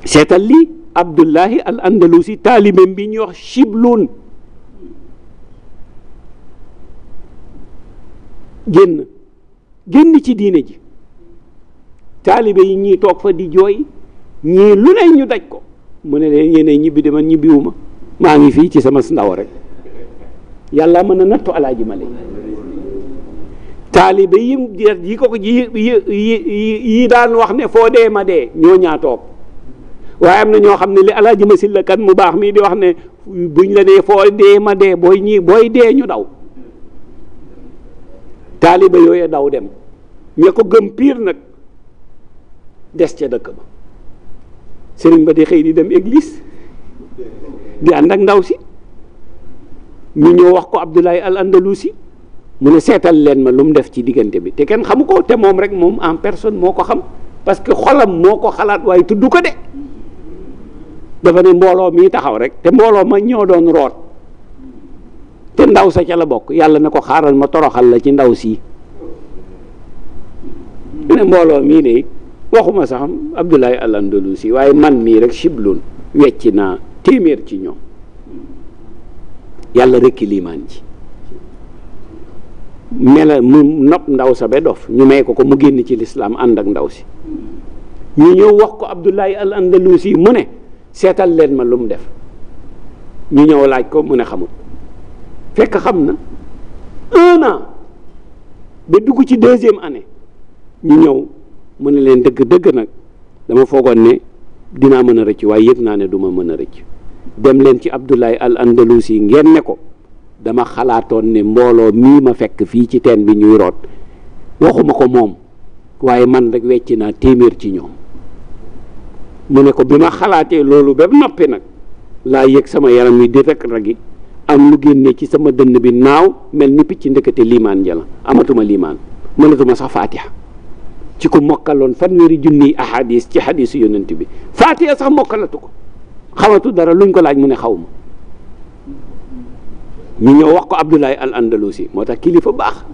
seetal lii abdullahi al andalusi taalibeem bi ñuy wax shibloon génn génn ci diine ji taalibe yi ñii toog fa di jooy ñii lu ne ñu daj ko mu ne leen yéene ñibbi de man ñibbiwuma maa ngi fii ci sama ndaw rek yàlla mën na nattu alaaji male taalibe yi yi ko daan wax ne foo dee ma dee ñoo toog waaye am na ñoo xam ne li alaaji ma la kan mu baax mii di wax ne buñ la nee foo dee ma dee booy ñii booy dee ñu daw taaliba yooyu daw dem ña ko gëm piir nag des ca dëkk ba sëriñ ba di xëy di dem église di ànd ak ndaw si mu ñëw wax ko Abdoulaye al Andalusi mu ne seetal leen ma lu mu def ci diggante bi te kenn xamu ko te moom rek moom en personne moo ko xam parce que xolam moo ko xalaat waaye tudd ko de dafa ne mbooloo mii taxaw rek te mbooloo ma ñoo doon root te ndaw sa ca la bokk yàlla na ko xaaral ma toroxal la ci ndaw sii mu ne mbooloo mii de waxuma sax Abdoulaye al Andalusi waaye man mii rek ciblun wecci naa téeméer ci ñoom yàlla rekki liimaan ci mela mu nopp ndaw sa ba dof ñu may ko ko mu génn ci lislaam ànd ak ndaw si ñu ñëw wax ko Abdoulaye al Andalusi mu ne seetal leen ma lu mu def ñu ñëw laaj ko mu ne xamul fekk xam na un an ba dugg ci deuxième année ñu ñëw mu ne leen dëgg dëgg nag dama foogoon ne dinaa mën a rëcc waaye yëg naa ne duma mën a rëcc dem leen ci Abdoulaye al Andalusi ngeen ne ko dama xalaatoon ne mbooloo mii ma fekk fii ci teen bi ñuy root waxuma ko moom waaye man rek wecc naa téeméer ci ñoom mu ne ko bi ma xalaatee loolu ba noppi nag laa yëg sama yaram wi di rek ragi am lu génne ci sama dënn bi naaw mel ni picc ndëkkate limaan jala amatuma liimaan mënatuma sax faatiha ci ko mokkaloon fanweeri junniy ahadis ci hadisu yonent bi faatiha sax mokkalatu ko xamatu dara luñ ko laaj mu ne xaw ma ñu ñëw wax ko Abdoulaye al Andalusi moo tax kilifa baax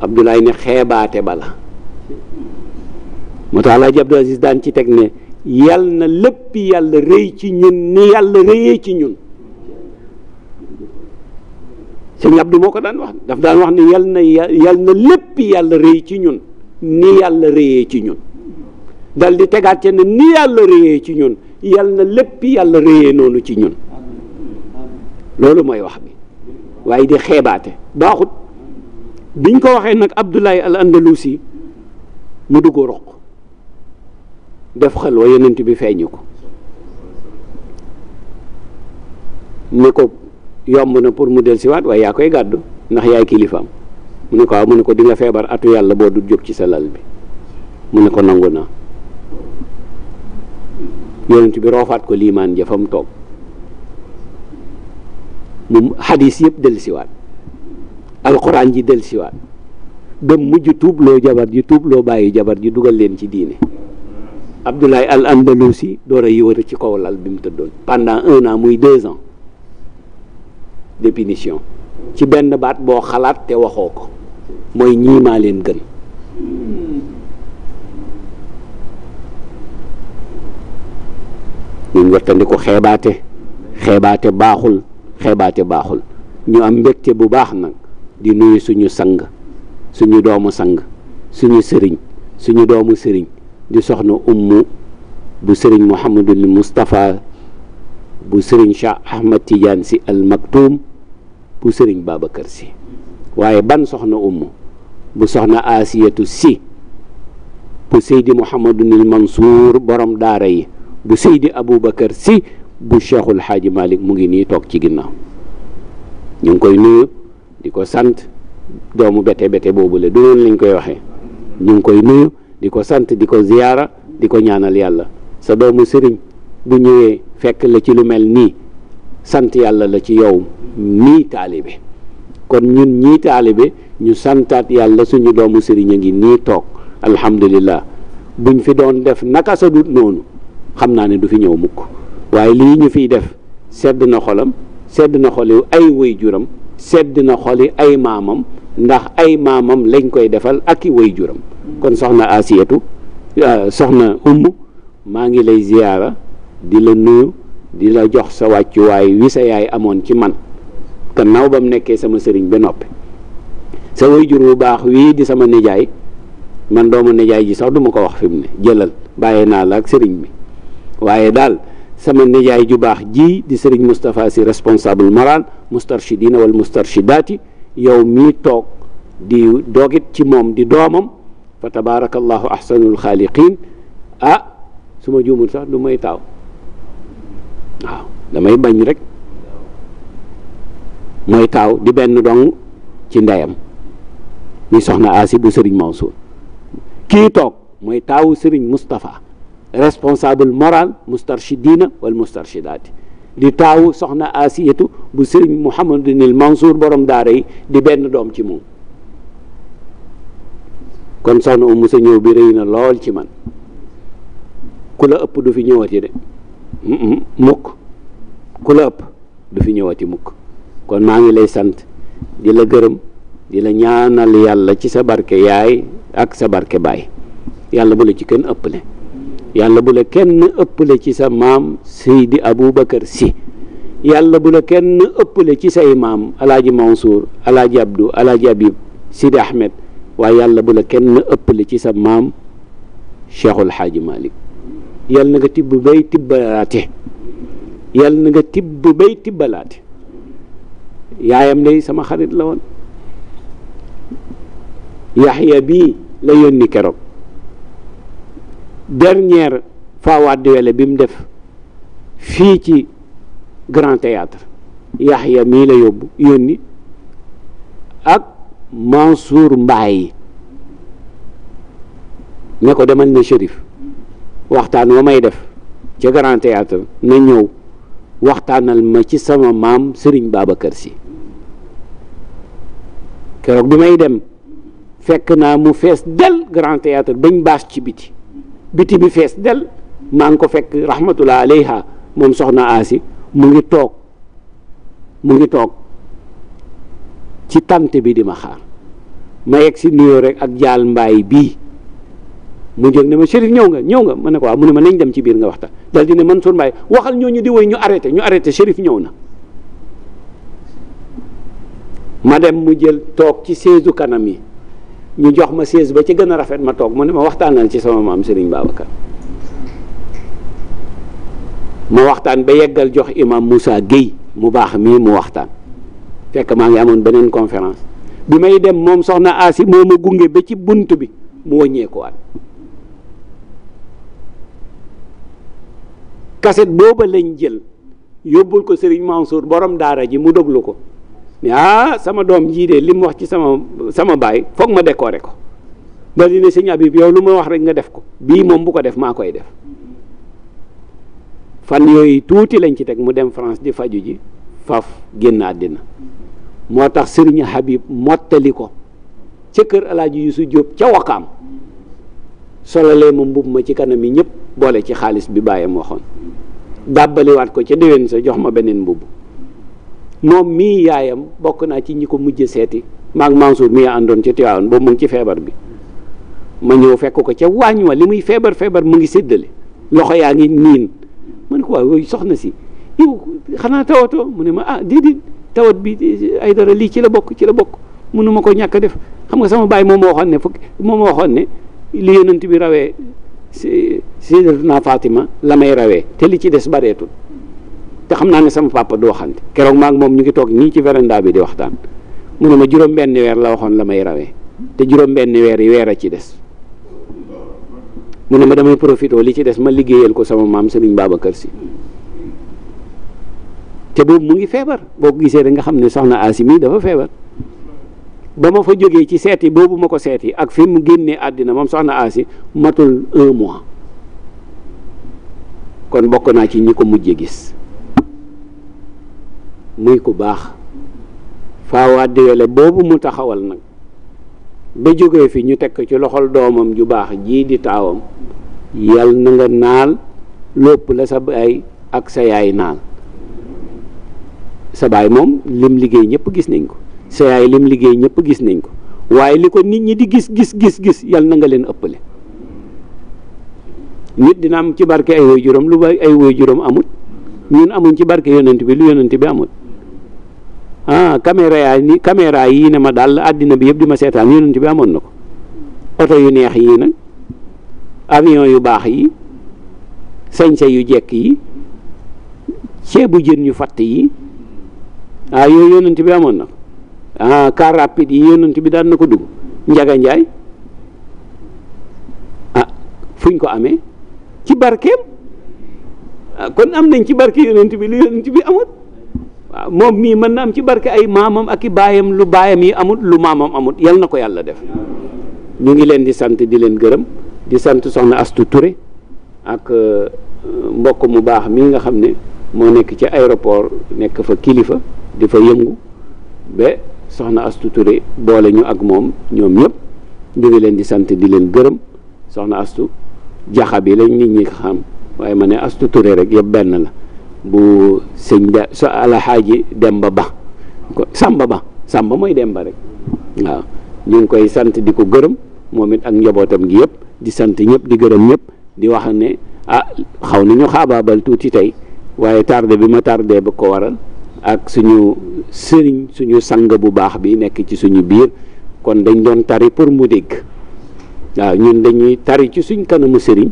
Abdoulaye ne xeebaate bala moo tax Alaaji Abdou Aziz daan ci teg ne yal na lépp yàlla rëy ci ñun ni yàlla rëyee ci ñun sëñ Abdou moo ko daan wax daf daan wax ne yal na yal na lépp yàlla rëy ci ñun ni yàlla rëyee ci ñun dal di tegaat ci ne ni yàlla rëyee ci ñun yal na lépp yàlla rëyee noonu ci ñun loolu mooy wax bi waaye di xeebaate baaxut biñ ko waxee nag Abdoulaye al Andalusi mu dugg roq def xel wa yonent bi feeñu ko ne ko yomb na pour mu del siwaat waaye yaa koy gàddu ndax yaay kilifaam mu ne ko waaw mu ne ko di feebar atu yàlla boo du jóg ci sa lal bi mu ne ko nangu naa yonent bi roofaat ko liimaan ja fa mu toog mu xadis yëpp del siwaat alxuraan ji del siwaat dem mujj tuubloo jabar ji tuubloo bàyyi jabar ji dugal leen ci diine Abdoulaye Al Andalousi door a yóbbu ci kaw lal bi mu tëddoon pendant un an muy deux ans ci benn baat boo xalaat te waxoo ko mooy ñii maa leen gën ñun wattandiku xeebaate xeebaate baaxul xeebaate baaxul ñu am mbégte bu baax nag di nuyu suñu sang suñu doomu sang suñu sëriñ suñu doomu sëriñ di soxna ummu bu sëriñ mouhamadul moustapha bu sëriñ Cheikh Ahmad Tidiane si al maktoum bu sëriñ Babacar si waaye ban soxna ummu bu soxna asiyatu si bu seydi mouhamadunil mansour borom daara yi bu seydi aboubacar si bu cheikhul xaaji malik mu ngi nii toog ci ginnaaw ñu ngi koy nuyu di ko sant doomu bete bete boobu la du noonu lañ koy waxee ñu ngi koy nuyu di ko sant di ko ziyaara di ko ñaanal yàlla sa doomu sëriñ bu ñëwee fekk la ci lu mel nii sant yàlla la ci yow mii taalibe kon ñun ñii taalibe ñu santaat yàlla suñu doomu sëriñ a ngi nii toog alhamdulillah buñ fi doon def naka sa dut noonu xam naa ne du fi ñëw mukk waaye lii ñu fiy def sedd na xolam sedd na xoli ay waajuram sedd na xoli ay maamam ndax ay maamam lañ koy defal ak i waajuram kon soxna asiyatu euh, soxna umm maa ngi lay ziyaara di la nuyu di la jox sa wàccuwaay wi sa yaay amoon ci man gannaaw ba mu nekkee sama sëriñ ba noppi sa jur bu baax wii di sama nijaay man doomu nijaay ji sax duma ko wax fi jëlal bàyyi naa la ak sëriñ bi waaye daal sama nijaay ju baax ji di sëriñ Moustapha si responsable moral mustarshidina wal mustarshidaati yow mii toog di doogit ci moom di doomam fa tabarakallahu ahsanul xaaliqin ah su ma juumul sax du may taaw damay bañ rek mooy taaw di benn dong ci ndeyam muy soxna aasi bu sëriñ Mansour kii toog mooy taawu sëriñ Moustapha responsable moral mustarshidina wal mustarshidaati di taawu soxna aasiyatu bu sëriñ Mouhamadunil Mansour borom daara di benn doom ci moom kon soxna umu sa ñëw bi rëy na lool ci man ku la ëpp du fi ñëwati de mukk ku la ëpp du fi ñëwati mukk kon maa ngi lay sant di la gërëm di la ñaanal yàlla ci sa barke yaay ak sa barke baay yàlla bu la ci kenn ëpple yàlla bu la kenn ëpple ci sa maam Seydi Aboubacar Sy yàlla bu kenn ëpple ci say maam alaaji Mansour alaaji Abdou alaaji Habib Sidi Ahmed waaye yàlla bu la kenn ëppale ci sa maam cheikhul xaaji malik yàlla na nga tibb bay tibbalaate yàlla na nga tibb bay tibbalaate yaayam day sama xarit la woon yaxya bii la yónni keroog dernière fois wàddi bi mu def fii ci grand théâtre yaxya mii la yóbbu yónni ak Mansour Mbaye ne ko demal ne Chérif waxtaan wa may def ca Grand Théâtre na ñëw waxtaanal ma ci sama maam Serigne Babacar si keroog bi may dem fekk naa mu fees del Grand Théâtre bañ baas ci biti biti bi fees del maa ngi ko fekk rahmatullah aleyha moom soxna Asi mu ngi toog mu ngi toog ci tànt bi di ma xaar ma yegg si nuyoo rek ak jaal mbaay bii mu jël ne ma Chérif ñëw nga ñëw nga ma ne ko waaw mu ne ma nañ dem ci biir nga waxtaan dal di ne Mansour Mbaye waxal ñooñu di woy ñu arrêté ñu arrêté Chérif ñëw na ma dem mu jël toog ci seesu kanam yi ñu jox ma sees ba ci gën a rafet ma toog mu ne ma waxtaanal ci sama maam Serigne Babacar ma waxtaan ba yeggal jox imam Moussa Guèye mu baax mii mu waxtaan fekk maa ngi amoon beneen conférence bi may dem moom soxna Asi moo ma gunge ba ci bunt bi mu wàññeekuwaat kaset booba lañ jël yóbbul ko sëriñ Mansour borom daara ji mu déglu ko ne ah sama doom jii de li mu wax ci sama sama baay foog ma décorer ko dal di ne sëñ Habib yow lu ma wax rek nga def ko bii moom bu ko def maa koy def fan yooyu tuuti lañ ci teg mu dem France di faju ji faf génn àddina moo tax sëriñ Habib mottali ko ca kër alaaji Yuusu Jóob ca Wakaam solalee ma mbubb ma ci kanam yi ñëpp boole ci xaalis bi bàyyam waxoon dàbbaliwaat ko ca déwén sa jox ma beneen mbubb moom mii yaayam bokk naa ci ñi ko mujj seeti maag Mansour mii àndoon ca Tiwaawan boobu mu ngi ci feebar bi ma ñëw fekk ko ca waañ wa li muy feebar feebar mu ngi séddale loxo yaa ngi niin ma ne ko waaw yooyu soxna si yow xanaa tawatoo mu ne ma ah déedéet tawat bi ay dara lii ci la bokk ci la bokk mënuma ko ñàkk a def xam nga sama baay moom moo waxoon ne fukk moom moo waxoon ne li yonent bi rawee si Sayyidatuna Fatima la may rawee te li ci des bareetul te xam naa ne sama papa du waxante keroog maa moom ñu ngi toog nii ci véranda bi di waxtaan mu ma juróom-benn weer la waxoon la may rawee te juróom-benn weer yi weer a ci des mu ne ma damay profité li ci des ma liggéeyal ko sama maam Serigne Babacar Sy te boobu mu ngi feebar boo ko gisee rek nga xam ne soxna Asi mii dafa feebar ba ma fa jógee ci seeti boobu ma ko seeti ak fi mu génnee àddina moom soxna Asi matul un mois kon bokk naa ci ñi ko mujje gis muy ku baax faawaat la boobu mu taxawal nag ba jógee fi ñu teg ci loxol doomam ju baax jii di taawam yal na nga naal lépp la sa baay ak sa yaay naal sa baay moom lim liggéey ñëpp gis nañ ko sa yaay lim liggéey ñëpp gis nañ ko waaye li ko nit ñi di gis gis gis gis yal na nga leen ëppale nit dina am ci barke ay woy juróom lu ba ay woy juróom amut ñun amuñ ci barke yonent bi lu yonent bi amut ah caméra yaa ni caméra yii ne ma daal àddina bi yëpp di ma seetaan yonent bi amoon na ko oto yu neex yii nag avion yu baax yi sañse yu jekk yi ceebu jën yu fatt yi ah yooyu yonent bi amoon na ko ah yi yonent bi daan na ko dugg njaga njaay ah fuñ ko amee ci barkeem ah, kon am nañ ci barke yonent bi lu yonent bi amut waaw ah, moom mii mën na am ci barke ay maamam ak i baayam lu baayam yi amut lu maamam amut yal na ko yàlla def ñu ngi leen di sant di leen gërëm di sant soxna Astu Touré ak euh, mbokk mu baax mi nga xam ne moo nekk ci aéroport nekk fa kilifa di fa yëngu ba soxna Astou Touré boole ñu ak moom ñoom ñëpp ñu leen di sant di leen gërëm soxna Astou jaxab bi lañ nit ñi xam waaye ma ne Astou Touré rek yëpp benn la bu sëñ de so alxaaji Demba Ba Samba Ba Samba mooy Demba rek waaw ñu ngi koy sant di ko gërëm moom it ak njabootam gi yëpp di sant ñëpp di gërëm ñépp di wax ne a ah xaw ñu xaabaabal tuuti tey waaye tardé bi ma tardé ba ko waral ak suñu sëriñ suñu sang bu baax bi nekk ci suñu biir kon dañ doon tari pour mu dégg waaw ñun dañuy tari ci suñ kanamu sëriñ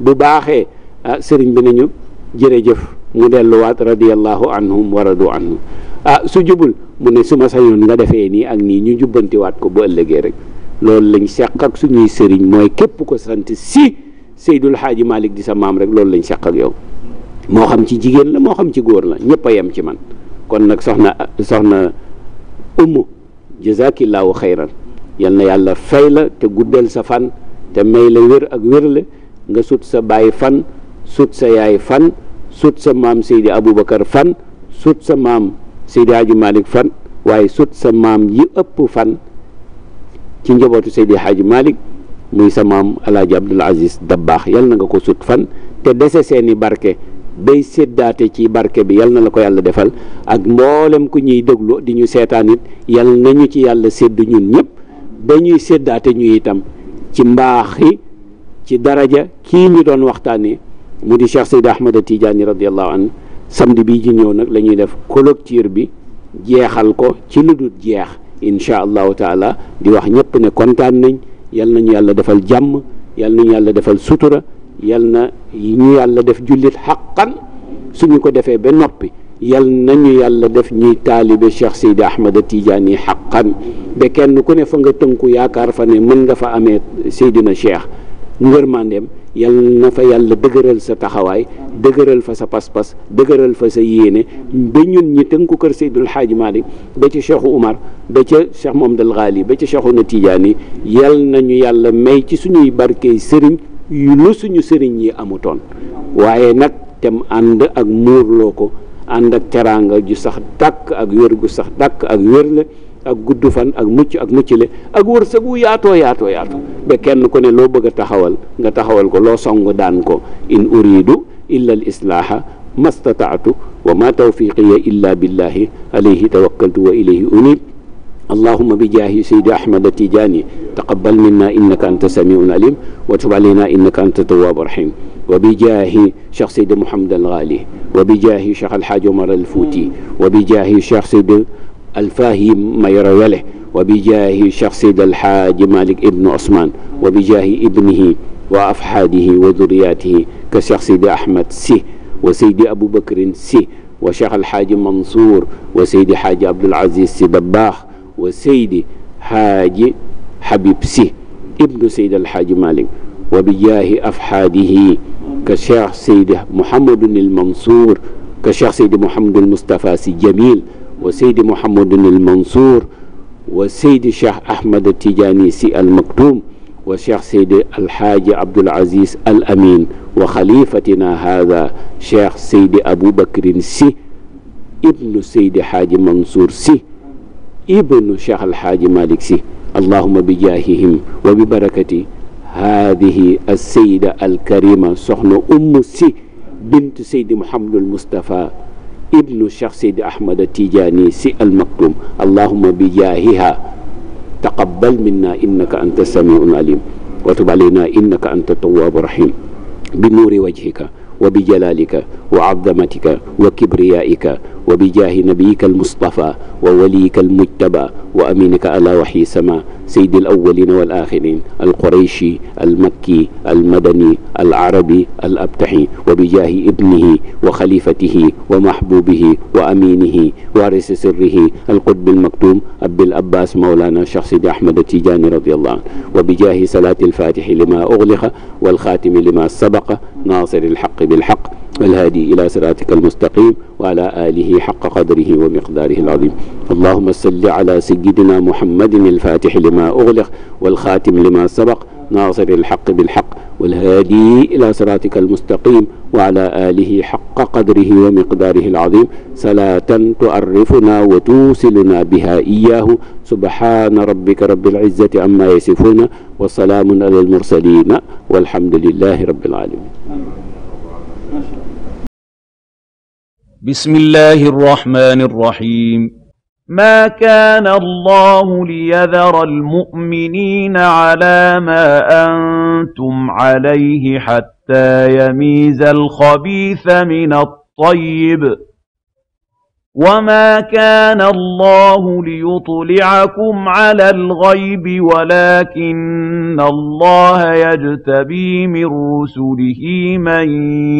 bu baaxee ah sëriñ bi nañu jërëjëf mu delluwaat radiyallahu anhum wa radu anhum ah su jubul mu ne suma ma sañoon nga defee nii ak nii ñu jubbantiwaat ko bu ëllëgee rek loolu lañ seq ak suñuy sëriñ mooy képp ko sant si Seydul Xaaji Malik di sa maam rek loolu lañ seq ak yow moo xam ci jigéen la moo xam ci góor la ñëpp a yem ci man kon nag soxna soxna umu jazakillahu xayran yal na yàlla fay la te guddal sa fan te may la wér ak wérle nga sut sa baay fan sut sa yaay fan sut sa maam Seydi Aboubacar fan sut sa maam Seydi Hadji Malick fan waaye sut sa maam yi ëpp fan ci njabootu Seydi Hadji malik muy sa maam Alaaji Abdul Aziz Dabbaax yal na nga ko sut fan te dese seeni barke day séddaate ci barke bi yal na la ko yàlla defal ak mboolem ku ñuy déglu di ñu seetaan it yal nañu ci yàlla sédd ñun ñëpp ba ñuy séddaate ñu itam ci mbaaxi ci daraja kii ñu doon waxtaan waxtaanee mu di Cheikh Seyd Ahmada Tidiane radiallahu an samedi bii ji ñëw nag la ñuy def collectif bi jeexal ko ci lu dul jeex incha allahu taala di wax ñëpp ne kontaan nañ yal nañu yàlla defal jàmm yal nañu yàlla defal sutura yal na ñu yàlla def jullit xaqan ñu ko defee ba noppi yal ñu yàlla def ñuy taalibe Cheikh Seydi Ahmada Tijaani xaqan ba kenn ku ne fa nga tënku yaakaar fa ne mën nga fa amee Seydina Cheikh ngërmandeem yal na fa yàlla dëgëral sa taxawaay dëgëral fa sa pas-pas dëgëral fa sa yéene ba ñun ñi tënku kër Seydul Xaaji Maalik ba ci Cheikhu Umar ba ca Cheikh Mohamad al Ghali ba ca Cheikhu na Tijaani yal nañu yàlla may ci suñuy barkey sëriñ lu suñu sëriñ yi amutoon waaye nag dem ànd ak muurloo ko ànd ak teraanga ju sax dàkk ak wér gu sax dàkk ak wérle ak gudd fan ak mucc ak mucc muccile ak wërsëg wu yaatoo yaatoo yaatoo ba kenn ku ne loo bëgg a taxawal nga taxawal ko loo song daan ko in uridu illa al islaaha mastataatu wa ma tawfiqiya illa billahi alayhi tawakkaltu wa ilayhi unib allahuma bi jaahi saydi ahmada tijaani taqabal minna innaka anta samiun alim wa tub alayna innaka anta tawaabu rahim wa bi jaahi cheikh saydi mouhamad al ghali wa bi jaahi cheikh alhaaj omar al fouti wa bi jaahi cheikh saydi alfaahi mayoro wele wa bi jaahi cheikh saydi alhaaji malik ibnu osman wa bi jaahi ibnihi wa afhaadihi wa duriyatihi ka cheikh saydi ahmad si wa saydi aboubacrin si wa cheikh alhaaji mansour wa saydi haaji abdul aziz si dabbaax wa seydi xaaji habib si ibnu seydi alxaaji malik wa bi jaahi afxaadihi ka cheikh seydi mouhamadun il mansour ka cheikh seydi mouhamadul moustapha si jamil wa seydi mouhamadun il mansour wa seydi cheikh ahmad tijaani si al maktoum wa cheikh seydi alxaaji abdul aziz al amin wa xalifatina haada cheikh seydi aboubacrin si ibnu seydi xaaji mansour si ibnu cheikh alhaaji malik si allahuma bi jaahihim wa bi barakati haadihi alsayida alkarima soxna umm si bint saydi mouhamadul moustapha ibnu cheikh saydi ahmad tijaani si almaktum allahuma bi jaahiha taqabbal minna innaka anta samiun alim wa tub alayna innaka anta tawaabu rahim bi nuuri wajhika wa bi jalalika wa azamatika wa kibriyaika wa bi jaahi nabiyika almustafa wa waliyika almujtaba wa aminika ala waxyi sama saydi alawalina wal axirin alqurayshi almakki almadani alarabi alabtaxi wa bi jaahi ibnihi wa xalifatihi wa mahbubihi wa aminihi waarisi sirrihi alqutbi almaktum abil abbas mawlana cheikh sidi ahmad atijani radiallahu anhu wa bi jaahi salaati alfatixi lima ugliqa walxaatimi lima sabaqa naasiri alxaqi bilxaq alhaadi ila siraatika almustaqim wa ala alihi عليه حق قدره ومقداره العظيم اللهم صل على سيدنا محمد الفاتح لما أغلق والخاتم لما سبق ناصر الحق بالحق والهادي إلى صراطك المستقيم وعلى آله حق قدره ومقداره العظيم صلاة تعرفنا وتوصلنا بها إياه سبحان ربك رب العزة عما يصفون وسلام على المرسلين والحمد لله رب العالمين بسم الله الرحمن الرحيم ما كان الله ليذر المؤمنين على ما أنتم عليه حتى يميز الخبيث من الطيب وما كان الله ليطلعكم على الغيب ولكن الله يجتبي من رسله من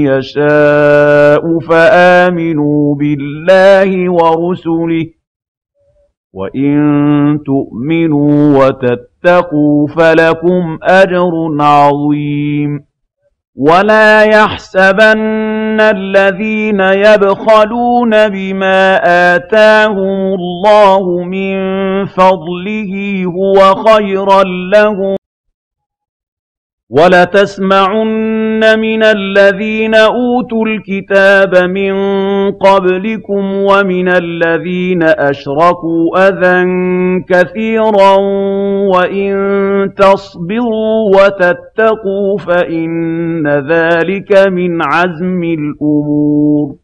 يشاء فآمنوا بالله ورسله وإن تؤمنوا وتتقوا فلكم أجر عظيم ولا يحسبن الذين يبخلون بما آتاهم الله من فضله هو خيرا لهم وَلَتَسْمَعُنَّ مِنَ الَّذِينَ أُوتُوا الْكِتَابَ مِن قَبْلِكُمْ وَمِنَ الَّذِينَ أَشْرَكُوا أَذًى كَثِيرًا وَإِن تَصْبِرُوا وَتَتَّقُوا فَإِنَّ ذَلِكَ مِنْ عَزْمِ الْأُمُورِ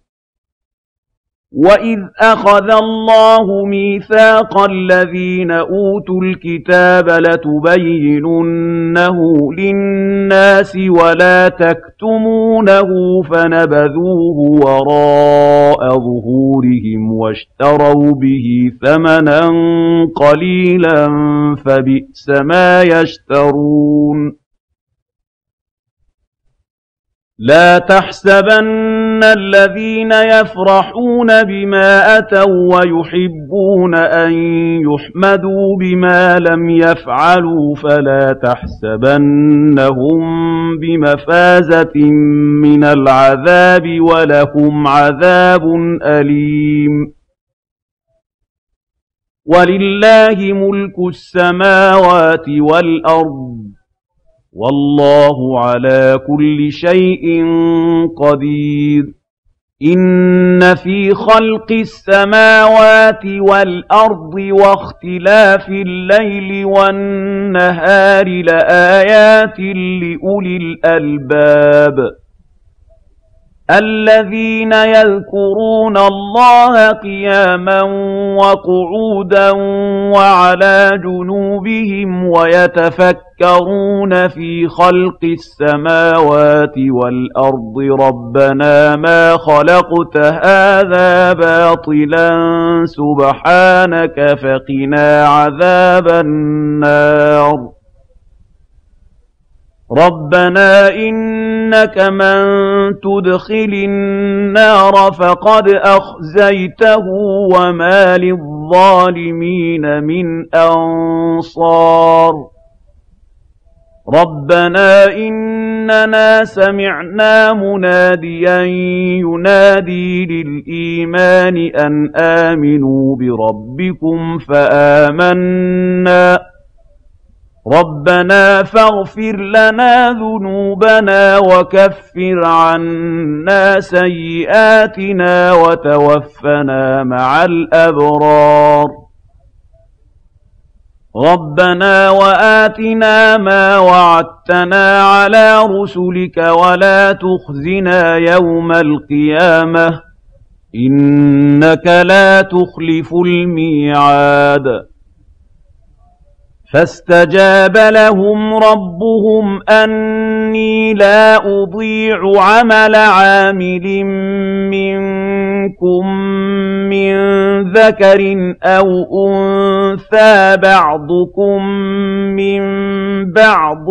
وَإِذْ أَخَذَ اللَّهُ مِيثَاقَ الَّذِينَ أُوتُوا الْكِتَابَ لَتُبَيِّنُنَّهُ لِلنَّاسِ وَلَا تَكْتُمُونَهُ فَنَبَذُوهُ وَرَاءَ ظُهُورِهِمْ وَاشْتَرَوْا بِهِ ثَمَنًا قَلِيلًا فَبِئْسَ مَا يَشْتَرُونَ لا تحسبن الذين يفرحون بما أتوا ويحبون أن يحمدوا بما لم يفعلوا فلا تحسبنهم بمفازة من العذاب ولهم عذاب أليم ولله ملك السماوات والأرض والله على كل شيء قدير إن في خلق السماوات والأرض واختلاف الليل والنهار لآيات لأولي الألباب الذين يذكرون الله قياما وقعودا وعلى جنوبهم ويتفكرون في خلق السماوات والأرض ربنا ما خلقت هذا باطلا سبحانك فقنا عذاب النار ربنا إنك من تدخل النار فقد أخزيته وما للظالمين من أنصار ربنا إننا سمعنا مناديا ينادي للإيمان أن آمنوا بربكم فآمنا ربنا فاغفر لنا ذنوبنا وكفر عنا سيئاتنا وتوفنا مع الأبرار ربنا وآتنا ما وعدتنا على رسلك ولا تخزنا يوم القيامة إنك لا تخلف الميعاد فاستجاب لهم ربهم أني لا أضيع عمل عامل منكم من ذكر أو أنثى بعضكم من بعض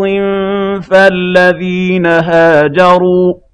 فالذين هاجروا